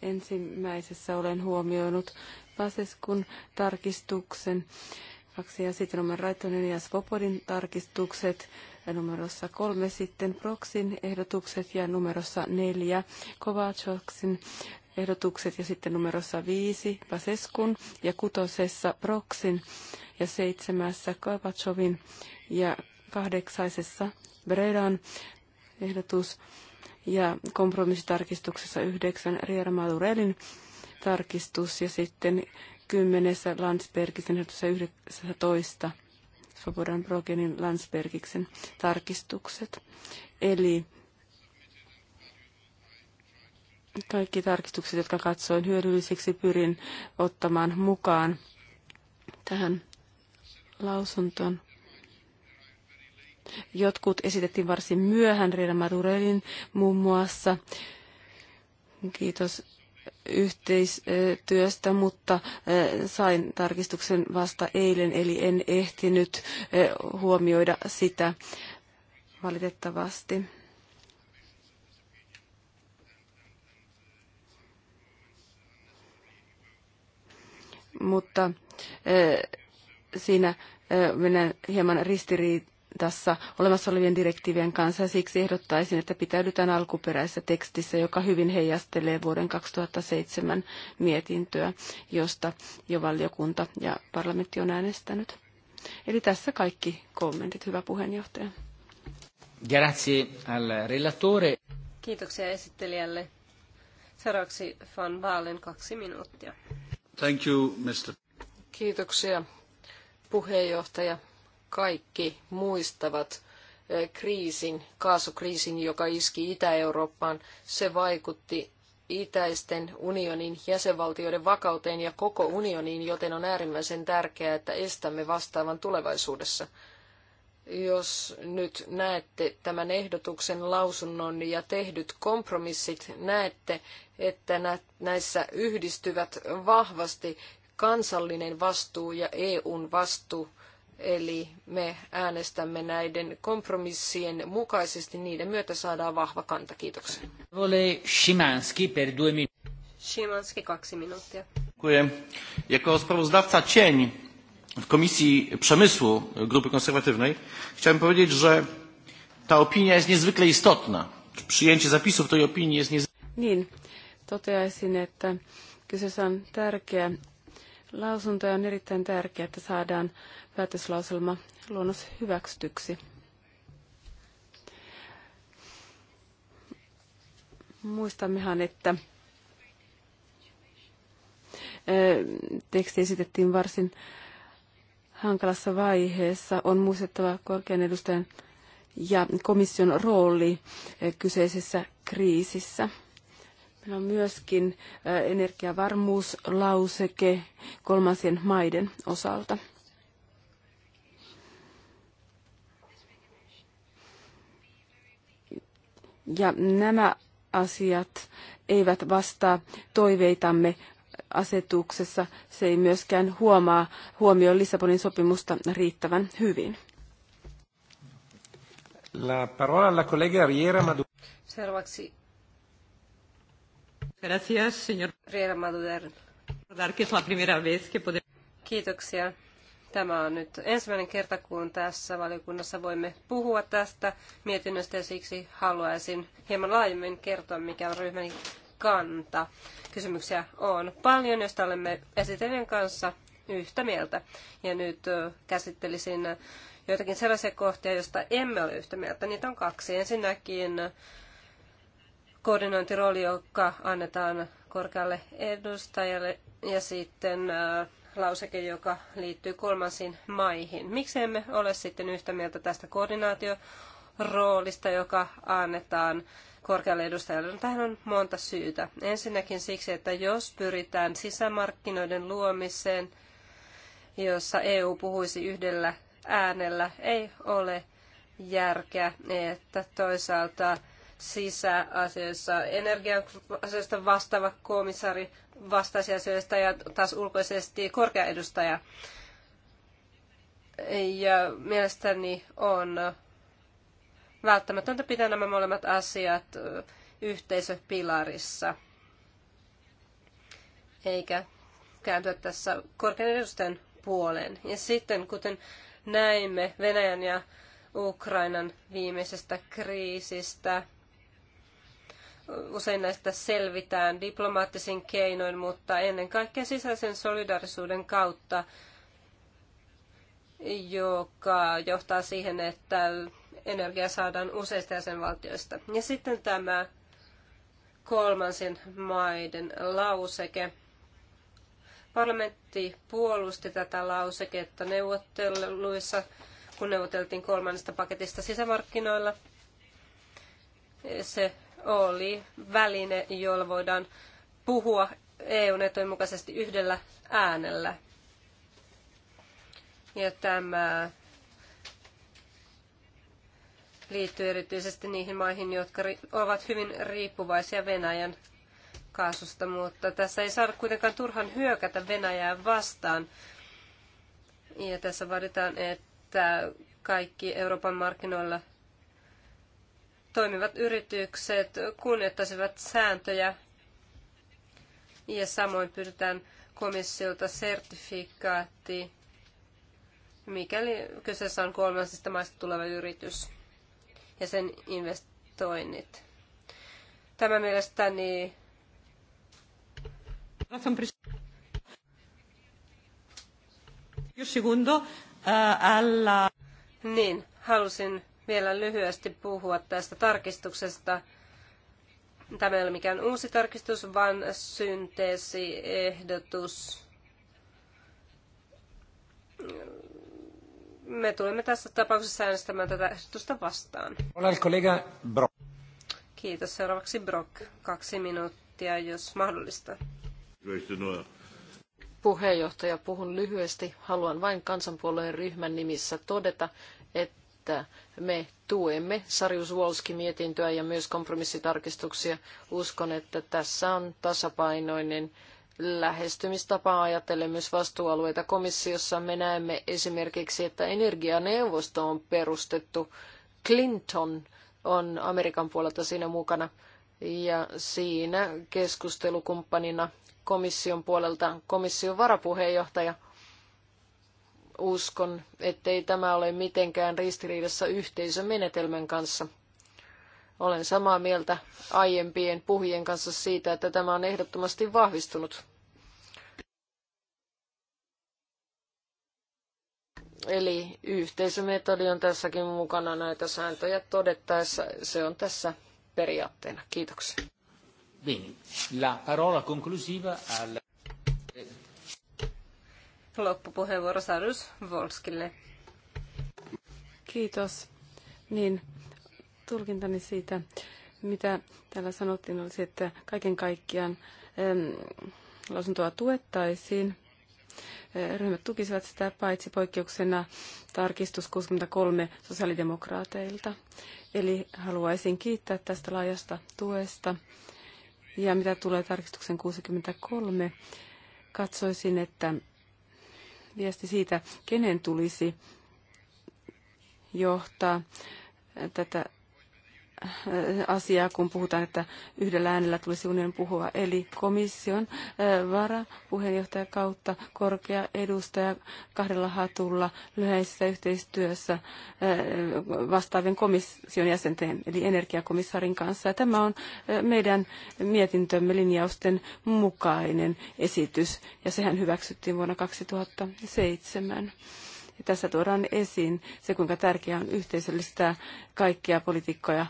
Ensimmäisessä olen huomioinut Paseskun tarkistuksen kaksi ja sitten numero Raittonen ja Svopodin tarkistukset ja numerossa kolme sitten Proxin ehdotukset ja numerossa neljä Kovacoksin ehdotukset ja sitten numerossa viisi Paseskun ja kutosessa Proxin ja seitsemässä Kovacovin ja kahdeksaisessa Bredan ehdotus ja kompromissitarkistuksessa yhdeksän Riera Madurelin tarkistus ja sitten 10. Landsbergisen 19 Svobodan Brogenin Landsbergiksen tarkistukset. Eli kaikki tarkistukset, jotka katsoin hyödylliseksi pyrin ottamaan mukaan tähän lausuntoon. Jotkut esitettiin varsin myöhään, Reina Madurelin muun muassa. Kiitos yhteistyöstä, mutta äh, sain tarkistuksen vasta eilen, eli en ehtinyt äh, huomioida sitä valitettavasti. Mutta äh, siinä mennään hieman ristiriitaan tässä olemassa olevien direktiivien kanssa ja siksi ehdottaisin, että pitäydytään alkuperäisessä tekstissä, joka hyvin heijastelee vuoden 2007 mietintöä, josta jo valiokunta ja parlamentti on äänestänyt. Eli tässä kaikki kommentit, hyvä puheenjohtaja. Grazie al relatore. Kiitoksia esittelijälle. Seuraavaksi Van Baalen kaksi minuuttia. Thank you, Mr. Kiitoksia puheenjohtaja kaikki muistavat eh, kriisin, kaasukriisin, joka iski Itä-Eurooppaan. Se vaikutti itäisten unionin jäsenvaltioiden vakauteen ja koko unioniin, joten on äärimmäisen tärkeää, että estämme vastaavan tulevaisuudessa. Jos nyt näette tämän ehdotuksen lausunnon ja tehdyt kompromissit, näette, että näissä yhdistyvät vahvasti kansallinen vastuu ja EUn vastuu Eli me äänestämme näiden kompromissien mukaisesti. Niiden myötä saadaan vahva kanta. Kiitoksia. Vole Szymanski per due Szymanski kaksi minuuttia. Dziękuję. Jako sprawozdawca cień w Komisji Przemysłu Grupy Konserwatywnej chciałem powiedzieć, że ta opinia jest niezwykle istotna. Przyjęcie zapisów tej opinii jest niezwykle... Niin, toteaisin, että kyseessä on tärkeä lausunto ja on erittäin tärkeää, että saadaan päätöslauselma luonnos hyväksytyksi. Muistammehan, että teksti esitettiin varsin hankalassa vaiheessa. On muistettava korkean edustajan ja komission rooli kyseisessä kriisissä. Meillä on myöskin energiavarmuuslauseke kolmansien maiden osalta. Ja nämä asiat eivät vastaa toiveitamme asetuksessa. Se ei myöskään huomaa huomioon Lissabonin sopimusta riittävän hyvin. La parola alla collega Riera Madu... Seuraavaksi. Gracias, señor Riera Madu. Kiitoksia. Tämä on nyt ensimmäinen kerta, kun tässä valiokunnassa voimme puhua tästä mietinnöstä ja siksi haluaisin hieman laajemmin kertoa, mikä on ryhmäni kanta. Kysymyksiä on paljon, joista olemme esitelijän kanssa yhtä mieltä. Ja nyt käsittelisin joitakin sellaisia kohtia, joista emme ole yhtä mieltä. Niitä on kaksi. Ensinnäkin koordinointirooli, joka annetaan korkealle edustajalle ja sitten lauseke, joka liittyy kolmansiin maihin. Miksi emme ole sitten yhtä mieltä tästä koordinaatioroolista, joka annetaan korkealle edustajalle? No, tähän on monta syytä. Ensinnäkin siksi, että jos pyritään sisämarkkinoiden luomiseen, jossa EU puhuisi yhdellä äänellä, ei ole järkeä, että toisaalta sisäasioissa energiaasioista vastaava komissaari vastaisi asioista ja taas ulkoisesti korkea edustaja. Ja mielestäni on välttämätöntä pitää nämä molemmat asiat yhteisöpilarissa, eikä kääntyä tässä korkean edustajan puoleen. Ja sitten, kuten näimme Venäjän ja Ukrainan viimeisestä kriisistä, Usein näistä selvitään diplomaattisin keinoin, mutta ennen kaikkea sisäisen solidarisuuden kautta, joka johtaa siihen, että energia saadaan useista jäsenvaltioista. Ja sitten tämä kolmansin maiden lauseke. Parlamentti puolusti tätä lauseketta neuvotteluissa, kun neuvoteltiin kolmannesta paketista sisämarkkinoilla. Se oli väline, jolla voidaan puhua EUn etujen mukaisesti yhdellä äänellä. Ja tämä liittyy erityisesti niihin maihin, jotka ovat hyvin riippuvaisia Venäjän kaasusta, mutta tässä ei saada kuitenkaan turhan hyökätä Venäjää vastaan. Ja tässä vaaditaan, että kaikki Euroopan markkinoilla toimivat yritykset kunnioittaisivat sääntöjä ja samoin pyydetään komissiolta sertifikaatti, mikäli kyseessä on kolmansista maista tuleva yritys ja sen investoinnit. Tämä mielestäni eh, Niin, halusin vielä lyhyesti puhua tästä tarkistuksesta. Tämä ei ole mikään uusi tarkistus, vaan synteesiehdotus. Me tulemme tässä tapauksessa äänestämään tätä ehdotusta vastaan. kollega Brock. Kiitos. Seuraavaksi Brock. Kaksi minuuttia, jos mahdollista. Puheenjohtaja, puhun lyhyesti. Haluan vain kansanpuolueen ryhmän nimissä todeta, että että me tuemme Sarius Wolski-mietintöä ja myös kompromissitarkistuksia. Uskon, että tässä on tasapainoinen lähestymistapa ajatellen myös vastuualueita komissiossa. Me näemme esimerkiksi, että energianeuvosto on perustettu. Clinton on Amerikan puolelta siinä mukana ja siinä keskustelukumppanina komission puolelta komission varapuheenjohtaja – uskon, ettei tämä ole mitenkään ristiriidassa yhteisömenetelmän kanssa. Olen samaa mieltä aiempien puhujien kanssa siitä, että tämä on ehdottomasti vahvistunut. Eli yhteisömetodi on tässäkin mukana näitä sääntöjä todettaessa. Se on tässä periaatteena. Kiitoksia. Bene. La parola conclusiva loppupuheenvuoro Sarus Volskille. Kiitos. Niin, tulkintani siitä, mitä täällä sanottiin, olisi, että kaiken kaikkiaan äm, lausuntoa tuettaisiin. E, ryhmät tukisivat sitä paitsi poikkeuksena tarkistus 63 sosiaalidemokraateilta. Eli haluaisin kiittää tästä laajasta tuesta. Ja mitä tulee tarkistuksen 63, katsoisin, että viesti siitä, kenen tulisi johtaa tätä asiaa, kun puhutaan, että yhdellä äänellä tulisi unionin puhua. Eli komission varapuheenjohtaja kautta korkea edustaja kahdella hatulla lyhäisessä yhteistyössä vastaavien komission jäsenten, eli energiakomissarin kanssa. Ja tämä on meidän mietintömme linjausten mukainen esitys, ja sehän hyväksyttiin vuonna 2007 tässä tuodaan esiin se, kuinka tärkeää on yhteisöllistää kaikkia politiikkoja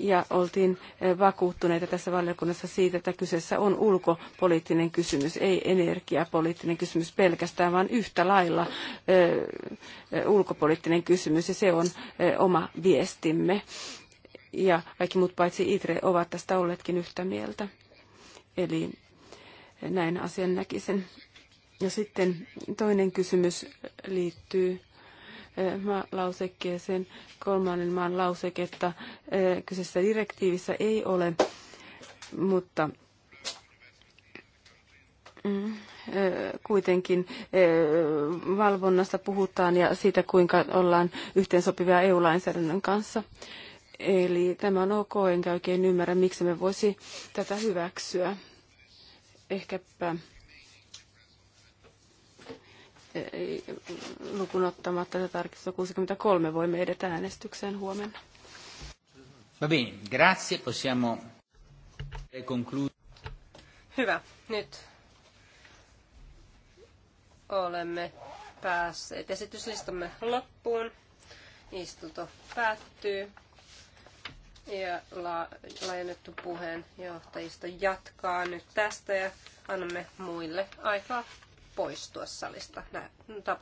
ja oltiin eh, vakuuttuneita tässä valiokunnassa siitä, että kyseessä on ulkopoliittinen kysymys, ei energiapoliittinen kysymys pelkästään, vaan yhtä lailla eh, eh, ulkopoliittinen kysymys ja se on oma viestimme. Ja kaikki muut paitsi ITRE ovat tästä olleetkin yhtä mieltä. Eli näin asian näkisin. Ja sitten toinen kysymys liittyy maalausekkeeseen, kolmannen maan lauseketta kyseessä direktiivissä ei ole, mutta mm, kuitenkin valvonnasta puhutaan ja siitä, kuinka ollaan yhteensopivia EU-lainsäädännön kanssa. Eli tämä on ok, enkä oikein ymmärrä, miksi me voisi tätä hyväksyä. Ehkäpä lukunottamatta tätä tarkistusta 63 voimme edetä äänestykseen huomenna. Va bene, grazie, possiamo concludere. Hyvä, nyt olemme päässeet esityslistamme loppuun. Istunto päättyy ja la- laajennettu puheenjohtajisto jatkaa nyt tästä ja annamme muille aikaa poistua salista. tapa.